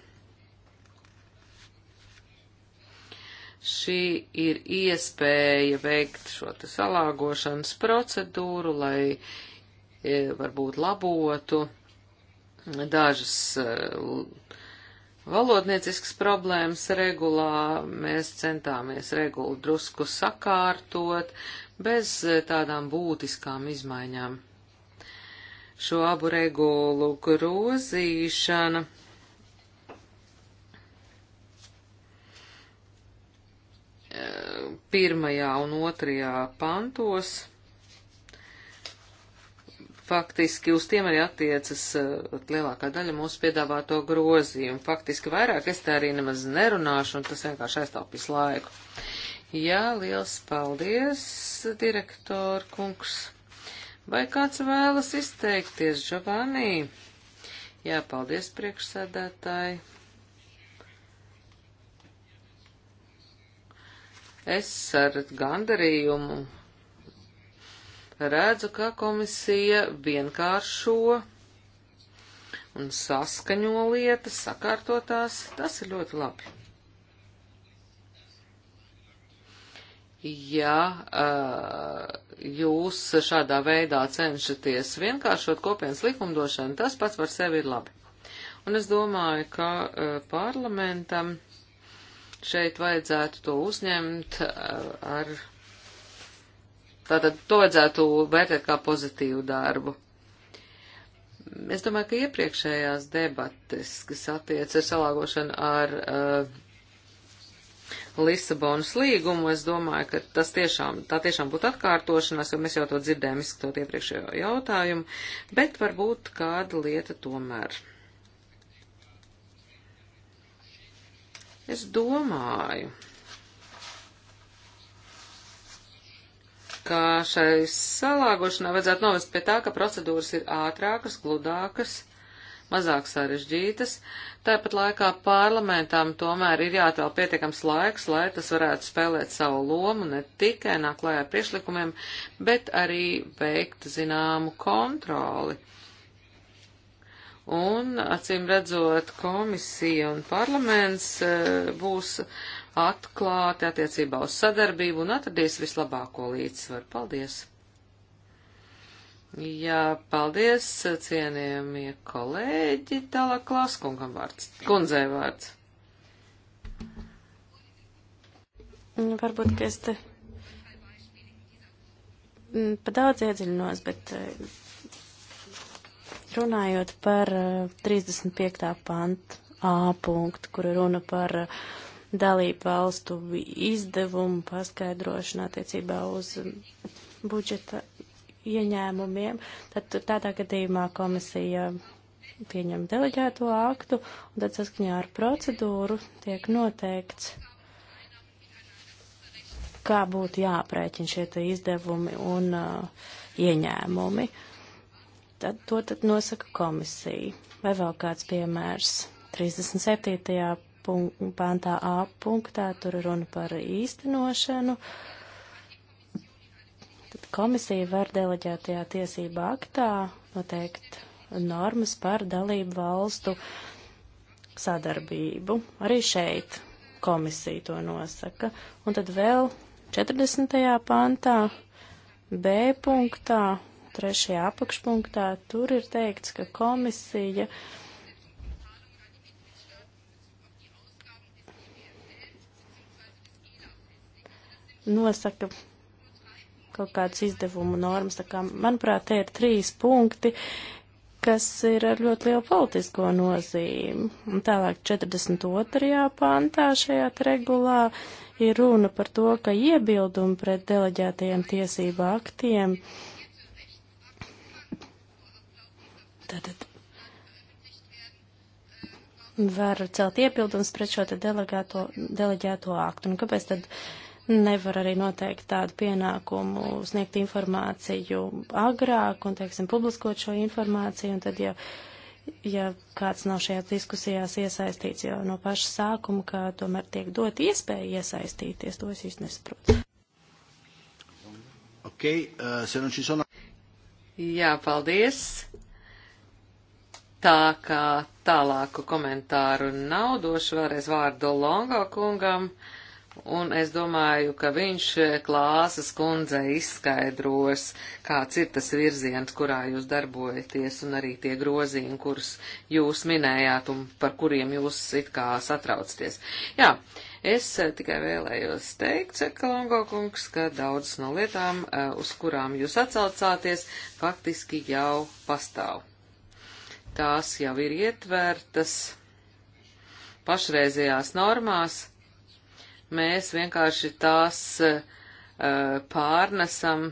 Speaker 4: šī ir iespēja veikt šo te salāgošanas procedūru, lai varbūt labotu uh, dažas eh, valodnieciskas problēmas regulā. Mēs centāmies regulu drusku sakārtot bez eh, tādām būtiskām izmaiņām. Šo abu regulu grozīšana. Eh, pirmajā un otrajā pantos faktiski uz tiem arī attiecas uh, lielākā daļa mūsu piedāvāto grozījumu. Faktiski vairāk es tā arī nemaz nerunāšu, un tas vienkārši aiztaupīs laiku. Jā, liels paldies, direktor kungs. Vai kāds vēlas izteikties, Giovanni? Jā, paldies, priekšsēdētāji. Es ar gandarījumu redzu, ka komisija vienkāršo un saskaņo lietas, sakārtotās, tas ir ļoti labi. Ja uh, jūs šādā veidā cenšaties vienkāršot kopienas likumdošanu, tas pats par sevi ir labi. Un es domāju, ka uh, parlamentam šeit vajadzētu to uzņemt uh, ar Tātad to vajadzētu vērtēt kā pozitīvu darbu. Es domāju, ka iepriekšējās debates, kas attiec ar salāgošanu ar uh, Lisabonas līgumu, es domāju, ka tas tiešām, tā tiešām būtu atkārtošanās, jo mēs jau to dzirdējām izskatot iepriekšējo jautājumu, bet varbūt kāda lieta tomēr. Es domāju, ka šai salāgošanai vajadzētu novest pie tā, ka procedūras ir ātrākas, gludākas, mazāk sarežģītas. Tāpat laikā parlamentām tomēr ir jāatvēl pietiekams laiks, lai tas varētu spēlēt savu lomu ne tikai nāk lējā priešlikumiem, bet arī veikt zināmu kontroli. Un, acīm redzot, komisija un parlaments eh, būs atklāti attiecībā uz sadarbību un atradīs vislabāko līdzsvaru. Paldies! Jā, paldies, cienījamie kolēģi, tālāk klāskungam vārds, kundzei vārds.
Speaker 3: Varbūt, ka es te mm, pa daudz iedziļinos, bet eh, runājot par 35. Eh, pantu A punktu, kur runa par uh, dalību valstu izdevumu paskaidrošanu attiecībā uz um, budžeta ieņēmumiem, tad tādā gadījumā komisija pieņem deleģēto aktu, un tad saskaņā ar procedūru tiek noteikts, kā būtu jāprēķina šie izdevumi un uh, ieņēmumi. Tad to tad nosaka komisija. Vai vēl kāds piemērs? 37 pantā A punktā, tur runa par īstenošanu. Tad komisija var deleģētajā tiesība aktā noteikt normas par dalību valstu sadarbību. Arī šeit komisija to nosaka. Un tad vēl 40. pantā B punktā trešajā apakšpunktā, tur ir teikts, ka komisija uh, nosaka kaut kādas izdevumu normas. Tā kā, manuprāt, te ir trīs punkti, kas ir ar ļoti lielu politisko nozīmi. Un tālāk 42. pantā šajā regulā ir runa par to, ka iebildumi pret deleģētajiem tiesību aktiem. Tātad var celt iebildumus pret šo te delegēto, deleģēto aktu. Un kāpēc tad uh, nevar arī noteikt tādu pienākumu sniegt informāciju agrāk un, teiksim, publiskot šo informāciju, un tad, ja, ja kāds nav šajā diskusijās iesaistīts jau no paša sākuma, ka tomēr tiek dot iespēja iesaistīties, to es īsti nesaprotu.
Speaker 1: Okay, uh, se non ci sono...
Speaker 4: Jā, paldies. Tā kā tālāku komentāru nav, došu vēlreiz vārdu Longo kungam. Uh, Un es domāju, ka viņš eh, klāsas kundze izskaidros, kāds ir tas virziens, kurā jūs darbojaties, un arī tie grozījumi, kurus jūs minējāt un par kuriem jūs it kā satraucaties. Jā, es eh, tikai vēlējos teikt, saka Longo kungs, ka daudzas no lietām, eh, uz kurām jūs atsaucāties, faktiski jau pastāv. Tās jau ir ietvertas pašreizējās normās Mēs vienkārši tās uh, pārnesam.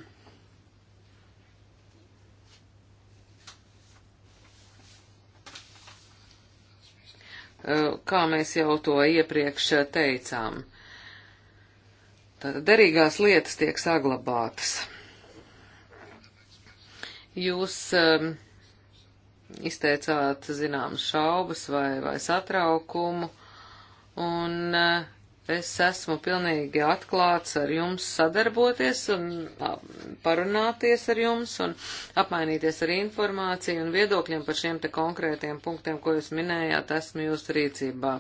Speaker 4: Uh, kā mēs jau to iepriekš eh, teicām. Tātad derīgās lietas tiek saglabātas. Jūs um, izteicāt zināmas šaubas vai, vai satraukumu, un uh, Es esmu pilnīgi atklāts ar jums sadarboties un parunāties ar jums un apmainīties ar informāciju un viedokļiem par šiem te konkrētiem punktiem, ko jūs minējāt, esmu jūsu rīcībā.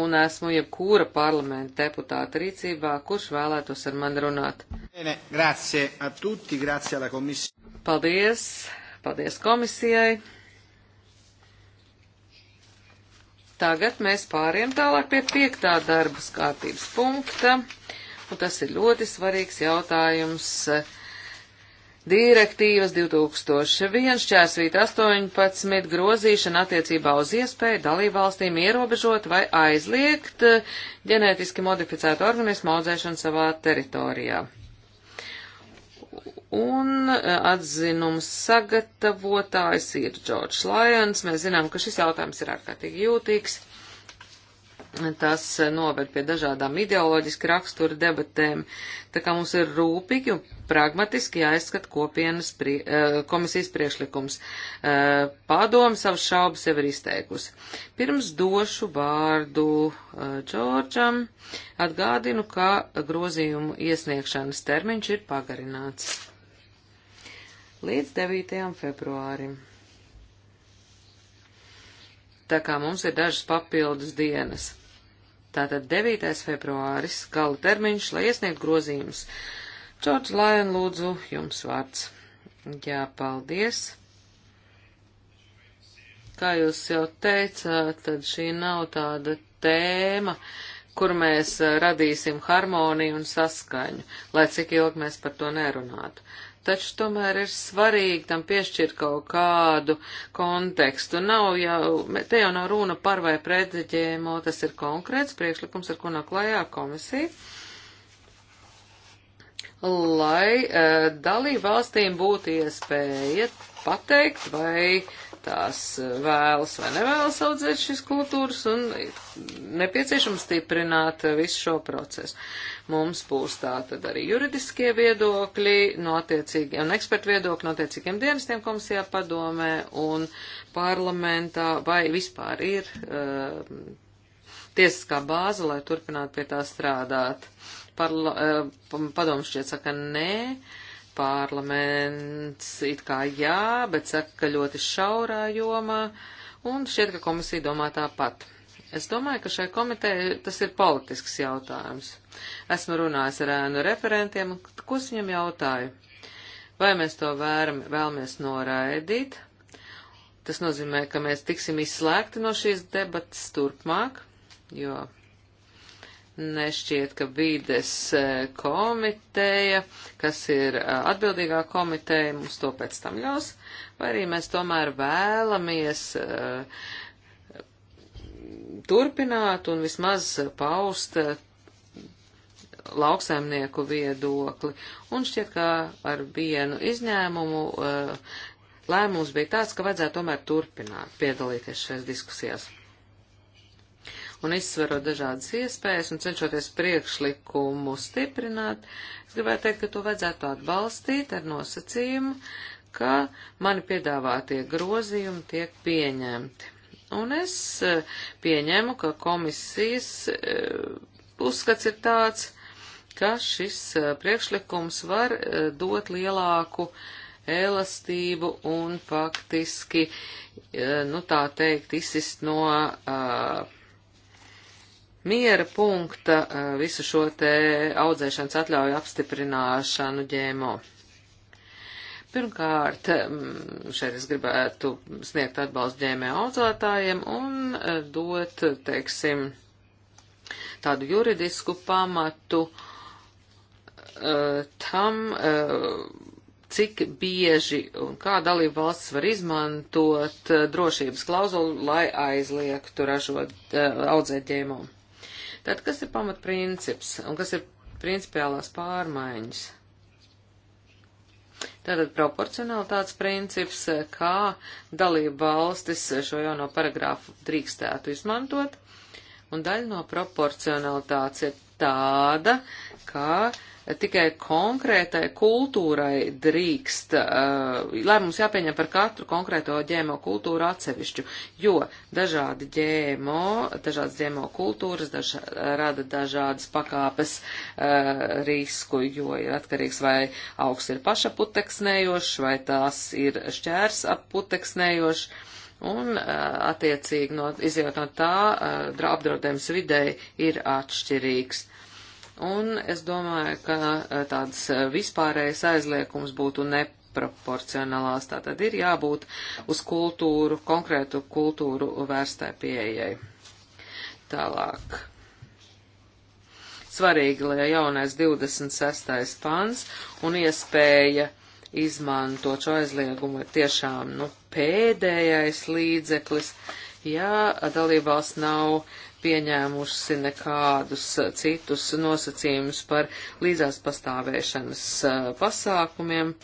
Speaker 4: Un esmu jebkura parlamenta deputāta rīcībā, kurš vēlētos ar mani runāt. Bene, grazie a tutti, grazie alla komisija. Paldies, paldies komisijai. Tagad mēs pāriem tālāk pie piektā darbas kārtības punkta, un tas ir ļoti svarīgs jautājums. Direktīvas 2001 šķērsvīt 18 grozīšana attiecībā uz iespēju dalībvalstīm ierobežot vai aizliegt ģenētiski modificētu organismu audzēšanu savā teritorijā. Un e, atzinums sagatavotājs ir Džordžs Lajons. Mēs zinām, ka šis jautājums ir ārkārtīgi jūtīgs. Tas noved pie dažādām ideoloģiski rakstura debatēm, tā kā mums ir rūpīgi un pragmatiski jāizskat kopienas prie, eh, komisijas priekšlikums. Eh, Padomu savus šaubas jau ir izteikusi. Pirms došu vārdu eh, Džordžam, atgādinu, ka grozījumu iesniegšanas termiņš ir pagarināts līdz 9. februārim tā kā mums ir dažas papildus dienas. Tātad 9. februāris, gala termiņš, lai iesniegtu grozījumus. Čorģ Lajon, lūdzu, jums vārds. Jā, paldies. Kā jūs jau teicāt, tad šī nav tāda tēma, kur mēs eh, radīsim harmoniju un saskaņu, lai cik ilgi mēs par to nerunātu taču tomēr ir svarīgi tam piešķirt kaut kādu kontekstu. Nav jau, te jau nav runa par vai pret ģēmo, tas ir konkrēts priekšlikums, ar ko nāk klajā komisija, lai uh, dalību valstīm būtu iespēja pateikt vai uh, tās eh, vēlas vai nevēlas audzēt šīs kultūras un nepieciešams stiprināt eh, visu šo procesu. Mums būs tā tad arī juridiskie viedokļi no attiecīgiem, un ekspertu viedokļi no attiecīgiem dienestiem komisijā padomē un parlamentā, vai vispār ir uh, tiesiskā bāze, lai turpinātu pie tā strādāt. Parla, uh, padoms šķiet saka nē. Uh, Parlaments it kā jā, bet saka, ka ļoti šaurā jomā, un šķiet, ka komisija domā tāpat. Es domāju, ka šai komitejai tas ir politisks jautājums. Esmu runājis ar ēnu referentiem, un ko es viņam jautāju? Vai mēs to vēram, vēlamies noraidīt? Tas nozīmē, ka mēs tiksim izslēgti no šīs debatas turpmāk, jo nešķiet, ka vīdes e, komiteja, kas ir e, atbildīgā komiteja, mums to pēc tam ļaus, vai arī mēs tomēr vēlamies e, turpināt un vismaz paust lauksaimnieku viedokli. Un šķiet, ka ar vienu izņēmumu lēmums bija tāds, ka vajadzētu tomēr turpināt piedalīties šajās diskusijās un izsverot dažādas iespējas un cenšoties priekšlikumu stiprināt, es gribētu teikt, ka to vajadzētu atbalstīt ar nosacījumu, ka mani piedāvātie grozījumi tiek pieņemti. Un es e, pieņemu, ka komisijas e, uzskats ir tāds, ka šis e, priekšlikums var dot lielāku elastību un faktiski, nu tā teikt, izsist no uh, miera punkta eh, visu šo te audzēšanas atļauju apstiprināšanu ģēmo. Pirmkārt, mm, šeit es gribētu sniegt atbalstu ģēmē audzētājiem un eh, dot, teiksim, tādu juridisku pamatu eh, tam, cik bieži un kā dalība valsts var izmantot drošības klauzulu, lai aizliegtu ražot audzēt ģēmumu. Tad, kas ir pamatprincips un kas ir principiālās pārmaiņas? Tātad proporcionalitātes princips, kā dalība valstis šo jauno paragrāfu drīkstētu izmantot, un daļa no proporcionalitātes ir tāda, kā uh, tikai konkrētai kultūrai drīkst, eh, lēmums jāpieņem par katru konkrēto ģēmo kultūru atsevišķu, jo dažādi ģēmo, dažādas ģēmo kultūras daž, rada dažādas pakāpes eh, risku, jo ir atkarīgs vai augs ir pašaputeksnējošs, vai tās ir šķērs apputeksnējošs. Un, eh, attiecīgi, no, izjūt no tā, apdraudējums videi ir atšķirīgs. Uh, Un es domāju, ka eh, tādas eh, vispārējas aizliekums būtu neproporcionālās. Tātad ir jābūt uz kultūru, konkrētu kultūru vērstai pieejai. Tālāk. Svarīgi, lai jaunais 26. pants un iespēja izmantot šo aizliegumu ir tiešām nu, pēdējais līdzeklis, ja dalībvalsts nav uh, pieņēmusi nekādus citus nosacījumus par līdzās pastāvēšanas pasākumiem,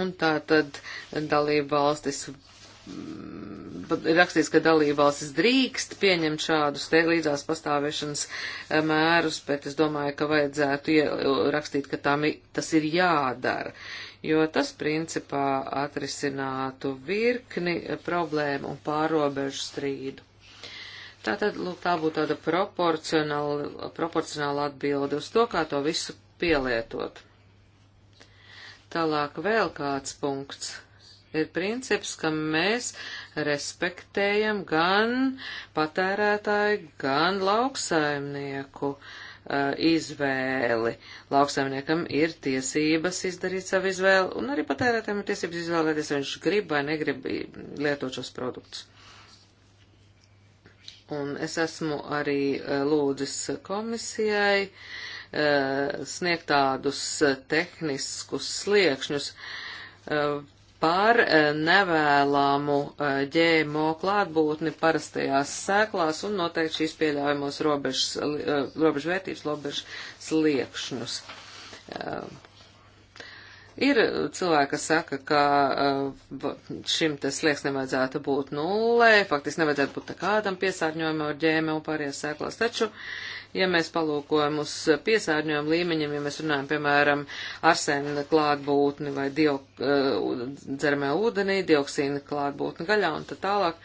Speaker 4: un tā tad dalība valstis rakstīts, ka dalībvalstis drīkst pieņemt šādus te līdzās pastāvēšanas mērus, bet es domāju, ka vajadzētu rakstīt, ka tam tas ir jādara, jo tas principā atrisinātu virkni problēmu un pārobežu strīdu. Tātad, lūk, tā būtu tāda proporcionāla, proporcionāla atbilde uz to, kā to visu pielietot. Tālāk vēl kāds punkts ir princips, ka mēs respektējam gan patērētāju, gan lauksaimnieku uh, izvēli. Lauksaimniekam ir tiesības izdarīt savu izvēli, un arī patērētājiem ir tiesības izvēlēties, vai viņš grib vai negrib lietot šos produktus un es esmu arī e, lūdzis komisijai e, sniegt tādus tehniskus sliekšņus e, par nevēlamu ģēmo klātbūtni parastajās sēklās un noteikti šīs pieļaujamos robežas, robežvērtības, robežas sliekšņus Ir cilvēki, kas saka, ka uh, šim te slieks nevajadzētu būt nullē, faktiski nevajadzētu būt kādam piesārņojumam ar ģēmi un pārējās sēklās. Taču, ja mēs palūkojam uz piesārņojumu līmeņiem, ja mēs runājam, piemēram, arsēna klātbūtni vai diok, uh, dzeramē ūdenī, dioksīna klātbūtni gaļā un tā tālāk,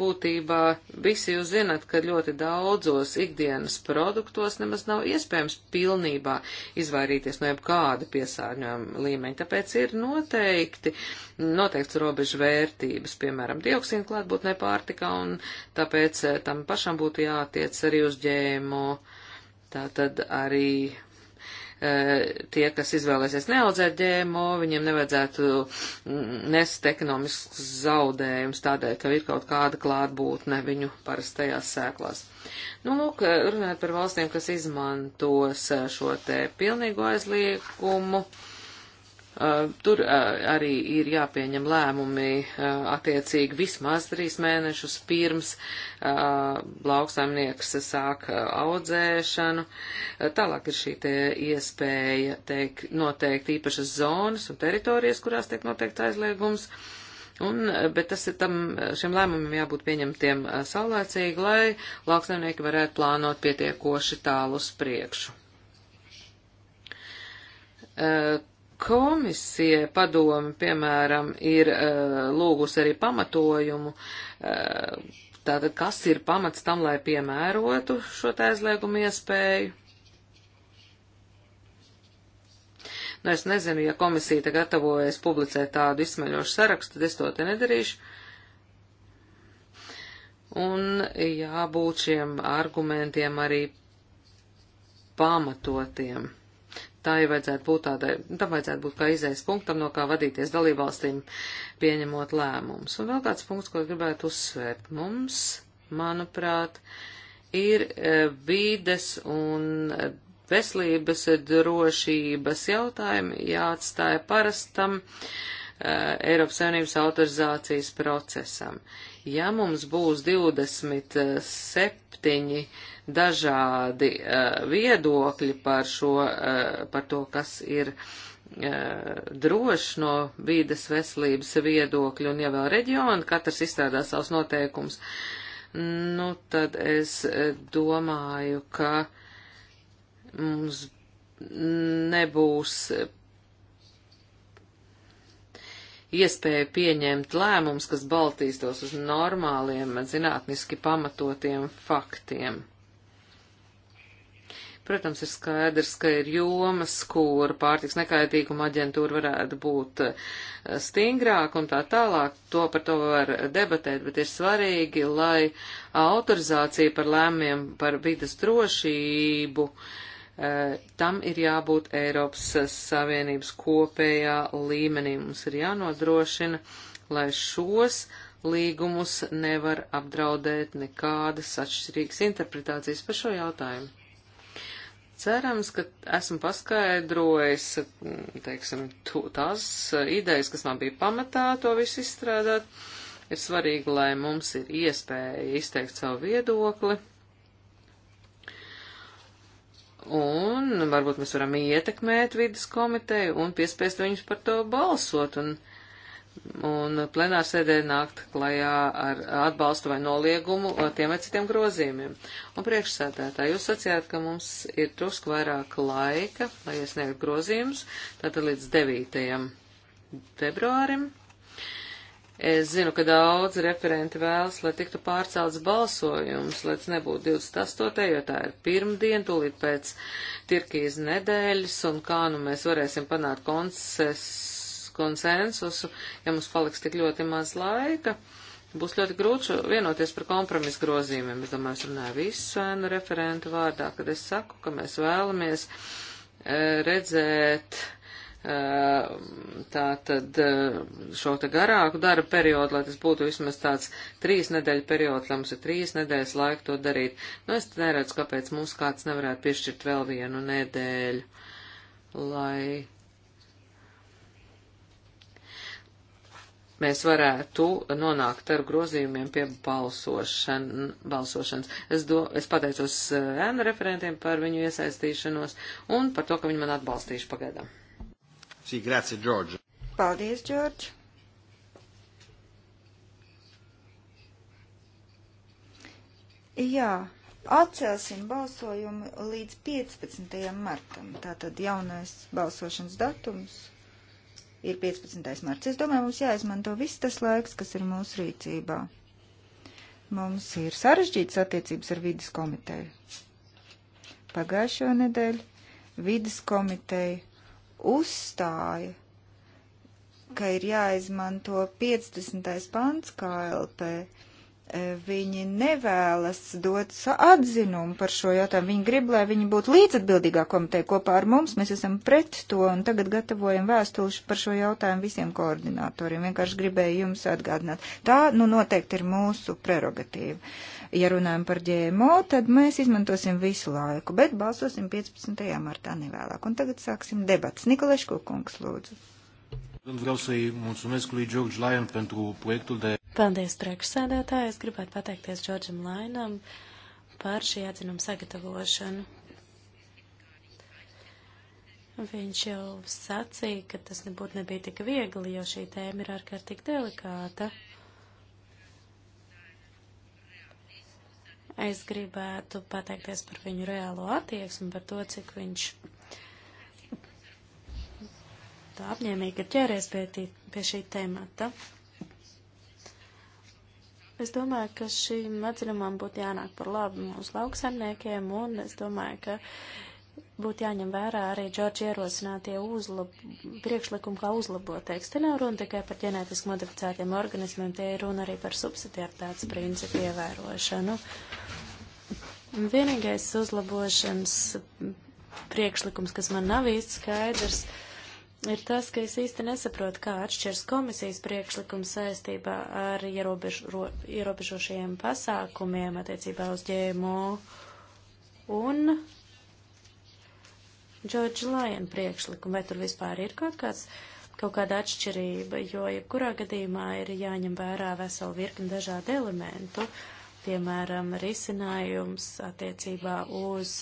Speaker 4: Būtībā visi jūs zinat, ka ļoti daudzos ikdienas produktos nemaz nav iespējams pilnībā izvairīties no jebkāda piesārņojuma līmeņa, tāpēc ir noteikti, noteikts robežu vērtības, piemēram, dioksīna klātbūtnē pārtika, un tāpēc tam pašam būtu jātiec arī uz ģēmo, tātad arī tie, kas izvēlēsies neaudzēt ģēmo, viņiem nevajadzētu mm, nest ekonomisks zaudējums tādēļ, ka ir kaut kāda klātbūtne viņu parastajās sēklās. Nu, lūk, runājot par valstīm, kas izmantos šo te pilnīgo aizliegumu. Uh, Eh, tur eh, arī ir jāpieņem lēmumi eh, attiecīgi vismaz trīs mēnešus pirms lauksaimnieks sāk audzēšanu. Tālāk ir šī te iespēja teik, noteikt īpašas zonas un teritorijas, kurās tiek noteikts aizliegums. Un, bet tas ir tam, šiem lēmumiem jābūt pieņemtiem saulēcīgi, lai lauksaimnieki varētu plānot pietiekoši tālu uz priekšu Komisija padomi, piemēram, ir uh, lūgusi arī pamatojumu, uh, tātad kas ir pamats tam, lai piemērotu šo aizliegumu iespēju. Nu, es nezinu, ja komisija te gatavojas publicēt tādu izsmeļošu sarakstu, tad es to te nedarīšu. Un jābūt šiem argumentiem arī pamatotiem tā ir vajadzētu būt tādai, tam vajadzētu būt kā izējas punktam, no kā vadīties dalībvalstīm pieņemot lēmumus. Un vēl kāds punkts, ko gribētu uzsvērt. Mums, manuprāt, ir e, vīdes un e, veselības e, drošības jautājumi jāatstāja parastam Eiropas Savienības autorizācijas procesam. Ja mums būs 27 dažādi uh, viedokļi par, šo, uh, par to, kas ir eh, droši no vīdes veselības viedokļa un ja vēl reģiona, katrs izstrādā savus noteikumus, nu tad es domāju, ka mums nebūs iespēja pieņemt lēmumus, kas baltīstos uz normāliem, zinātniski pamatotiem faktiem. Protams, ir skaidrs, ka ir jomas, kur pārtiks nekaitīguma aģentūra varētu būt eh, stingrāk un tā tālāk. To par to var debatēt, bet ir svarīgi, lai autorizācija par lēmiem par vidas drošību, eh, tam ir jābūt Eiropas Savienības kopējā līmenī. Mums ir jānodrošina, lai šos līgumus nevar apdraudēt nekādas atšķirīgas interpretācijas par šo jautājumu. Cerams, ka esmu paskaidrojis, teiksim, tās idejas, kas man bija pamatā to visu izstrādāt. Ir svarīgi, lai mums ir iespēja izteikt savu viedokli. Un varbūt mēs varam ietekmēt vidas komiteju un piespēst viņus par to balsot. Un, uh, un plenārsēdē nākt klajā ar atbalstu vai noliegumu tiem vai citiem grozījumiem. Un priekšsētētā, jūs sacījāt, ka mums ir drusku vairāk laika, lai iesniegtu grozījumus, tātad līdz 9. februārim. Es zinu, ka daudz referenti vēlas, lai tiktu pārcelts balsojums, lai tas nebūtu 28. jo tā ir pirmdien, tūlīt pēc Tirkijas nedēļas, un kā nu mēs varēsim panākt konses konsensusu, ja mums paliks tik ļoti maz laika. Būs ļoti grūti vienoties par kompromisu grozījumiem. Es domāju, es runāju visu ēnu referentu vārdā, kad es saku, ka mēs vēlamies eh, redzēt eh, tā tad eh, šo te garāku darba periodu, lai tas būtu vismaz tāds trīs nedēļu periods, lai mums ir trīs nedēļas laika to darīt. Nu, es neredzu, kāpēc mums kāds nevarētu piešķirt vēl vienu nedēļu, lai mēs varētu nonākt ar grozījumiem pie balsošana, balsošanas. Es, do, es pateicos eh, ēnu referentiem par viņu iesaistīšanos un par to, ka viņi man atbalstīšu pagaidām.
Speaker 1: Sī, grāci, Džordž.
Speaker 4: Paldies, Džordž.
Speaker 2: Jā, atcelsim balsojumu līdz 15. martam, tātad jaunais balsošanas datums ir 15. marts. Es domāju, mums jāizmanto viss tas laiks, kas ir mūsu rīcībā. Mums ir sarežģītas attiecības ar vidas komiteju. Pagājušo nedēļu vidas komiteja uzstāja, ka ir jāizmanto 50. pants KLP Viņi nevēlas dot atzinumu par šo jautājumu. Viņi grib, lai viņi būtu līdzatbildīgā komiteja kopā ar mums. Mēs esam pret to un tagad gatavojam vēstuli par šo jautājumu visiem koordinatoriem. Vienkārši gribēju jums atgādināt. Tā, nu, noteikti ir mūsu prerogatīva. Ja runājam par ģēmo, tad mēs izmantosim visu laiku, bet balsosim 15. martā nevēlāk. Un tagad sāksim debats. Nikolaiško kungs, lūdzu.
Speaker 1: Vreau să-i mulțumesc lui George Lyon pentru proiectul de
Speaker 3: Paldies, priekšsēdētāji. Es gribētu pateikties Džordžam Lainam par šī atzinuma sagatavošanu. Viņš jau sacīja, ka tas nebūtu nebija tik viegli, jo šī tēma ir ārkārtīgi delikāta. Es gribētu pateikties par viņu reālo attieksmi, par to, cik viņš tā apņēmīgi ir ķēries pie, tī, pie šī temata. Es domāju, ka šīm atzinumam būtu jānāk par labu mūsu lauksaimniekiem, un es domāju, ka būtu jāņem vērā arī Džordži ierosinātie uzlab... priekšlikumi, kā uzlabot tekstu. Te nav runa tikai par ģenētiski modificētiem organismiem, tie ir runa arī par subsidiartāts principu ievērošanu. Vienīgais uzlabošanas priekšlikums, kas man nav īsti skaidrs, ir ir tas, ka es īsti nesaprotu, kā atšķirs komisijas priekšlikums saistībā ar ierobežo, ierobežošajiem pasākumiem attiecībā uz ģēmo un George Lyon priekšlikumu. Vai tur vispār ir kaut kāds, kaut kāda atšķirība, jo jebkurā ja gadījumā ir jāņem vērā veselu virkni dažādu elementu, piemēram, risinājums attiecībā uz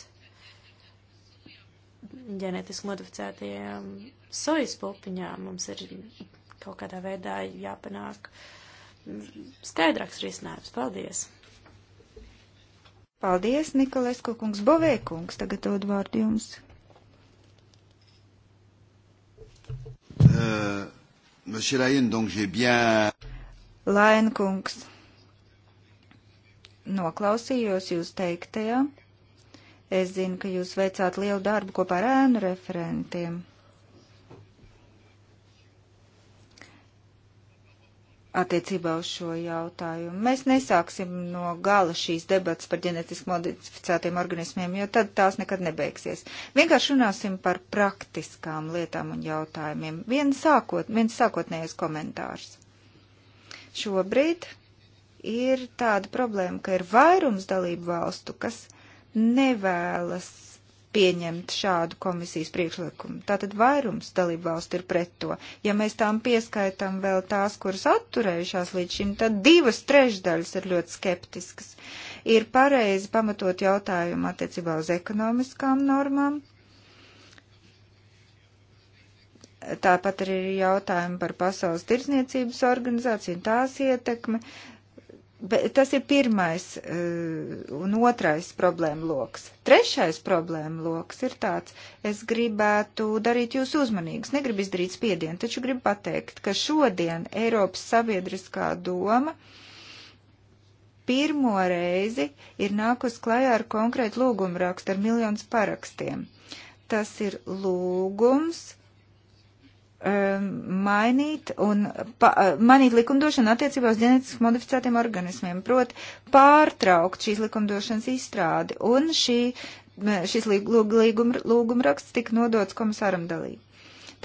Speaker 3: ģenētiski modificētajām um, sojas pupiņām. Mums ir kaut kādā veidā jāpanāk mm, skaidrāks risinājums. Paldies!
Speaker 2: Paldies, Nikolēsko kungs, Bovē kungs, tagad dod vārdu jums.
Speaker 1: Uh, Lain, donc j'ai bien.
Speaker 2: Lain kungs, noklausījos jūs teiktajā. Ja? Es zinu, ka jūs veicāt lielu darbu kopā ar ēnu referentiem. Attiecībā uz šo jautājumu. Mēs nesāksim no gala šīs debatas par ģenetiski modificētiem organismiem, jo tad tās nekad nebeigsies. Vienkārši runāsim par praktiskām lietām un jautājumiem. Viens, sākot, viens sākotnējais komentārs. Šobrīd ir tāda problēma, ka ir vairums dalību valstu, kas nevēlas pieņemt šādu komisijas priekšlikumu. Tātad vairums dalību valstu ir pret to. Ja mēs tām pieskaitām vēl tās, kuras atturējušās līdz šim, tad divas trešdaļas ir ļoti skeptiskas. Ir pareizi pamatot jautājumu attiecībā uz ekonomiskām normām. Tāpat arī ir jautājumi par Pasaules tirdzniecības organizāciju un tās ietekmi. Uh, Bet tas ir pirmais eh, un otrais problēma loks. Trešais problēma loks ir tāds, es gribētu darīt jūs uzmanīgus, negribu izdarīt spiedienu, taču gribu pateikt, ka šodien Eiropas sabiedriskā doma pirmo reizi ir nākus klajā ar konkrētu lūgumu rakstu ar miljonus parakstiem. Tas ir lūgums Um, mainīt un pa, uh, mainīt likumdošanu attiecībā uz ģenētiski modificētiem organismiem, proti pārtraukt šīs likumdošanas izstrādi. Un šī, šis lūguma lūgum raksts tika nodots komisāram dalī.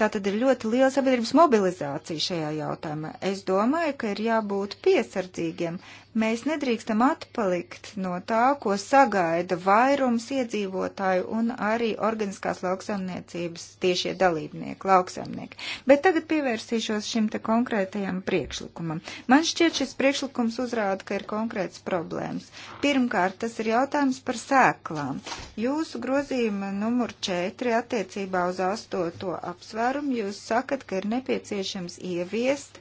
Speaker 2: Tā tad ir ļoti liela sabiedrības mobilizācija šajā jautājumā. Es domāju, ka ir jābūt piesardzīgiem. Mēs nedrīkstam atpalikt no tā, ko sagaida vairums iedzīvotāju un arī organiskās lauksaimniecības tiešie dalībnieki, lauksaimnieki. Bet tagad pievērsīšos šim te konkrētajam priekšlikumam. Man šķiet, šis priekšlikums uzrāda, ka ir konkrēts problēmas. Pirmkārt, tas ir jautājums par sēklām. Jūsu grozījuma numur 4 attiecībā uz 8. apsvērumu jūs sakat, ka ir nepieciešams ieviest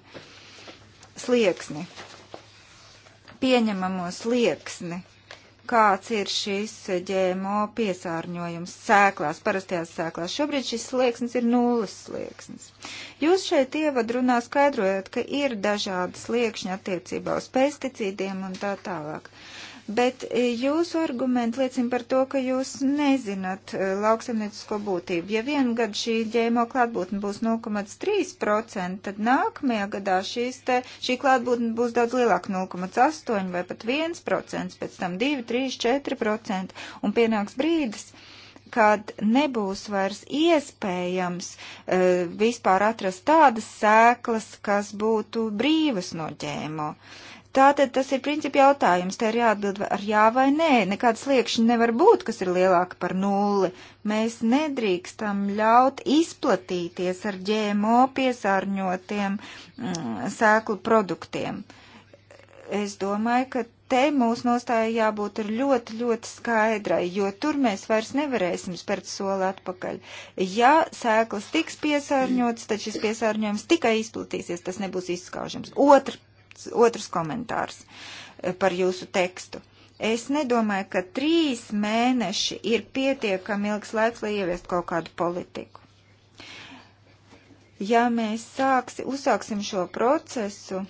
Speaker 2: slieksni pieņemamo slieksni, kāds ir šis ģēmo piesārņojums sēklās, parastajās sēklās. Šobrīd šis slieksnis ir nulles slieksnis. Jūs šeit ievadrunā skaidrojat, ka ir dažādi sliekšņi attiecībā uz pesticīdiem un tā tālāk. Uh, bet e, jūsu argumenti liecina par to, ka jūs nezināt e, lauksaimniecisko būtību. Ja vienu gadu šī ģēmo klātbūtne būs 0,3%, tad nākamajā gadā šīs te, šī klātbūtne būs daudz lielāka 0,8 vai pat 1%, pēc tam 2, 3, 4% un pienāks brīdis kad nebūs vairs iespējams e, vispār atrast tādas sēklas, kas būtu brīvas no ģēmo. E, Tātad tas ir principi jautājums, te ir jāatbild ar jā vai nē. Nekāds liekšņi nevar būt, kas ir lielāka par nulli. Mēs nedrīkstam ļaut izplatīties ar ģēmo piesārņotiem mm, sēklu produktiem. Es domāju, ka te mūsu nostāja jābūt ir ļoti, ļoti skaidrai, jo tur mēs vairs nevarēsim spērt soli atpakaļ. Ja sēklas tiks piesārņotas, tad šis piesārņojums tikai izplatīsies, tas nebūs izskaužams. Otra otrs komentārs eh, par jūsu tekstu. Es nedomāju, ka trīs mēneši ir pietiekami ilgs laiks, lai ieviestu kaut kādu politiku. Ja mēs sāksi, uzsāksim šo procesu,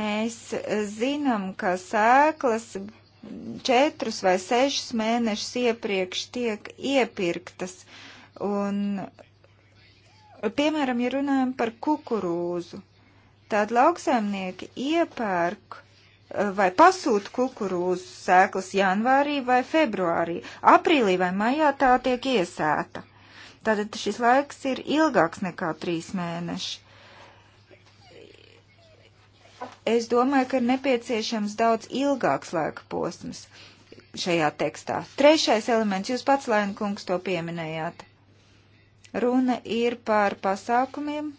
Speaker 2: mēs zinām, ka sēklas četrus vai sešus mēnešus iepriekš tiek iepirktas. Un, piemēram, ja runājam par kukurūzu, Tad lauksaimnieki iepērk eh, vai pasūta kukurūzu sēklas janvārī vai februārī. Aprīlī vai maijā tā tiek iesēta. Tātad šis laiks ir ilgāks nekā trīs mēneši. Es domāju, ka ir nepieciešams daudz ilgāks laika posms šajā tekstā. Trešais elements, jūs pats, Lainkungs, to pieminējāt. Runa ir par pasākumiem,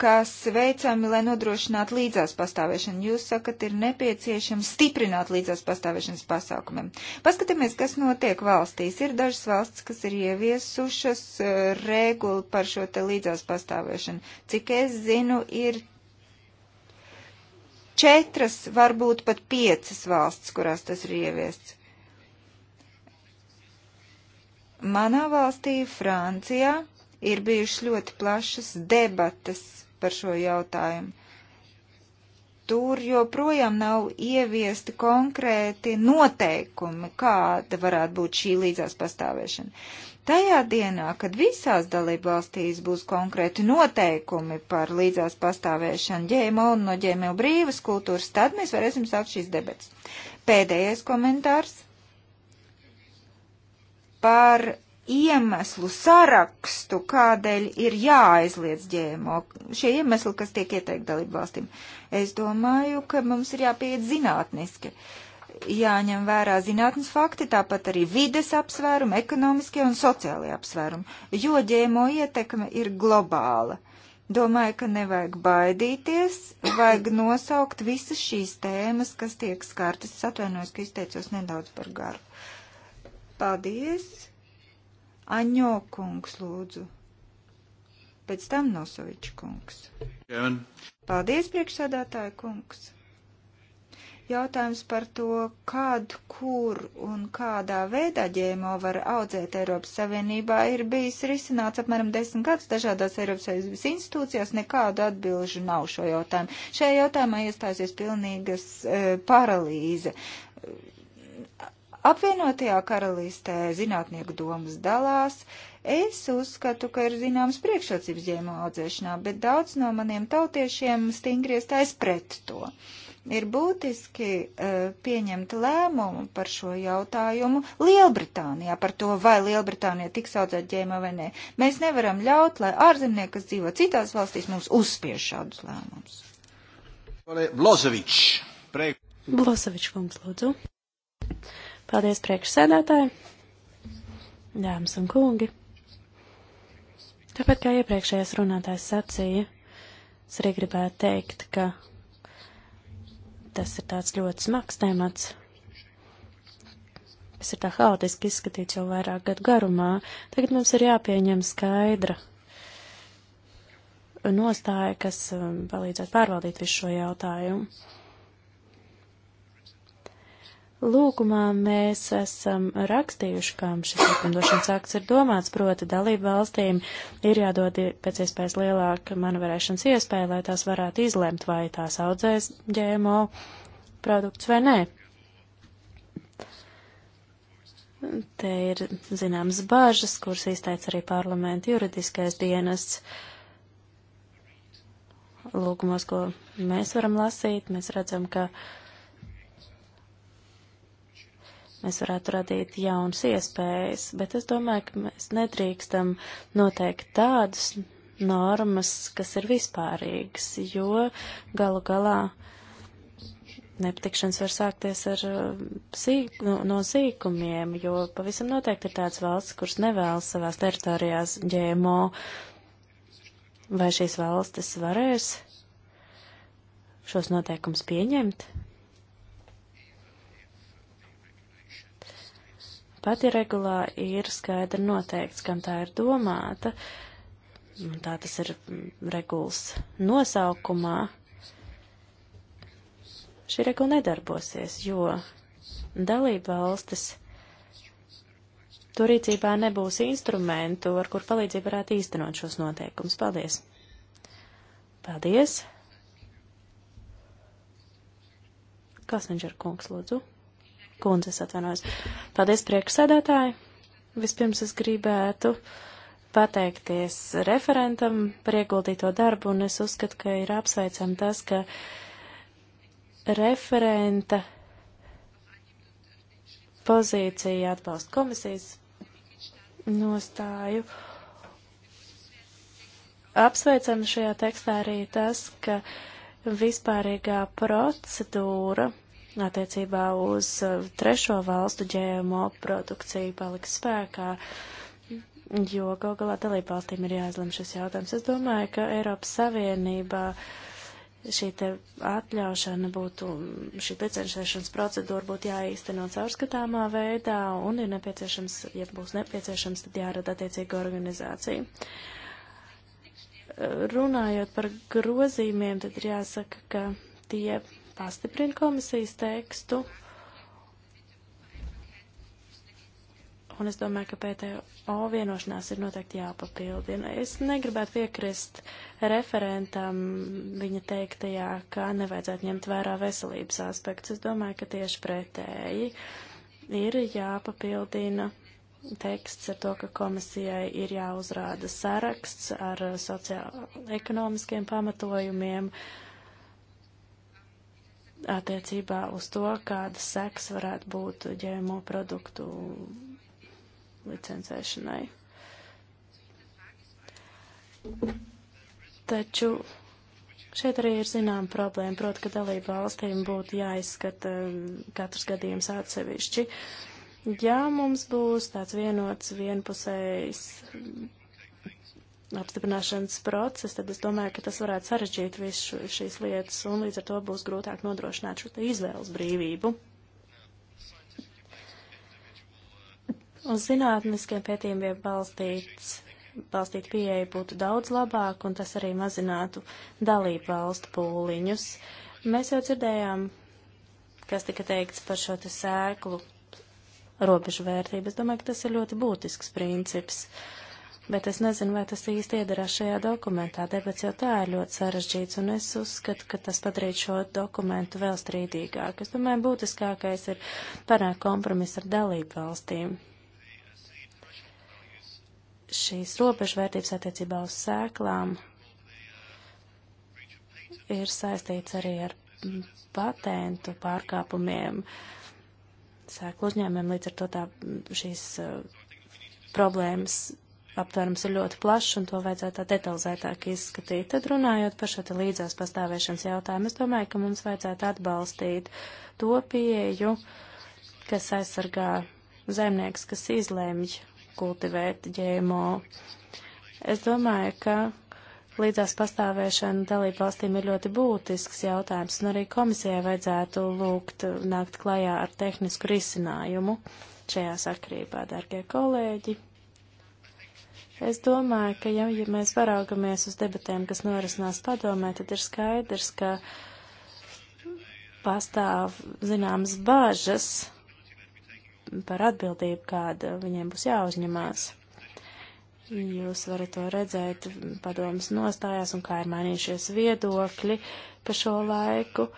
Speaker 2: kas veicami, lai nodrošinātu līdzās pastāvēšanu. Jūs sakat, ir nepieciešams stiprināt līdzās pastāvēšanas pasākumiem. Paskatāmies, kas notiek valstīs. Ir dažas valsts, kas ir ieviesušas eh, regulu par šo te līdzās pastāvēšanu. Cik es zinu, ir četras, varbūt pat piecas valsts, kurās tas ir ieviests. Manā valstī, Francijā, ir bijušas ļoti plašas debatas par šo jautājumu. Tur joprojām nav ieviesti konkrēti noteikumi, kāda varētu būt šī līdzās pastāvēšana. Tajā dienā, kad visās dalību valstīs būs konkrēti noteikumi par līdzās pastāvēšanu ģēmo un no ģēmo brīvas kultūras, tad mēs varēsim sākt šīs debats. Pēdējais komentārs par iemeslu sarakstu, kādēļ ir jāaizliedz ģēmo, šie iemesli, kas tiek ieteikti dalību valstīm. Es domāju, ka mums ir jāpieiet zinātniski. Jāņem vērā zinātnes fakti, tāpat arī vides apsvērumi, ekonomiskie un sociālie apsvērumi, jo ģēmo ietekme ir globāla. Domāju, ka nevajag baidīties, vajag nosaukt visas šīs tēmas, kas tiek skārtas. Es atvainojos, ka izteicos nedaudz par garu. Paldies! Aņo kungs, lūdzu. Pēc tam Nosoviča kungs. Kevin. Paldies, priekšsēdētāja kungs. Jautājums par to, kad, kur un kādā veidā ģēmo var audzēt Eiropas Savienībā, ir bijis risināts apmēram desmit gadus dažādās Eiropas Savienības institūcijās. Nekādu atbilžu nav šo jautājumu. Šajā jautājumā iestājusies pilnīgas e, paralīze. E, Apvienotajā karalistē zinātnieku domas dalās. Es uzskatu, ka ir zināmas priekšrocības ģēmo audzēšanā, bet daudz no maniem tautiešiem stingri iestājas pret to. Ir būtiski uh, pieņemt lēmumu par šo jautājumu Lielbritānijā, par to, vai Lielbritānija tiks audzēt ģēmo vai nē. Mēs nevaram ļaut, lai ārzemnieki, kas dzīvo citās valstīs, mums uzspiež šādus lēmumus.
Speaker 1: Blozovičs,
Speaker 3: kungs, lūdzu. Paldies priekšsēdētāji, dāmas un kungi. Tāpat kā iepriekšējais runātājs sacīja, es arī gribētu teikt, ka tas ir tāds ļoti smags temats, kas ir tā haotiski izskatīts jau vairāk gadu garumā, tagad mums ir jāpieņem skaidra nostāja, kas um, palīdzētu pārvaldīt visu šo jautājumu. Lūgumā mēs esam rakstījuši, kam šis likumdošanas akts ir domāts, proti dalību valstīm ir jādod pēc iespējas lielāka manevrēšanas iespēja, lai tās varētu izlemt, vai tās audzēs ģēmo produkts vai nē. Te ir zināmas bāžas, kuras izteica arī parlamenta juridiskais dienests. Lūgumos, ko mēs varam lasīt, mēs redzam, ka uh, mēs varētu radīt jaunas iespējas, bet es domāju, ka mēs nedrīkstam noteikt tādas normas, kas ir vispārīgas, jo galu galā nepatikšanas var sākties ar zīk, uh, nu, no, no zīkumiem, jo pavisam noteikti ir tāds valsts, kuras nevēlas savās teritorijās ģēmo, vai šīs valstis varēs šos noteikums pieņemt? Pat ja regulā ir skaidri noteikts, kam tā ir domāta, tā tas ir regulas nosaukumā, šī regula nedarbosies, jo dalība valstis to rīcībā nebūs instrumentu, ar kur palīdzību varētu īstenot šos noteikumus. Paldies! Paldies! Kasneģer kungs, lūdzu kundzes atvainojas. Paldies priekšsēdētāji. Vispirms es gribētu pateikties referentam par ieguldīto darbu, un es uzskatu, ka ir apsveicam tas, ka referenta pozīcija atbalsta komisijas nostāju. Apsveicam šajā tekstā arī tas, ka vispārīgā procedūra attiecībā uz eh, trešo valstu ģēmo produkciju paliks spēkā, jo gal galā dalībvalstīm ir jāizlem šis jautājums. Es domāju, ka Eiropas Savienībā šī te atļaušana būtu, šī licencēšanas procedūra būtu jāīsteno caurskatāmā veidā un ir nepieciešams, ja būs nepieciešams, tad jārada attiecīga organizācija. Runājot par grozījumiem, tad ir jāsaka, ka tie pastiprina komisijas tekstu. Un es domāju, ka PTO vienošanās ir noteikti jāpapildina. Es negribētu piekrist referentam viņa teiktajā, ka nevajadzētu ņemt vērā veselības aspektus. Es domāju, ka tieši pretēji ir jāpapildina teksts ar to, ka komisijai ir jāuzrāda saraksts ar sociāla ekonomiskiem pamatojumiem. Uh, attiecībā uz to, kādas seks varētu būt ģēmo produktu licencēšanai. Taču šeit arī ir zinām problēma, proti, ka dalību valstīm būtu jāizskata um, katrs gadījums atsevišķi. Ja mums būs tāds vienots vienpusējs apstiprināšanas process, tad es domāju, ka tas varētu sarežģīt visu šīs lietas, un līdz ar to būs grūtāk nodrošināt šo izvēles brīvību. Uz zinātniskiem pētījumiem balstīts, balstīt pieeja būtu daudz labāk, un tas arī mazinātu dalību valstu pūliņus. Mēs jau dzirdējām, kas tika teikts par šo te sēklu robežu vērtību. Es domāju, ka tas ir ļoti būtisks princips. Uh, bet es nezinu, vai tas īsti iedarās šajā dokumentā. Debats jau tā ir ļoti sarežģīts, un es uzskatu, ka tas padarīt šo dokumentu vēl strīdīgāk. Es domāju, būtiskākais ir panākt kompromisu ar dalību valstīm. Šīs robežvērtības attiecībā uz sēklām ir saistīts arī ar patentu pārkāpumiem sēklu uzņēmumiem, līdz ar to tā šīs uh, problēmas aptvērums ir ļoti plašs un to vajadzētu tā detalizētāk izskatīt. Tad runājot par šo līdzās pastāvēšanas jautājumu, es domāju, ka mums vajadzētu atbalstīt to pieeju, kas aizsargā zemnieks, kas izlemj kultivēt ģēmo. Es domāju, ka līdzās pastāvēšana dalību valstīm ir ļoti būtisks jautājums, un arī komisijai vajadzētu lūgt nākt klajā ar tehnisku risinājumu šajā sakrībā, dārgie kolēģi. Es domāju, ka ja, ja mēs paraugamies uz debatēm, kas norisinās padomē, tad ir skaidrs, ka pastāv zināmas bāžas par atbildību, kāda viņiem būs jāuzņemās. Jūs varat to redzēt padomas nostājās un kā ir mainījušies viedokļi pa šo laiku.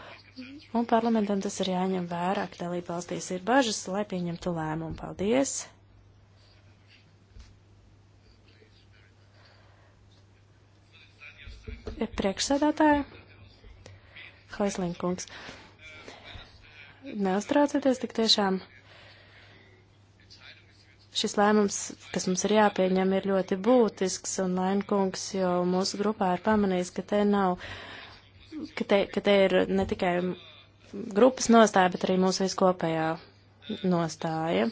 Speaker 3: Un parlamentam tas ir jāņem vērā, ka dalība valstīs ir bažas, lai pieņemtu lēmumu. Paldies! priekšsēdētāja. Hoislinkungs. Neuztraucieties tik tiešām. Šis lēmums, kas mums ir jāpieņem, ir ļoti būtisks, un Lainkungs jau mūsu grupā ir pamanījis, ka te nav, ka te, ka te ir ne tikai grupas nostāja, bet arī mūsu viskopējā nostāja.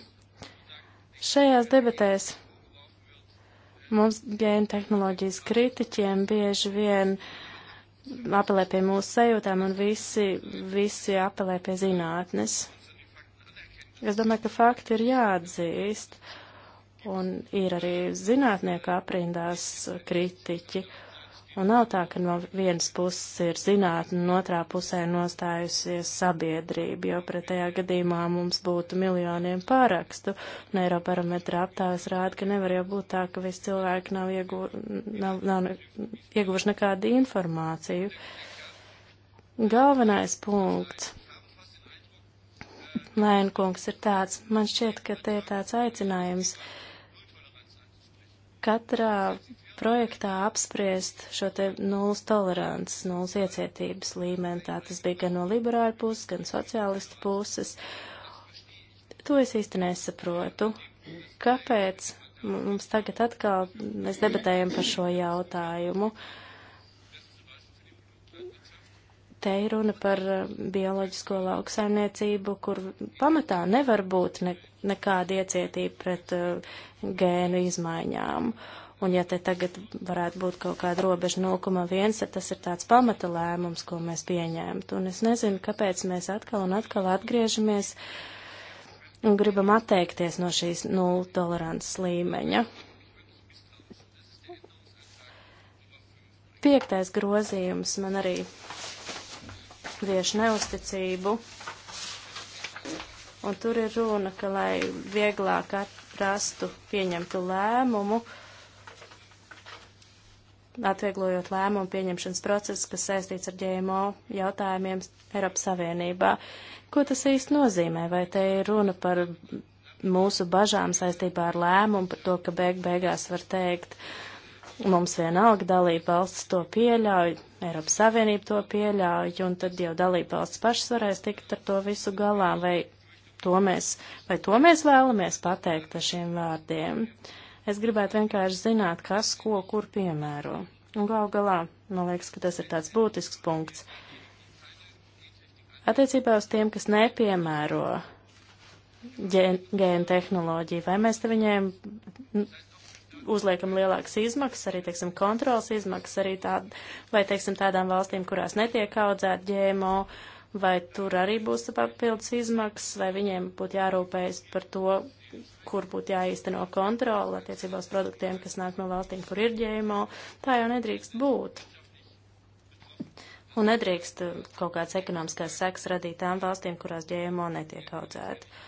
Speaker 3: Šajās debatēs Mums gēna tehnoloģijas kritiķiem bieži vien apelē pie mūsu sajūtām un visi, visi apelē pie zinātnes. Es domāju, ka fakti ir jāatzīst. Un ir arī zinātnieku aprindās kritiķi. Uh, Un nav tā, ka no vienas puses ir zinātne, un otrā pusē nostājusies sabiedrība, jo pretējā gadījumā mums būtu miljoniem pārakstu, un Eiroparametra aptājas rāda, ka nevar jau būt tā, ka visi cilvēki nav, iegu, nav, nav ne, ieguvuši nekādu informāciju. Galvenais punkts. Lēnkungs ir tāds, man šķiet, ka te ir tāds aicinājums katrā projektā apspriest šo te nulles tolerants, nulles iecietības līmeni. Tā tas bija gan no liberāļu puses, gan sociālistu puses. To es īsti nesaprotu. Kāpēc mums tagad atkal mēs debatējam par šo jautājumu? Te ir runa par eh, bioloģisko lauksaimniecību, kur pamatā nevar būt ne, nekāda iecietība pret uh, gēnu izmaiņām. Uh, Un ja te tagad varētu būt kaut kāda robeža 0,1, tad tas ir tāds pamata lēmums, ko mēs pieņēmtu. Un es nezinu, kāpēc mēs atkal un atkal atgriežamies un gribam atteikties no šīs nulli tolerances līmeņa. Piektais grozījums man arī vieš neusticību. Un tur ir runa, ka lai vieglāk atrastu pieņemtu lēmumu, uh, atvieglojot lēmumu pieņemšanas procesu, kas saistīts ar GMO jautājumiem Eiropas Savienībā. Ko tas īsti nozīmē? Vai te ir runa par mūsu bažām saistībā ar lēmumu, par to, ka beig beigās var teikt, mums vienalga dalība valsts to pieļauj, Eiropas Savienība to pieļauj, un tad jau dalība valsts pašas varēs tikt ar to visu galā, vai to mēs, vai to mēs vēlamies pateikt ar šiem vārdiem? Uh, Es gribētu vienkārši zināt, kas ko kur piemēro. Un gal galā, man liekas, ka tas ir tāds būtisks punkts. Attiecībā uz tiem, kas nepiemēro gēnu tehnoloģiju, vai mēs te viņiem uzliekam lielākas izmaksas, arī, teiksim, kontrols izmaksas, arī tād, vai, teiksim, tādām valstīm, kurās netiek audzēt ģēmo, vai tur arī būs papildus izmaksas, vai viņiem būtu jārūpējas par to, kur būtu jāīsteno kontrola attiecībā uz produktiem, kas nāk no valstīm, kur ir ģēmo. Tā jau nedrīkst būt. Un nedrīkst uh, kaut kāds ekonomiskās seks radīt tām valstīm, kurās ģēmo netiek audzēta.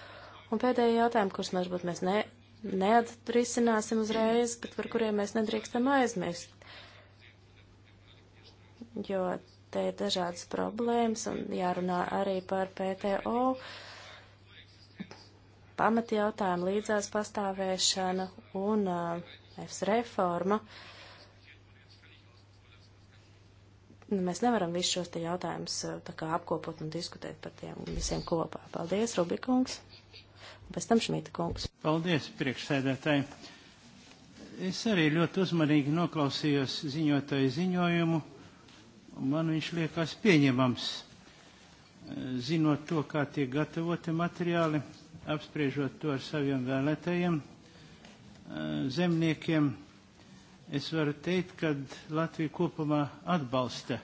Speaker 3: Un pēdējie jautājumi, kurus varbūt mēs ne, neatrisināsim uzreiz, bet par kuriem mēs nedrīkstam aizmirst. Jo te ir dažādas problēmas un jārunā arī par PTO. Uh, pamatjautājumu līdzās pastāvēšana un uh, EFS reforma. Nu, mēs nevaram visus šos te jautājumus uh, tā kā apkopot un diskutēt par tiem visiem kopā. Paldies, Rubikungs. Un pēc tam Šmita kungs.
Speaker 1: Paldies, priekšsēdētāji. Es arī ļoti uzmanīgi noklausījos ziņotāju ziņojumu. Man viņš liekas pieņemams, uh, zinot to, kā tiek gatavoti materiāli apspriežot to ar saviem vēlētajiem zemniekiem, es varu teikt, ka Latvija kopumā atbalsta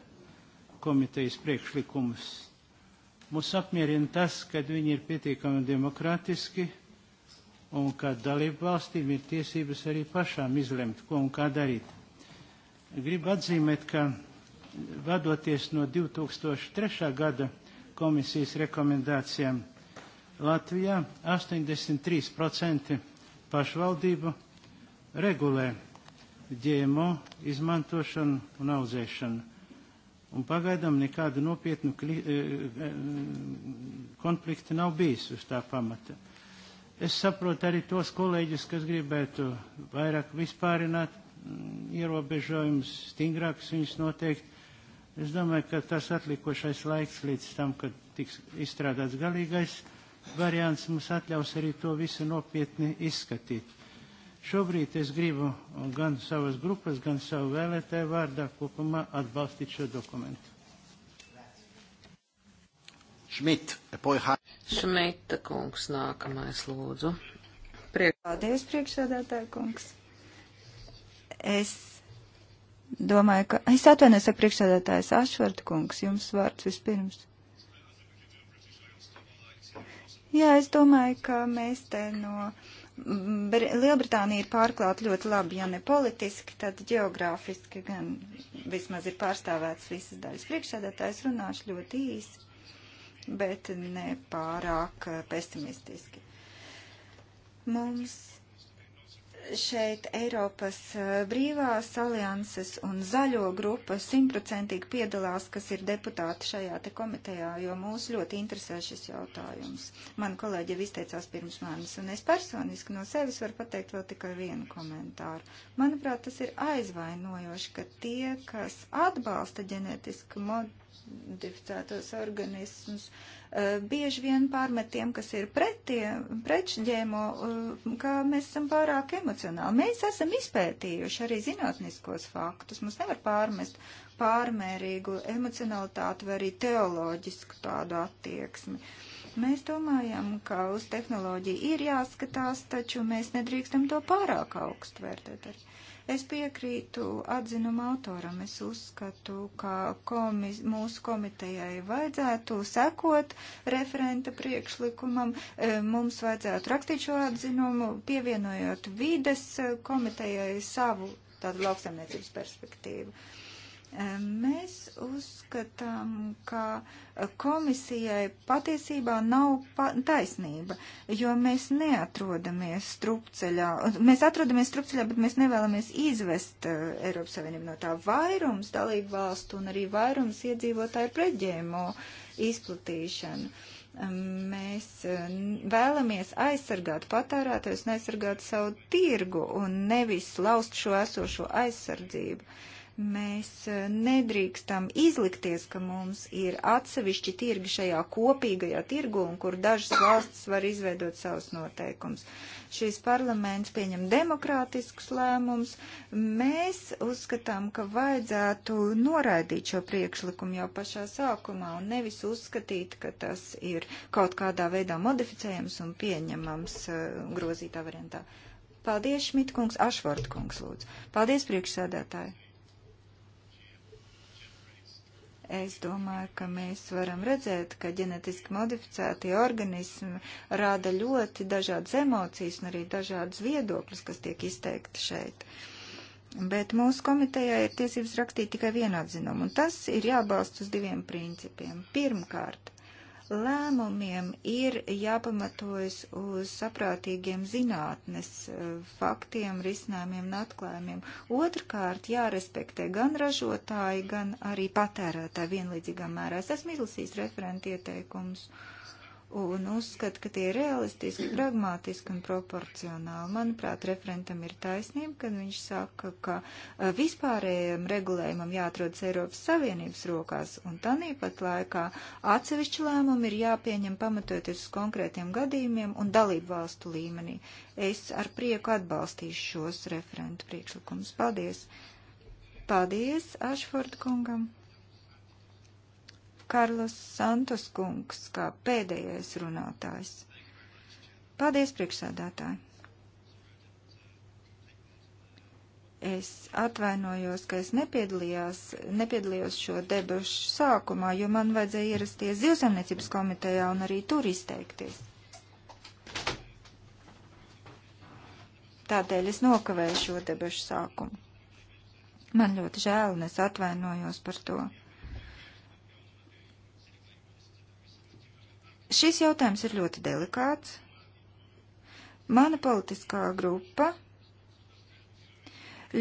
Speaker 1: komitejas priekšlikumus. Mūs apmierina tas, ka viņi ir pietiekami demokrātiski un ka dalību valstīm ir tiesības arī pašām izlemt, ko un kā darīt. Gribu atzīmēt, ka vadoties no 2003. gada komisijas rekomendācijām, Latvijā 83% pašvaldību regulē ģēmo izmantošanu un audzēšanu. Un pagaidām nekāda nopietna e, e, konflikta nav bijis uz tā pamata. Es saprotu arī tos kolēģus, kas gribētu vairāk vispārināt mm, ierobežojumus, stingrākus viņus noteikt. Es domāju, ka tas atlikošais laiks līdz tam, kad tiks izstrādāts galīgais uh, variants mums atļaus arī to visu nopietni izskatīt. Šobrīd es gribu gan savas grupas, gan savu vēlētāju vārdā kopumā atbalstīt šo dokumentu.
Speaker 4: Šmit, poihā. Šmita kungs nākamais lūdzu. Priek... Paldies, priekšsēdētāja kungs. Es
Speaker 2: domāju, ka. Es atvainojos, saka priekšsēdētājs Ašvarta kungs, jums vārds vispirms. Jā, es domāju, ka mēs te no. Mm, Lielbritānija ir pārklāta ļoti labi, ja ne politiski, tad geogrāfiski gan vismaz ir pārstāvēts visas daļas. Priekšsēdētājs runāšu ļoti īsi, bet ne pārāk eh, pesimistiski. Mums šeit Eiropas eh, brīvās alianses un zaļo grupa simtprocentīgi piedalās, kas ir deputāti šajā te komitejā, jo mūs ļoti interesē šis jautājums. Man kolēģi jau izteicās pirms manis, un es personiski no sevis varu pateikt vēl tikai vienu komentāru. Manuprāt, tas ir aizvainojoši, ka tie, kas atbalsta ģenetiski modificētu, modificētos organismus. Eh, bieži vien pārmet tiem, kas ir pret, tiem, pret ģēmo, eh, ka mēs esam pārāk emocionāli. Mēs esam izpētījuši arī zinātniskos faktus. Mums nevar pārmest pārmērīgu emocionalitāti vai arī teoloģisku tādu attieksmi. Mēs domājam, ka uz tehnoloģiju ir jāskatās, taču mēs nedrīkstam to pārāk augstu vērtēt. Arī. Es piekrītu atzinuma autoram. Es uzskatu, ka komis, mūsu komitejai vajadzētu sekot referenta priekšlikumam. E, mums vajadzētu rakstīt šo atzinumu, pievienojot vides komitejai savu tādu lauksaimniecības perspektīvu. Uh, Mēs uzskatām, ka komisijai patiesībā nav pa taisnība, jo mēs neatrodamies strupceļā. Mēs atrodamies strupceļā, bet mēs nevēlamies izvest eh, Eiropas Savienību no tā vairums dalību valstu un arī vairums iedzīvotāju preģēmo izplatīšanu. Mēs eh, vēlamies aizsargāt patērētājus un aizsargāt savu tirgu un nevis laust šo esošo aizsardzību. Uh, Mēs e, nedrīkstam izlikties, ka mums ir atsevišķi tirgi šajā kopīgajā tirgu, un kur dažas valstis var izveidot savus noteikumus. Šīs parlaments pieņem demokrātiskus lēmumus. Mēs uzskatām, ka vajadzētu noraidīt šo priekšlikumu jau pašā sākumā un nevis uzskatīt, ka tas ir kaut kādā veidā modificējams un pieņemams uh, grozītā variantā. Paldies, Šmitkungs, Ašvārtkungs, lūdzu. Paldies, priekšsēdētāji. Es domāju, ka mēs varam redzēt, ka ģenetiski modificētie organismi rada ļoti dažādas emocijas un arī dažādas viedokļas, kas tiek izteikti šeit. Bet mūsu komitejā ir tiesības rakstīt tikai vienu atzinumu, un tas ir jābalst uz diviem principiem. Pirmkārt, Lēmumiem ir jāpamatojas uz saprātīgiem zinātnes eh, faktiem, risinājumiem un atklājumiem. Otrkārt, jārespektē gan ražotāji, gan arī patērētāji vienlīdzīgā mērā. Es esmu izlasījis referenti ieteikumus. Uh, un uzskata, ka tie ir realistiski, pragmatiski un proporcionāli. Manuprāt, referentam ir taisnība, kad viņš saka, ka eh, vispārējiem regulējumam jāatrodas Eiropas Savienības rokās, un tanīpat laikā atsevišķi lēmumi ir jāpieņem pamatoties uz konkrētiem gadījumiem un dalību valstu līmenī. Es ar prieku atbalstīšu šos referentu priekšlikumus. Paldies! Paldies Ašford kungam! Karlos Santos kungs kā pēdējais runātājs. Paldies, priekšsādātāji! Es atvainojos, ka es nepiedalījās, nepiedalījos šo debašu sākumā, jo man vajadzēja ierasties zivsaimniecības komitejā un arī tur izteikties. Tādēļ es nokavēju šo debašu sākumu. Man ļoti žēl, un es atvainojos par to. Šis jautājums ir ļoti delikāts. Mana politiskā grupa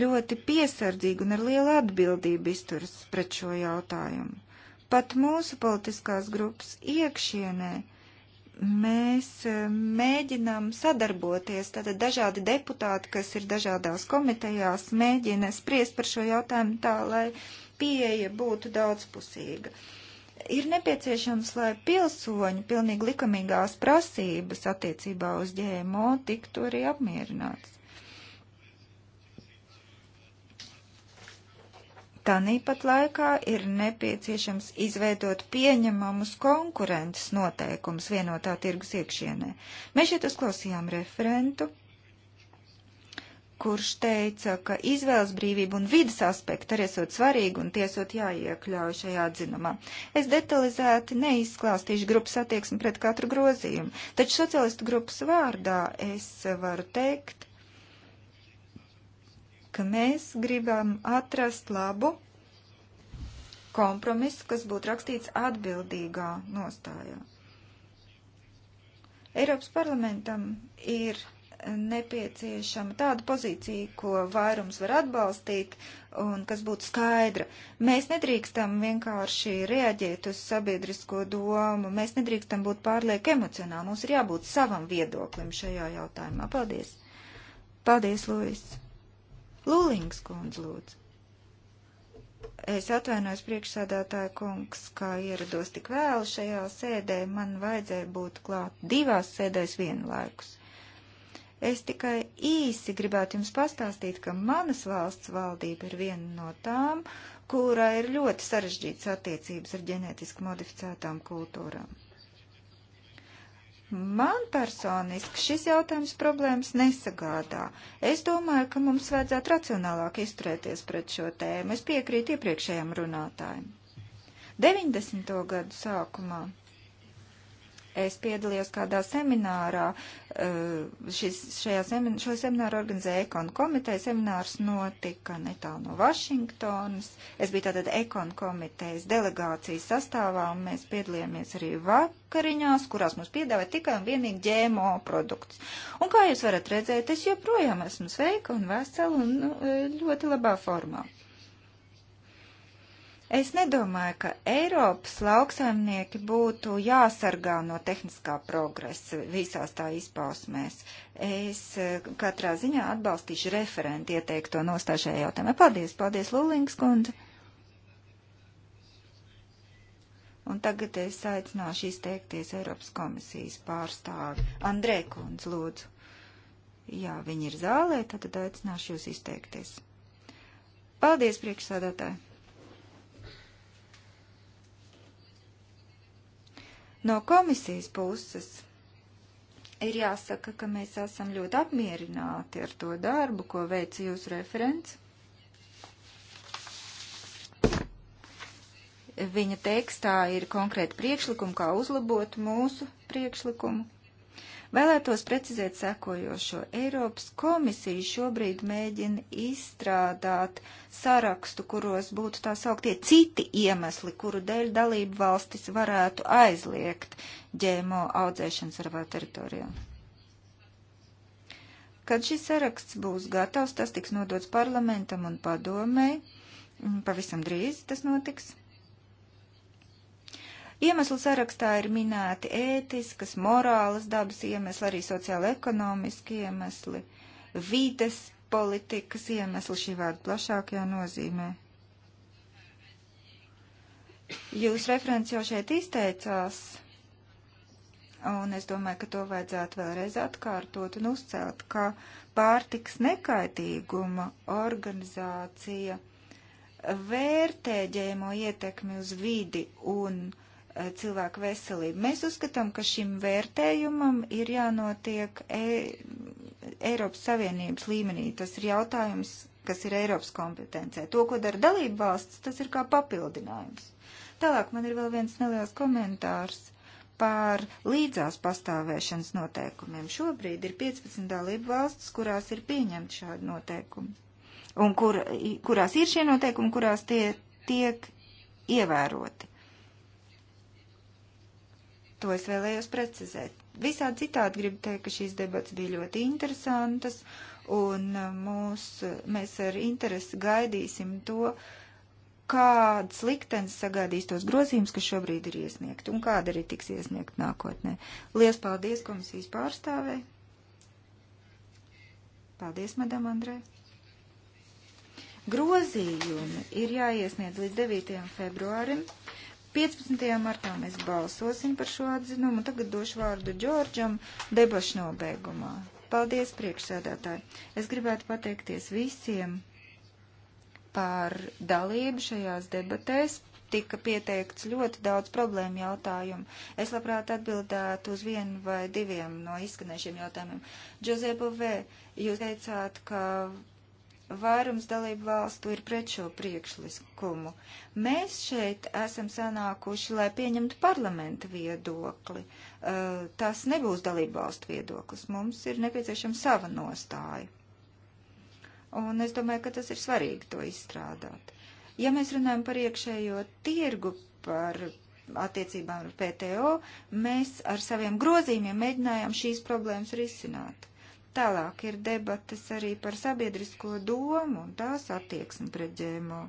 Speaker 2: ļoti piesardzīgi un ar lielu atbildību izturas pret šo jautājumu. Pat mūsu politiskās grupas iekšienē mēs e, mēģinām sadarboties, tātad dažādi deputāti, kas ir dažādās komitejās, mēģina spriest par šo jautājumu tā, lai pieeja būtu daudzpusīga. Uh, ir nepieciešams, lai pilsoņu pilnīgi likumīgās prasības attiecībā uz ģēmo tiktu arī apmierināts. Tāpat laikā ir nepieciešams izveidot pieņemamus konkurences noteikumus vienotā tirgus iekšienē. Mēs šeit uzklausījām referentu, kurš teica, ka izvēles brīvība un vidas aspekti arī esot svarīgi un tiesot jāiekļauj šajā atzinumā. Es detalizēti neizklāstīšu grupas attieksmi pret katru grozījumu, taču socialistu grupas vārdā es varu teikt, ka mēs gribam atrast labu kompromisu, kas būtu rakstīts atbildīgā nostājā. Eiropas parlamentam ir nepieciešama tāda pozīcija, ko vairums var atbalstīt un kas būtu skaidra. Mēs nedrīkstam vienkārši reaģēt uz sabiedrisko domu, mēs nedrīkstam būt pārlieku emocionāli, mums ir jābūt savam viedoklim šajā jautājumā. Paldies! Paldies, Lūis! Lūlings kundz lūdzu! Es atvainojos priekšsādātāja kungs, kā ierados tik vēlu šajā sēdē, man vajadzēja būt klāt divās sēdēs vienlaikus. Es tikai īsi gribētu jums pastāstīt, ka manas valsts valdība ir viena no tām, kurā ir ļoti sarežģītas attiecības ar ģenētiski modificētām kultūrām. Man personiski šis jautājums problēmas nesagādā. Es domāju, ka mums vajadzētu racionālāk izturēties pret šo tēmu. Es piekrītu iepriekšējiem runātājiem. 90. gadu sākumā Es piedalījos kādā seminārā, eh, šis, šajā semin, šo semināru organizēja Ekon komiteja, seminārs notika netālu no Vašingtonas. Es biju tātad Ekon komitejas delegācijas sastāvā, un mēs piedalījāmies arī vakariņās, kurās mums piedāvāja tikai un vienīgi ģēmo produktus. Un kā jūs varat redzēt, es joprojām esmu sveika un vesela un nu, eh, ļoti labā formā. Es nedomāju, ka Eiropas lauksaimnieki būtu jāsargā no tehniskā progresa visās tā izpausmēs. Es eh, katrā ziņā atbalstīšu referenti ieteikto nostāšajā jautājumā. Paldies, paldies, Lulings kundze. Un tagad es aicināšu izteikties Eiropas komisijas pārstāvi. Andrē kundze, lūdzu. Jā, viņi ir zālē, tad aicināšu jūs izteikties. Paldies, priekšsādātāji! No komisijas puses ir jāsaka, ka mēs esam ļoti apmierināti ar to darbu, ko veica jūsu referents. Viņa tekstā ir konkrēti priekšlikumi, kā uzlabot mūsu priekšlikumu. Vēlētos precizēt sekojošo. Eiropas komisija šobrīd mēģina izstrādāt sarakstu, kuros būtu tā sauktie citi iemesli, kuru dēļ dalību valstis varētu aizliegt ģēmo audzēšanu savā teritorijā. Kad šis saraksts būs gatavs, tas tiks nodots parlamentam un padomēji. Pavisam drīz tas notiks. Iemeslu sarakstā ir minēti ētiskas, morālas dabas iemesli, arī sociāla-ekonomiski iemesli, vides politikas iemesli šī vārda plašākajā nozīmē. Jūs referents jau šeit izteicās, un es domāju, ka to vajadzētu vēlreiz atkārtot un uzcelt, ka pārtiks nekaitīguma organizācija vērtē ģēmo ietekmi uz vidi un uh, cilvēku veselību. Mēs uzskatām, ka šim vērtējumam ir jānotiek e Eiropas Savienības līmenī. Tas ir jautājums, kas ir Eiropas kompetencē. To, ko dara dalību valsts, tas ir kā papildinājums. Tālāk man ir vēl viens neliels komentārs par līdzās pastāvēšanas noteikumiem. Šobrīd ir 15 dalību valsts, kurās ir pieņemti šādi noteikumi. Un kur, kurās ir šie noteikumi, kurās tie tiek ievēroti. To es vēlējos precizēt. Visādi citādi gribu teikt, ka šīs debats bija ļoti interesantas, un uh, mūs, uh, mēs ar interesi gaidīsim to, kāds liktenis sagādīs tos grozījums, kas šobrīd ir iesniegti, un kāda arī tiks iesniegt nākotnē. Lielas paldies komisijas pārstāvei. Paldies, madam Andrei. Grozījumi ir jāiesniedz līdz 9. februārim. 15. martā mēs balsosim par šo atzinumu. Tagad došu vārdu Džordžam debašu nobeigumā. Paldies, priekšsēdētāji! Es gribētu pateikties visiem par dalību šajās debatēs. Tika pieteikts ļoti daudz problēmu jautājumu. Es labprāt atbildētu uz vienu vai diviem no izskanējušiem jautājumiem. Džozepo V., jūs teicāt, ka vairums dalību valstu ir pret šo priekšlikumu. Mēs šeit esam sanākuši, lai pieņemtu parlamenta viedokli. Uh, tas nebūs dalību valstu viedoklis. Mums ir nepieciešama sava nostāja. Un es domāju, ka tas ir svarīgi to izstrādāt. Ja mēs runājam par iekšējo tirgu, par attiecībām ar PTO, mēs ar saviem grozījumiem mēģinājām šīs problēmas risināt. Tālāk ir debates arī par sabiedrisko domu un tās attieksmi pret ģēmo.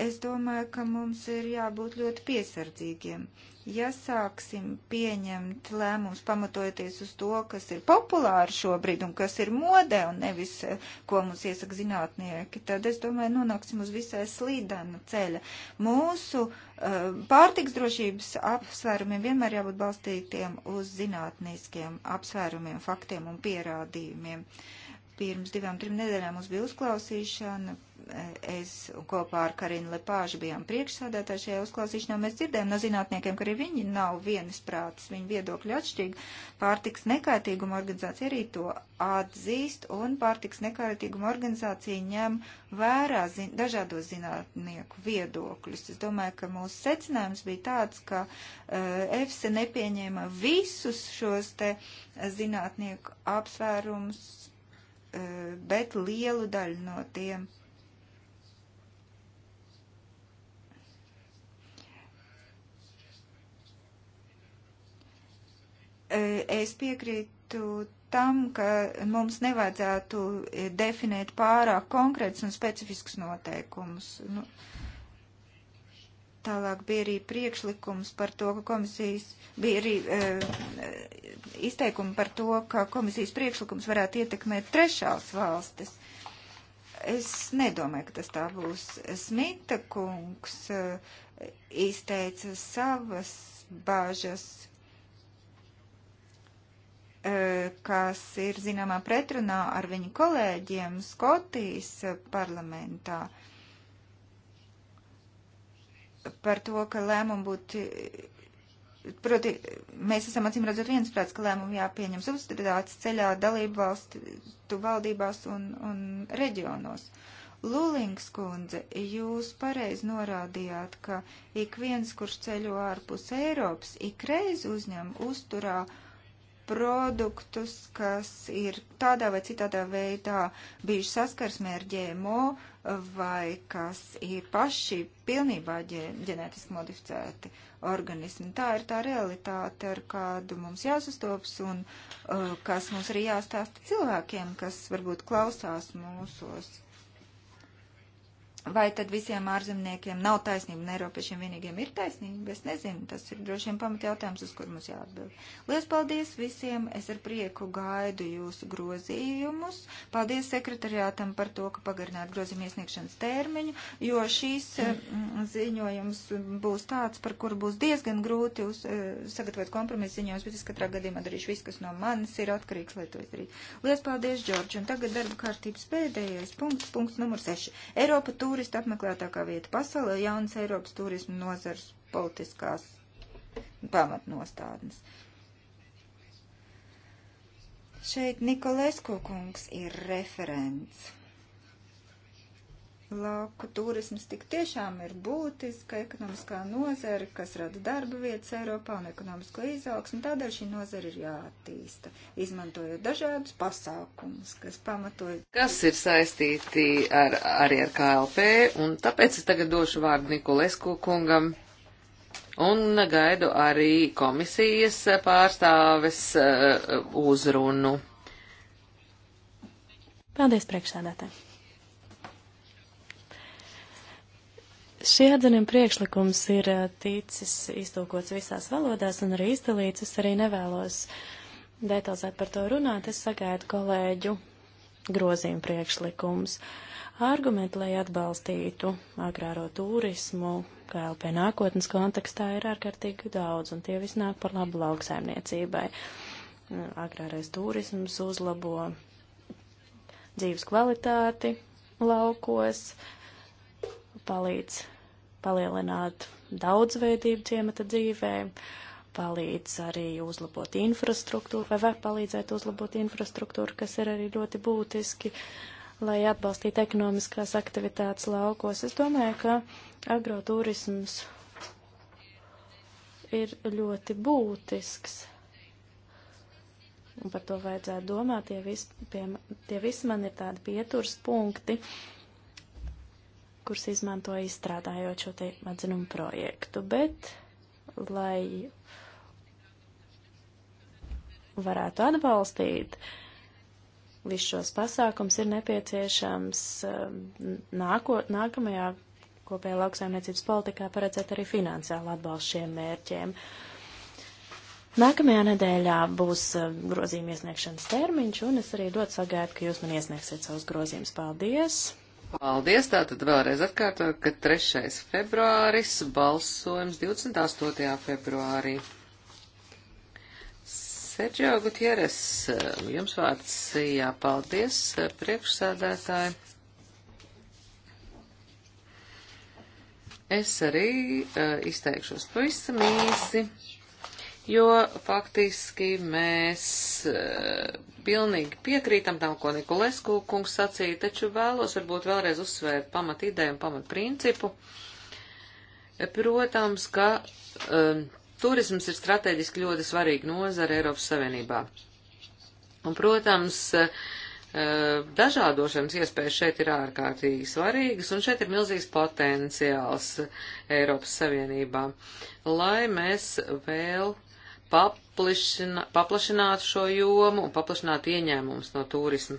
Speaker 2: Es domāju, ka mums ir jābūt ļoti piesardzīgiem. Ja sāksim pieņemt lēmumus pamatojoties uz to, kas ir populāri šobrīd un kas ir modē un nevis, eh, ko mums iesaka zinātnieki, tad es domāju, nonāksim uz visai slīdana ceļa. Mūsu uh, pārtiks drošības apsvērumiem vienmēr jābūt balstītiem uz zinātniskiem apsvērumiem, faktiem un pierādījumiem. Pirms divām, trim nedēļām mums bija uzklausīšana es kopā ar Karinu Lepāžu bijām priekšsādātāji šajā uzklausīšanā. Mēs dzirdējām no zinātniekiem, ka arī viņi nav vienisprātis, viņu viedokļi atšķirīgi. Pārtiks nekaitīguma organizācija arī to atzīst, un pārtiks nekaitīguma organizācija ņem vērā zin dažādos zinātnieku viedokļus. Es domāju, ka mūsu secinājums bija tāds, ka uh, eh, EFSA nepieņēma visus šos te zinātnieku apsvērumus eh, bet lielu daļu no tiem. E, es piekrītu tam, ka mums nevajadzētu e, definēt pārāk konkrētus un specifiskus noteikumus. Nu, Tālāk bija arī priekšlikums par to, ka komisijas, bija arī e, izteikumi par to, ka komisijas priekšlikums varētu ietekmēt trešās valstis. Es nedomāju, ka tas tā būs. Smita kungs e, izteica savas bāžas E, kas ir zināmā pretrunā ar viņu kolēģiem Skotijas parlamentā par to, ka lēmumu būtu. Proti, mēs esam acīm redzot viensprāts, ka lēmumu jāpieņem subsidētāts ceļā dalību valstu valdībās un, un reģionos. Lūlings kundze, jūs pareizi norādījāt, ka ik viens, kurš ceļo ārpus Eiropas, ikreiz uzņem uzturā uh, produktus, kas ir tādā vai citādā veidā bijuši saskarsmē ar ģēmo vai kas ir paši pilnībā ģenētiski modificēti organismi. Tā ir tā realitāte, ar kādu mums jāsastops un uh, kas mums arī jāstāsta cilvēkiem, kas varbūt klausās mūsos. Vai tad visiem ārzemniekiem nav taisnība un Eiropiešiem vienīgiem ir taisnība? Es nezinu, tas ir droši vien pamatjautājums, uz kur mums jāatbild. Lielas paldies visiem, es ar prieku gaidu jūsu grozījumus. Paldies sekretariātam par to, ka pagarināt grozījumu iesniegšanas termiņu, jo šīs eh, ziņojums būs tāds, par kuru būs diezgan grūti uz, eh, sagatavot kompromisu ziņojumus, bet es katrā gadījumā darīšu visu, kas no manis ir atkarīgs, lai to izdarītu. Lielas paldies, Džordž, un tagad darba kārtības pēdējais punkts, punkts numur 6. Eiropa, turistu apmeklētākā vieta pasaulē, jaunas Eiropas turismu nozars politiskās pamatnostādnes. Šeit Nikolēsko kungs ir referents. Lauku turisms tik tiešām ir būtiska ekonomiskā nozara, kas rada darba vietas Eiropā un ekonomisko izaugsmu. Tādēļ šī nozara ir jāattīsta, izmantojot dažādus pasākumus, kas pamatoja. Kas
Speaker 4: ir saistīti ar, arī ar KLP, un tāpēc es tagad došu vārdu Nikolesku kungam. Un gaidu arī komisijas pārstāves uh, uzrunu.
Speaker 3: Paldies, priekšsēdētāji! Šī atzinuma priekšlikums ir eh, ticis iztulkots visās valodās un arī izdalīts. Es arī nevēlos detalizēt par to runāt. Es sagaidu kolēģu grozījumu priekšlikums. Argumenti, lai atbalstītu agrāro turismu, kā LP nākotnes kontekstā, ir ārkārtīgi daudz, un tie visi nāk par labu lauksaimniecībai. Agrārais turisms uzlabo dzīves kvalitāti laukos, palīdz palielināt daudzveidību ciemata dzīvē, palīdz arī uzlabot infrastruktūru, vai var palīdzēt uzlabot infrastruktūru, kas ir arī ļoti būtiski, lai atbalstītu ekonomiskās aktivitātes laukos. Es domāju, ka agroturisms ir ļoti būtisks. Un par to vajadzētu domāt, tie visi, pie, tie visi man ir tādi pieturs punkti. Uh, kurus izmantoja izstrādājot šo te atzinumu projektu, bet, lai varētu atbalstīt visus šos pasākums, ir nepieciešams um, nāko, nākamajā kopējā lauksaimniecības politikā paredzēt arī finansiālu atbalstu šiem mērķiem. Nākamajā nedēļā būs um, grozījuma iesniegšanas termiņš, un es arī ļoti sagaidu, ka jūs man iesniegsiet savus grozījumus. Paldies!
Speaker 4: Paldies, tātad vēlreiz atkārtoju, ka 3. februāris balsojums 28. februārī. Sergio Gutieres, jums vārds jāpaldies priekšsēdētāji. Es arī uh, izteikšos pavisam īsi, jo faktiski mēs uh, Pilnīgi piekrītam tam, ko Nikolesku kungs sacīja, taču vēlos varbūt vēlreiz uzsvērt pamat ideju un pamat principu. Protams, ka um, turisms ir strateģiski ļoti svarīga nozara Eiropas Savienībā. Un, protams, uh, dažādošanas iespējas šeit ir ārkārtīgi svarīgas, un šeit ir milzīgs potenciāls Eiropas Savienībā, lai mēs vēl paplišina, paplašinātu šo jomu un paplašinātu ieņēmumus no turisma.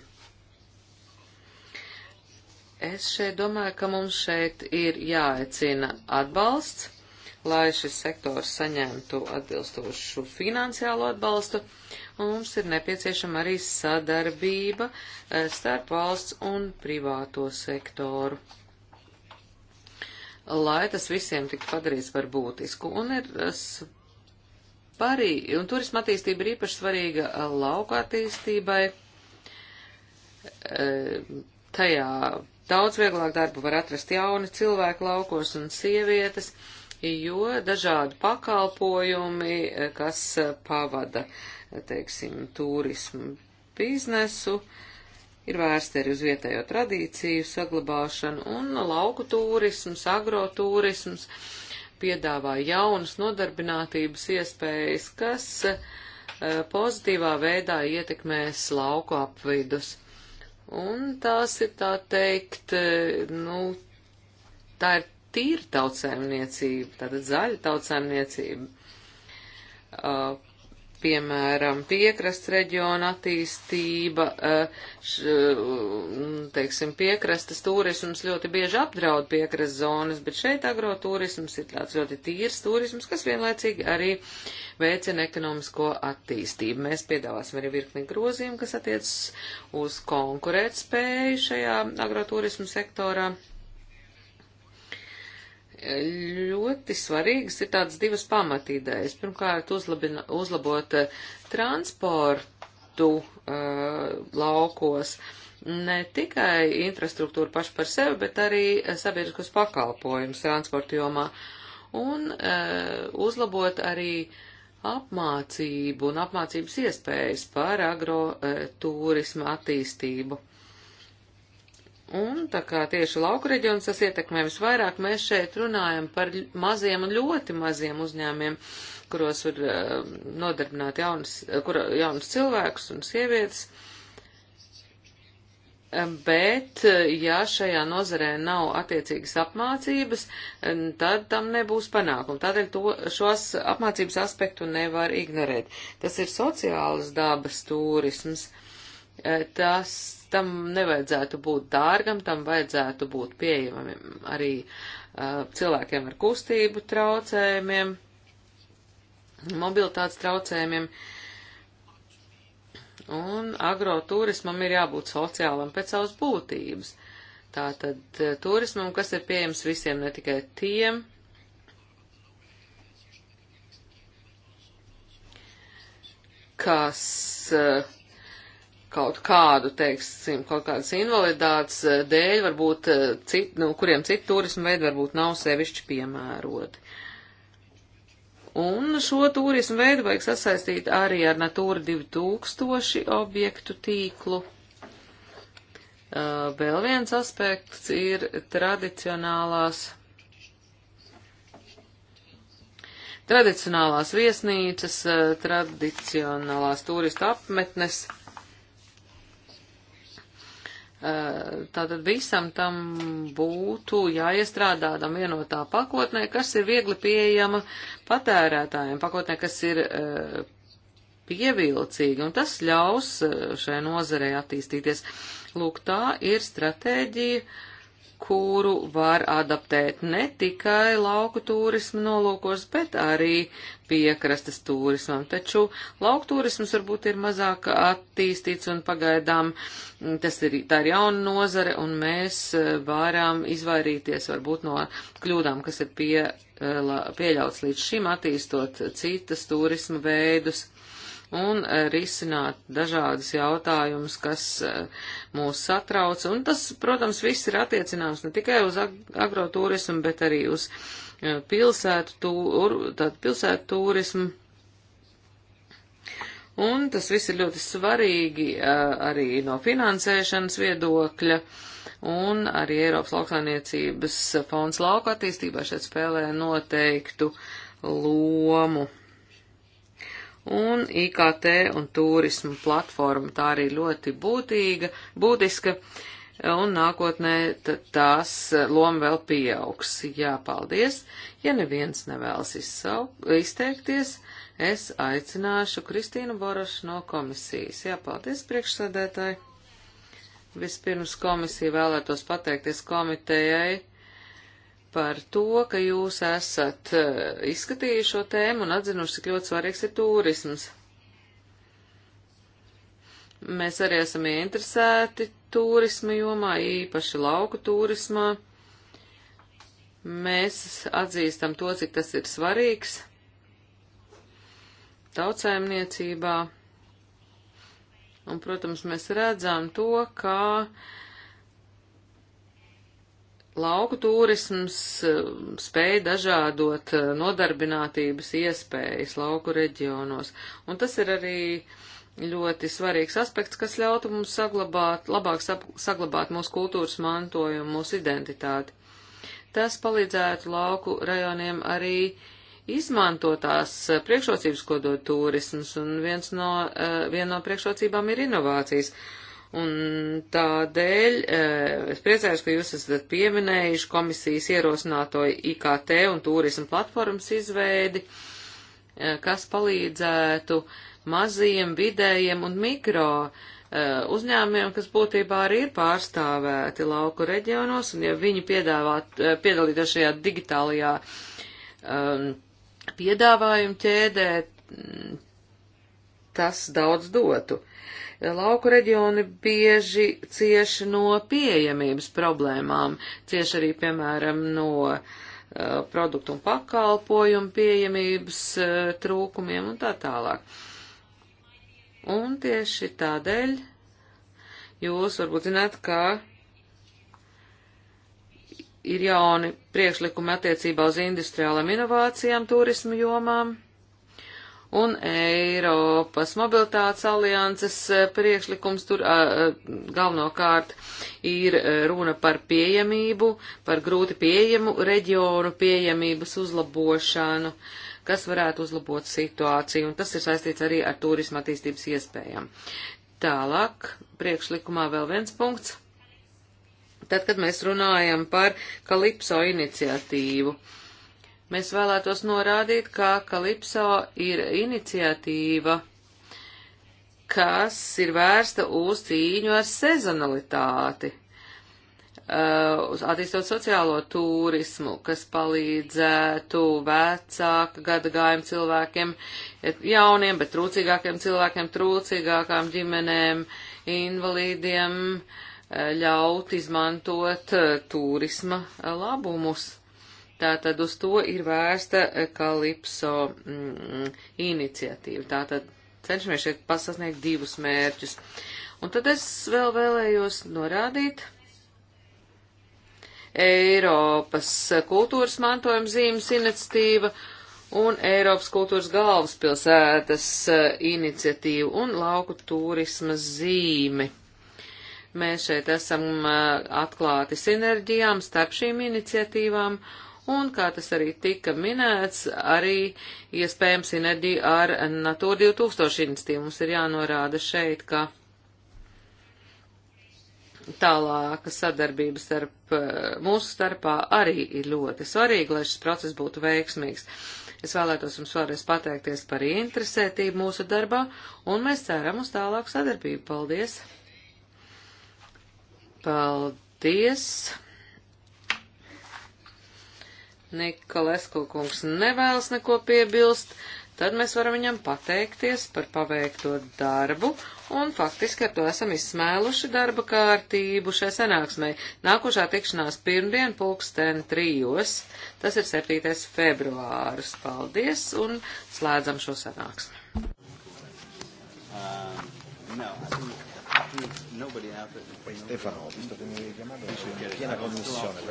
Speaker 4: Es šeit domāju, ka mums šeit ir jāecina atbalsts, lai šis sektors saņemtu atbilstošu finansiālo atbalstu, un mums ir nepieciešama arī sadarbība eh, starp valsts un privāto sektoru lai tas visiem tik padarīts par būtisku, un ir Parī, un turisma attīstība ir īpaši svarīga eh, lauku attīstībai. E, tajā daudz vieglāk darbu var atrast jauni cilvēki laukos un sievietes, jo dažādi pakalpojumi, eh, kas pavada, teiksim, turismu biznesu, ir vērsti arī uz vietējo tradīciju saglabāšanu un lauku turisms, agroturisms. turisms piedāvā jaunas nodarbinātības iespējas, kas eh, pozitīvā veidā ietekmēs lauku apvidus. Un tās ir tā teikt, eh, nu, tā ir tīra tautsēmniecība, tāda zaļa tautsēmniecība. Uh, piemēram, piekrasts reģiona attīstība, eh, š, mm, teiksim, piekrastas turisms ļoti bieži apdraud piekrasts zonas, bet šeit agroturisms ir tāds ļoti tīrs turisms, kas vienlaicīgi arī veicina ekonomisko attīstību. Mēs piedāvāsim arī virkni grozījumu, kas attiec uz konkurētspēju šajā agroturismu sektorā ļoti svarīgas ir tādas divas pamatīdējas. Pirmkārt, uzlabina, uzlabot eh, transportu uh, laukos ne tikai infrastruktūru pašu par sevi, bet arī eh, sabiedriskos pakalpojumus transporta jomā un uh, uzlabot arī apmācību un apmācības iespējas par agro uh, turismu attīstību Un tā kā tieši lauku reģions tas ietekmē visvairāk, mēs šeit runājam par maziem un ļoti maziem uzņēmiem, kuros var uh, nodarbināt jaunas, eh, kur, jaunas cilvēkus un sievietes. Eh, bet, ja šajā nozarē nav attiecīgas apmācības, tad tam nebūs panākumu. Tādēļ to, šos apmācības aspektu nevar ignorēt. Tas ir sociālas dabas turisms. Tas tam nevajadzētu būt dārgam, tam vajadzētu būt pieejamam arī uh, cilvēkiem ar kustību traucējumiem, mobilitātes traucējumiem. Un agroturismam ir jābūt sociālam pēc savas būtības. Tātad turismam, kas ir pieejams visiem, ne tikai tiem, kas uh, kaut kādu, teiksim, kaut kādas invaliditātes eh, dēļ, varbūt, eh, cit, nu, kuriem citu turismu veidu varbūt nav sevišķi piemēroti. Un šo turismu veidu vajag sasaistīt arī ar Natūra 2000 objektu tīklu. Eh, vēl viens aspekts ir tradicionālās tradicionālās viesnīcas, tradicionālās turista apmetnes. Eh, tātad visam tam būtu jāiestrādā tam vienotā pakotnē, kas ir viegli pieejama patērētājiem, pakotnē, kas ir eh, pievilcīga, un tas ļaus eh, šai nozarei attīstīties. Lūk, tā ir stratēģija, kuru var adaptēt ne tikai lauku turismu nolūkos, bet arī piekrastes turismam. Taču lauku turisms varbūt ir mazāk attīstīts un pagaidām mm, tas ir, tā ir jauna nozare un mēs eh, varam izvairīties varbūt no kļūdām, kas ir pie, eh, pieļauts līdz šim attīstot citas turisma veidus un eh, risināt dažādas jautājumus, kas eh, mūs satrauc. Un tas, protams, viss ir attiecināms ne tikai uz agroturismu, bet arī uz eh, pilsētu, tūr, pilsētu turismu. Un tas viss ir ļoti svarīgi arī no finansēšanas viedokļa, un arī Eiropas lauksainiecības fonds lauka attīstībā šeit spēlē noteiktu lomu un IKT un turismu platforma. Tā arī ļoti būtīga, būtiska, un nākotnē tās loma vēl pieaugs. Jā, paldies. Ja neviens nevēlas izsau, izteikties, es aicināšu Kristīnu Borošu no komisijas. Jā, paldies, priekšsēdētāji. Vispirms komisija vēlētos pateikties komitejai par to, ka jūs esat eh, izskatījuši šo tēmu un atzinuši, cik ļoti svarīgs ir turisms. Mēs arī esam ieinteresēti turisma jomā, īpaši lauku turismā. Mēs atzīstam to, cik tas ir svarīgs tautsēmniecībā. Un, protams, mēs redzam to, kā uh, lauku turisms eh, spēja dažādot eh, nodarbinātības iespējas lauku reģionos, un tas ir arī ļoti svarīgs aspekts, kas ļautu mums saglabāt, labāk saglabāt mūsu kultūras mantojumu, mūsu identitāti. Tas palīdzētu lauku rajoniem arī izmantotās eh, priekšrocības, ko dod turisms, un viens no, viena no priekšrocībām ir inovācijas. Uh, Un tādēļ eh, es priecājos, ka jūs esat pieminējuši komisijas ierosināto IKT un turismu platformas izveidi, eh, kas palīdzētu maziem, vidējiem un mikro eh, uzņēmumiem, kas būtībā arī ir pārstāvēti lauku reģionos, un ja viņi piedāvāt, piedalītos šajā digitālajā um, piedāvājuma ķēdē, mm, tas daudz dotu. Uh, Lauku reģioni bieži cieši no pieejamības problēmām, cieši arī, piemēram, no uh, produktu un pakalpojumu pieejamības uh, trūkumiem un tā tālāk. Un tieši tādēļ jūs varbūt zināt, ka ir jauni priekšlikumi attiecībā uz industriālām inovācijām turismu jomām un Eiropas mobilitātes alianses eh, priekšlikums tur galvenokārt ir eh, runa par pieejamību, par grūti pieejamu reģionu pieejamības uzlabošanu, kas varētu uzlabot situāciju, un tas ir saistīts arī ar turisma attīstības iespējām. Tālāk, priekšlikumā vēl viens punkts. Tad, kad mēs runājam par Kalipso iniciatīvu, uh, Mēs vēlētos norādīt, ka Kalipso ir iniciatīva, kas ir vērsta uz cīņu ar sezonalitāti, uh, uz attīstot sociālo turismu, kas palīdzētu vecāka gada gājuma cilvēkiem, jauniem, bet trūcīgākiem cilvēkiem, trūcīgākām ģimenēm, invalīdiem uh, ļaut izmantot uh, turisma labumus. Tātad uz to ir vērsta Kalipso mm, iniciatīva. Tātad cenšamies šeit pasasniegt divus mērķus. Un tad es vēl vēlējos norādīt Eiropas kultūras mantojuma zīmes iniciatīva un Eiropas kultūras galvaspilsētas eh, iniciatīva un lauku turisma zīme. Mēs šeit esam eh, atklāti sinerģijām starp šīm iniciatīvām un, kā tas arī tika minēts, arī iespējams sinerģija ar Natūra 2000 institīvu. Mums ir jānorāda šeit, ka tālāka sadarbība starp eh, mūsu starpā arī ir ļoti svarīga, lai šis process būtu veiksmīgs. Es vēlētos jums vēlreiz pateikties par interesētību mūsu darbā, un mēs ceram uz tālāku sadarbību. Paldies! Paldies! Nikolasko kungs nevēlas neko piebilst, tad mēs varam viņam pateikties par paveikto darbu, un faktiski ar to esam izsmēluši darba kārtību šai sanāksmai. Nākošā tikšanās pirmdien pulksten trijos, tas ir 7. februāris. Paldies, un slēdzam šo sanāksmi.
Speaker 1: Um, no, I
Speaker 2: think, I think nobody out there. Poi
Speaker 1: Stefano, visto
Speaker 2: che mi avevi chiamato,
Speaker 4: in piena
Speaker 2: commissione.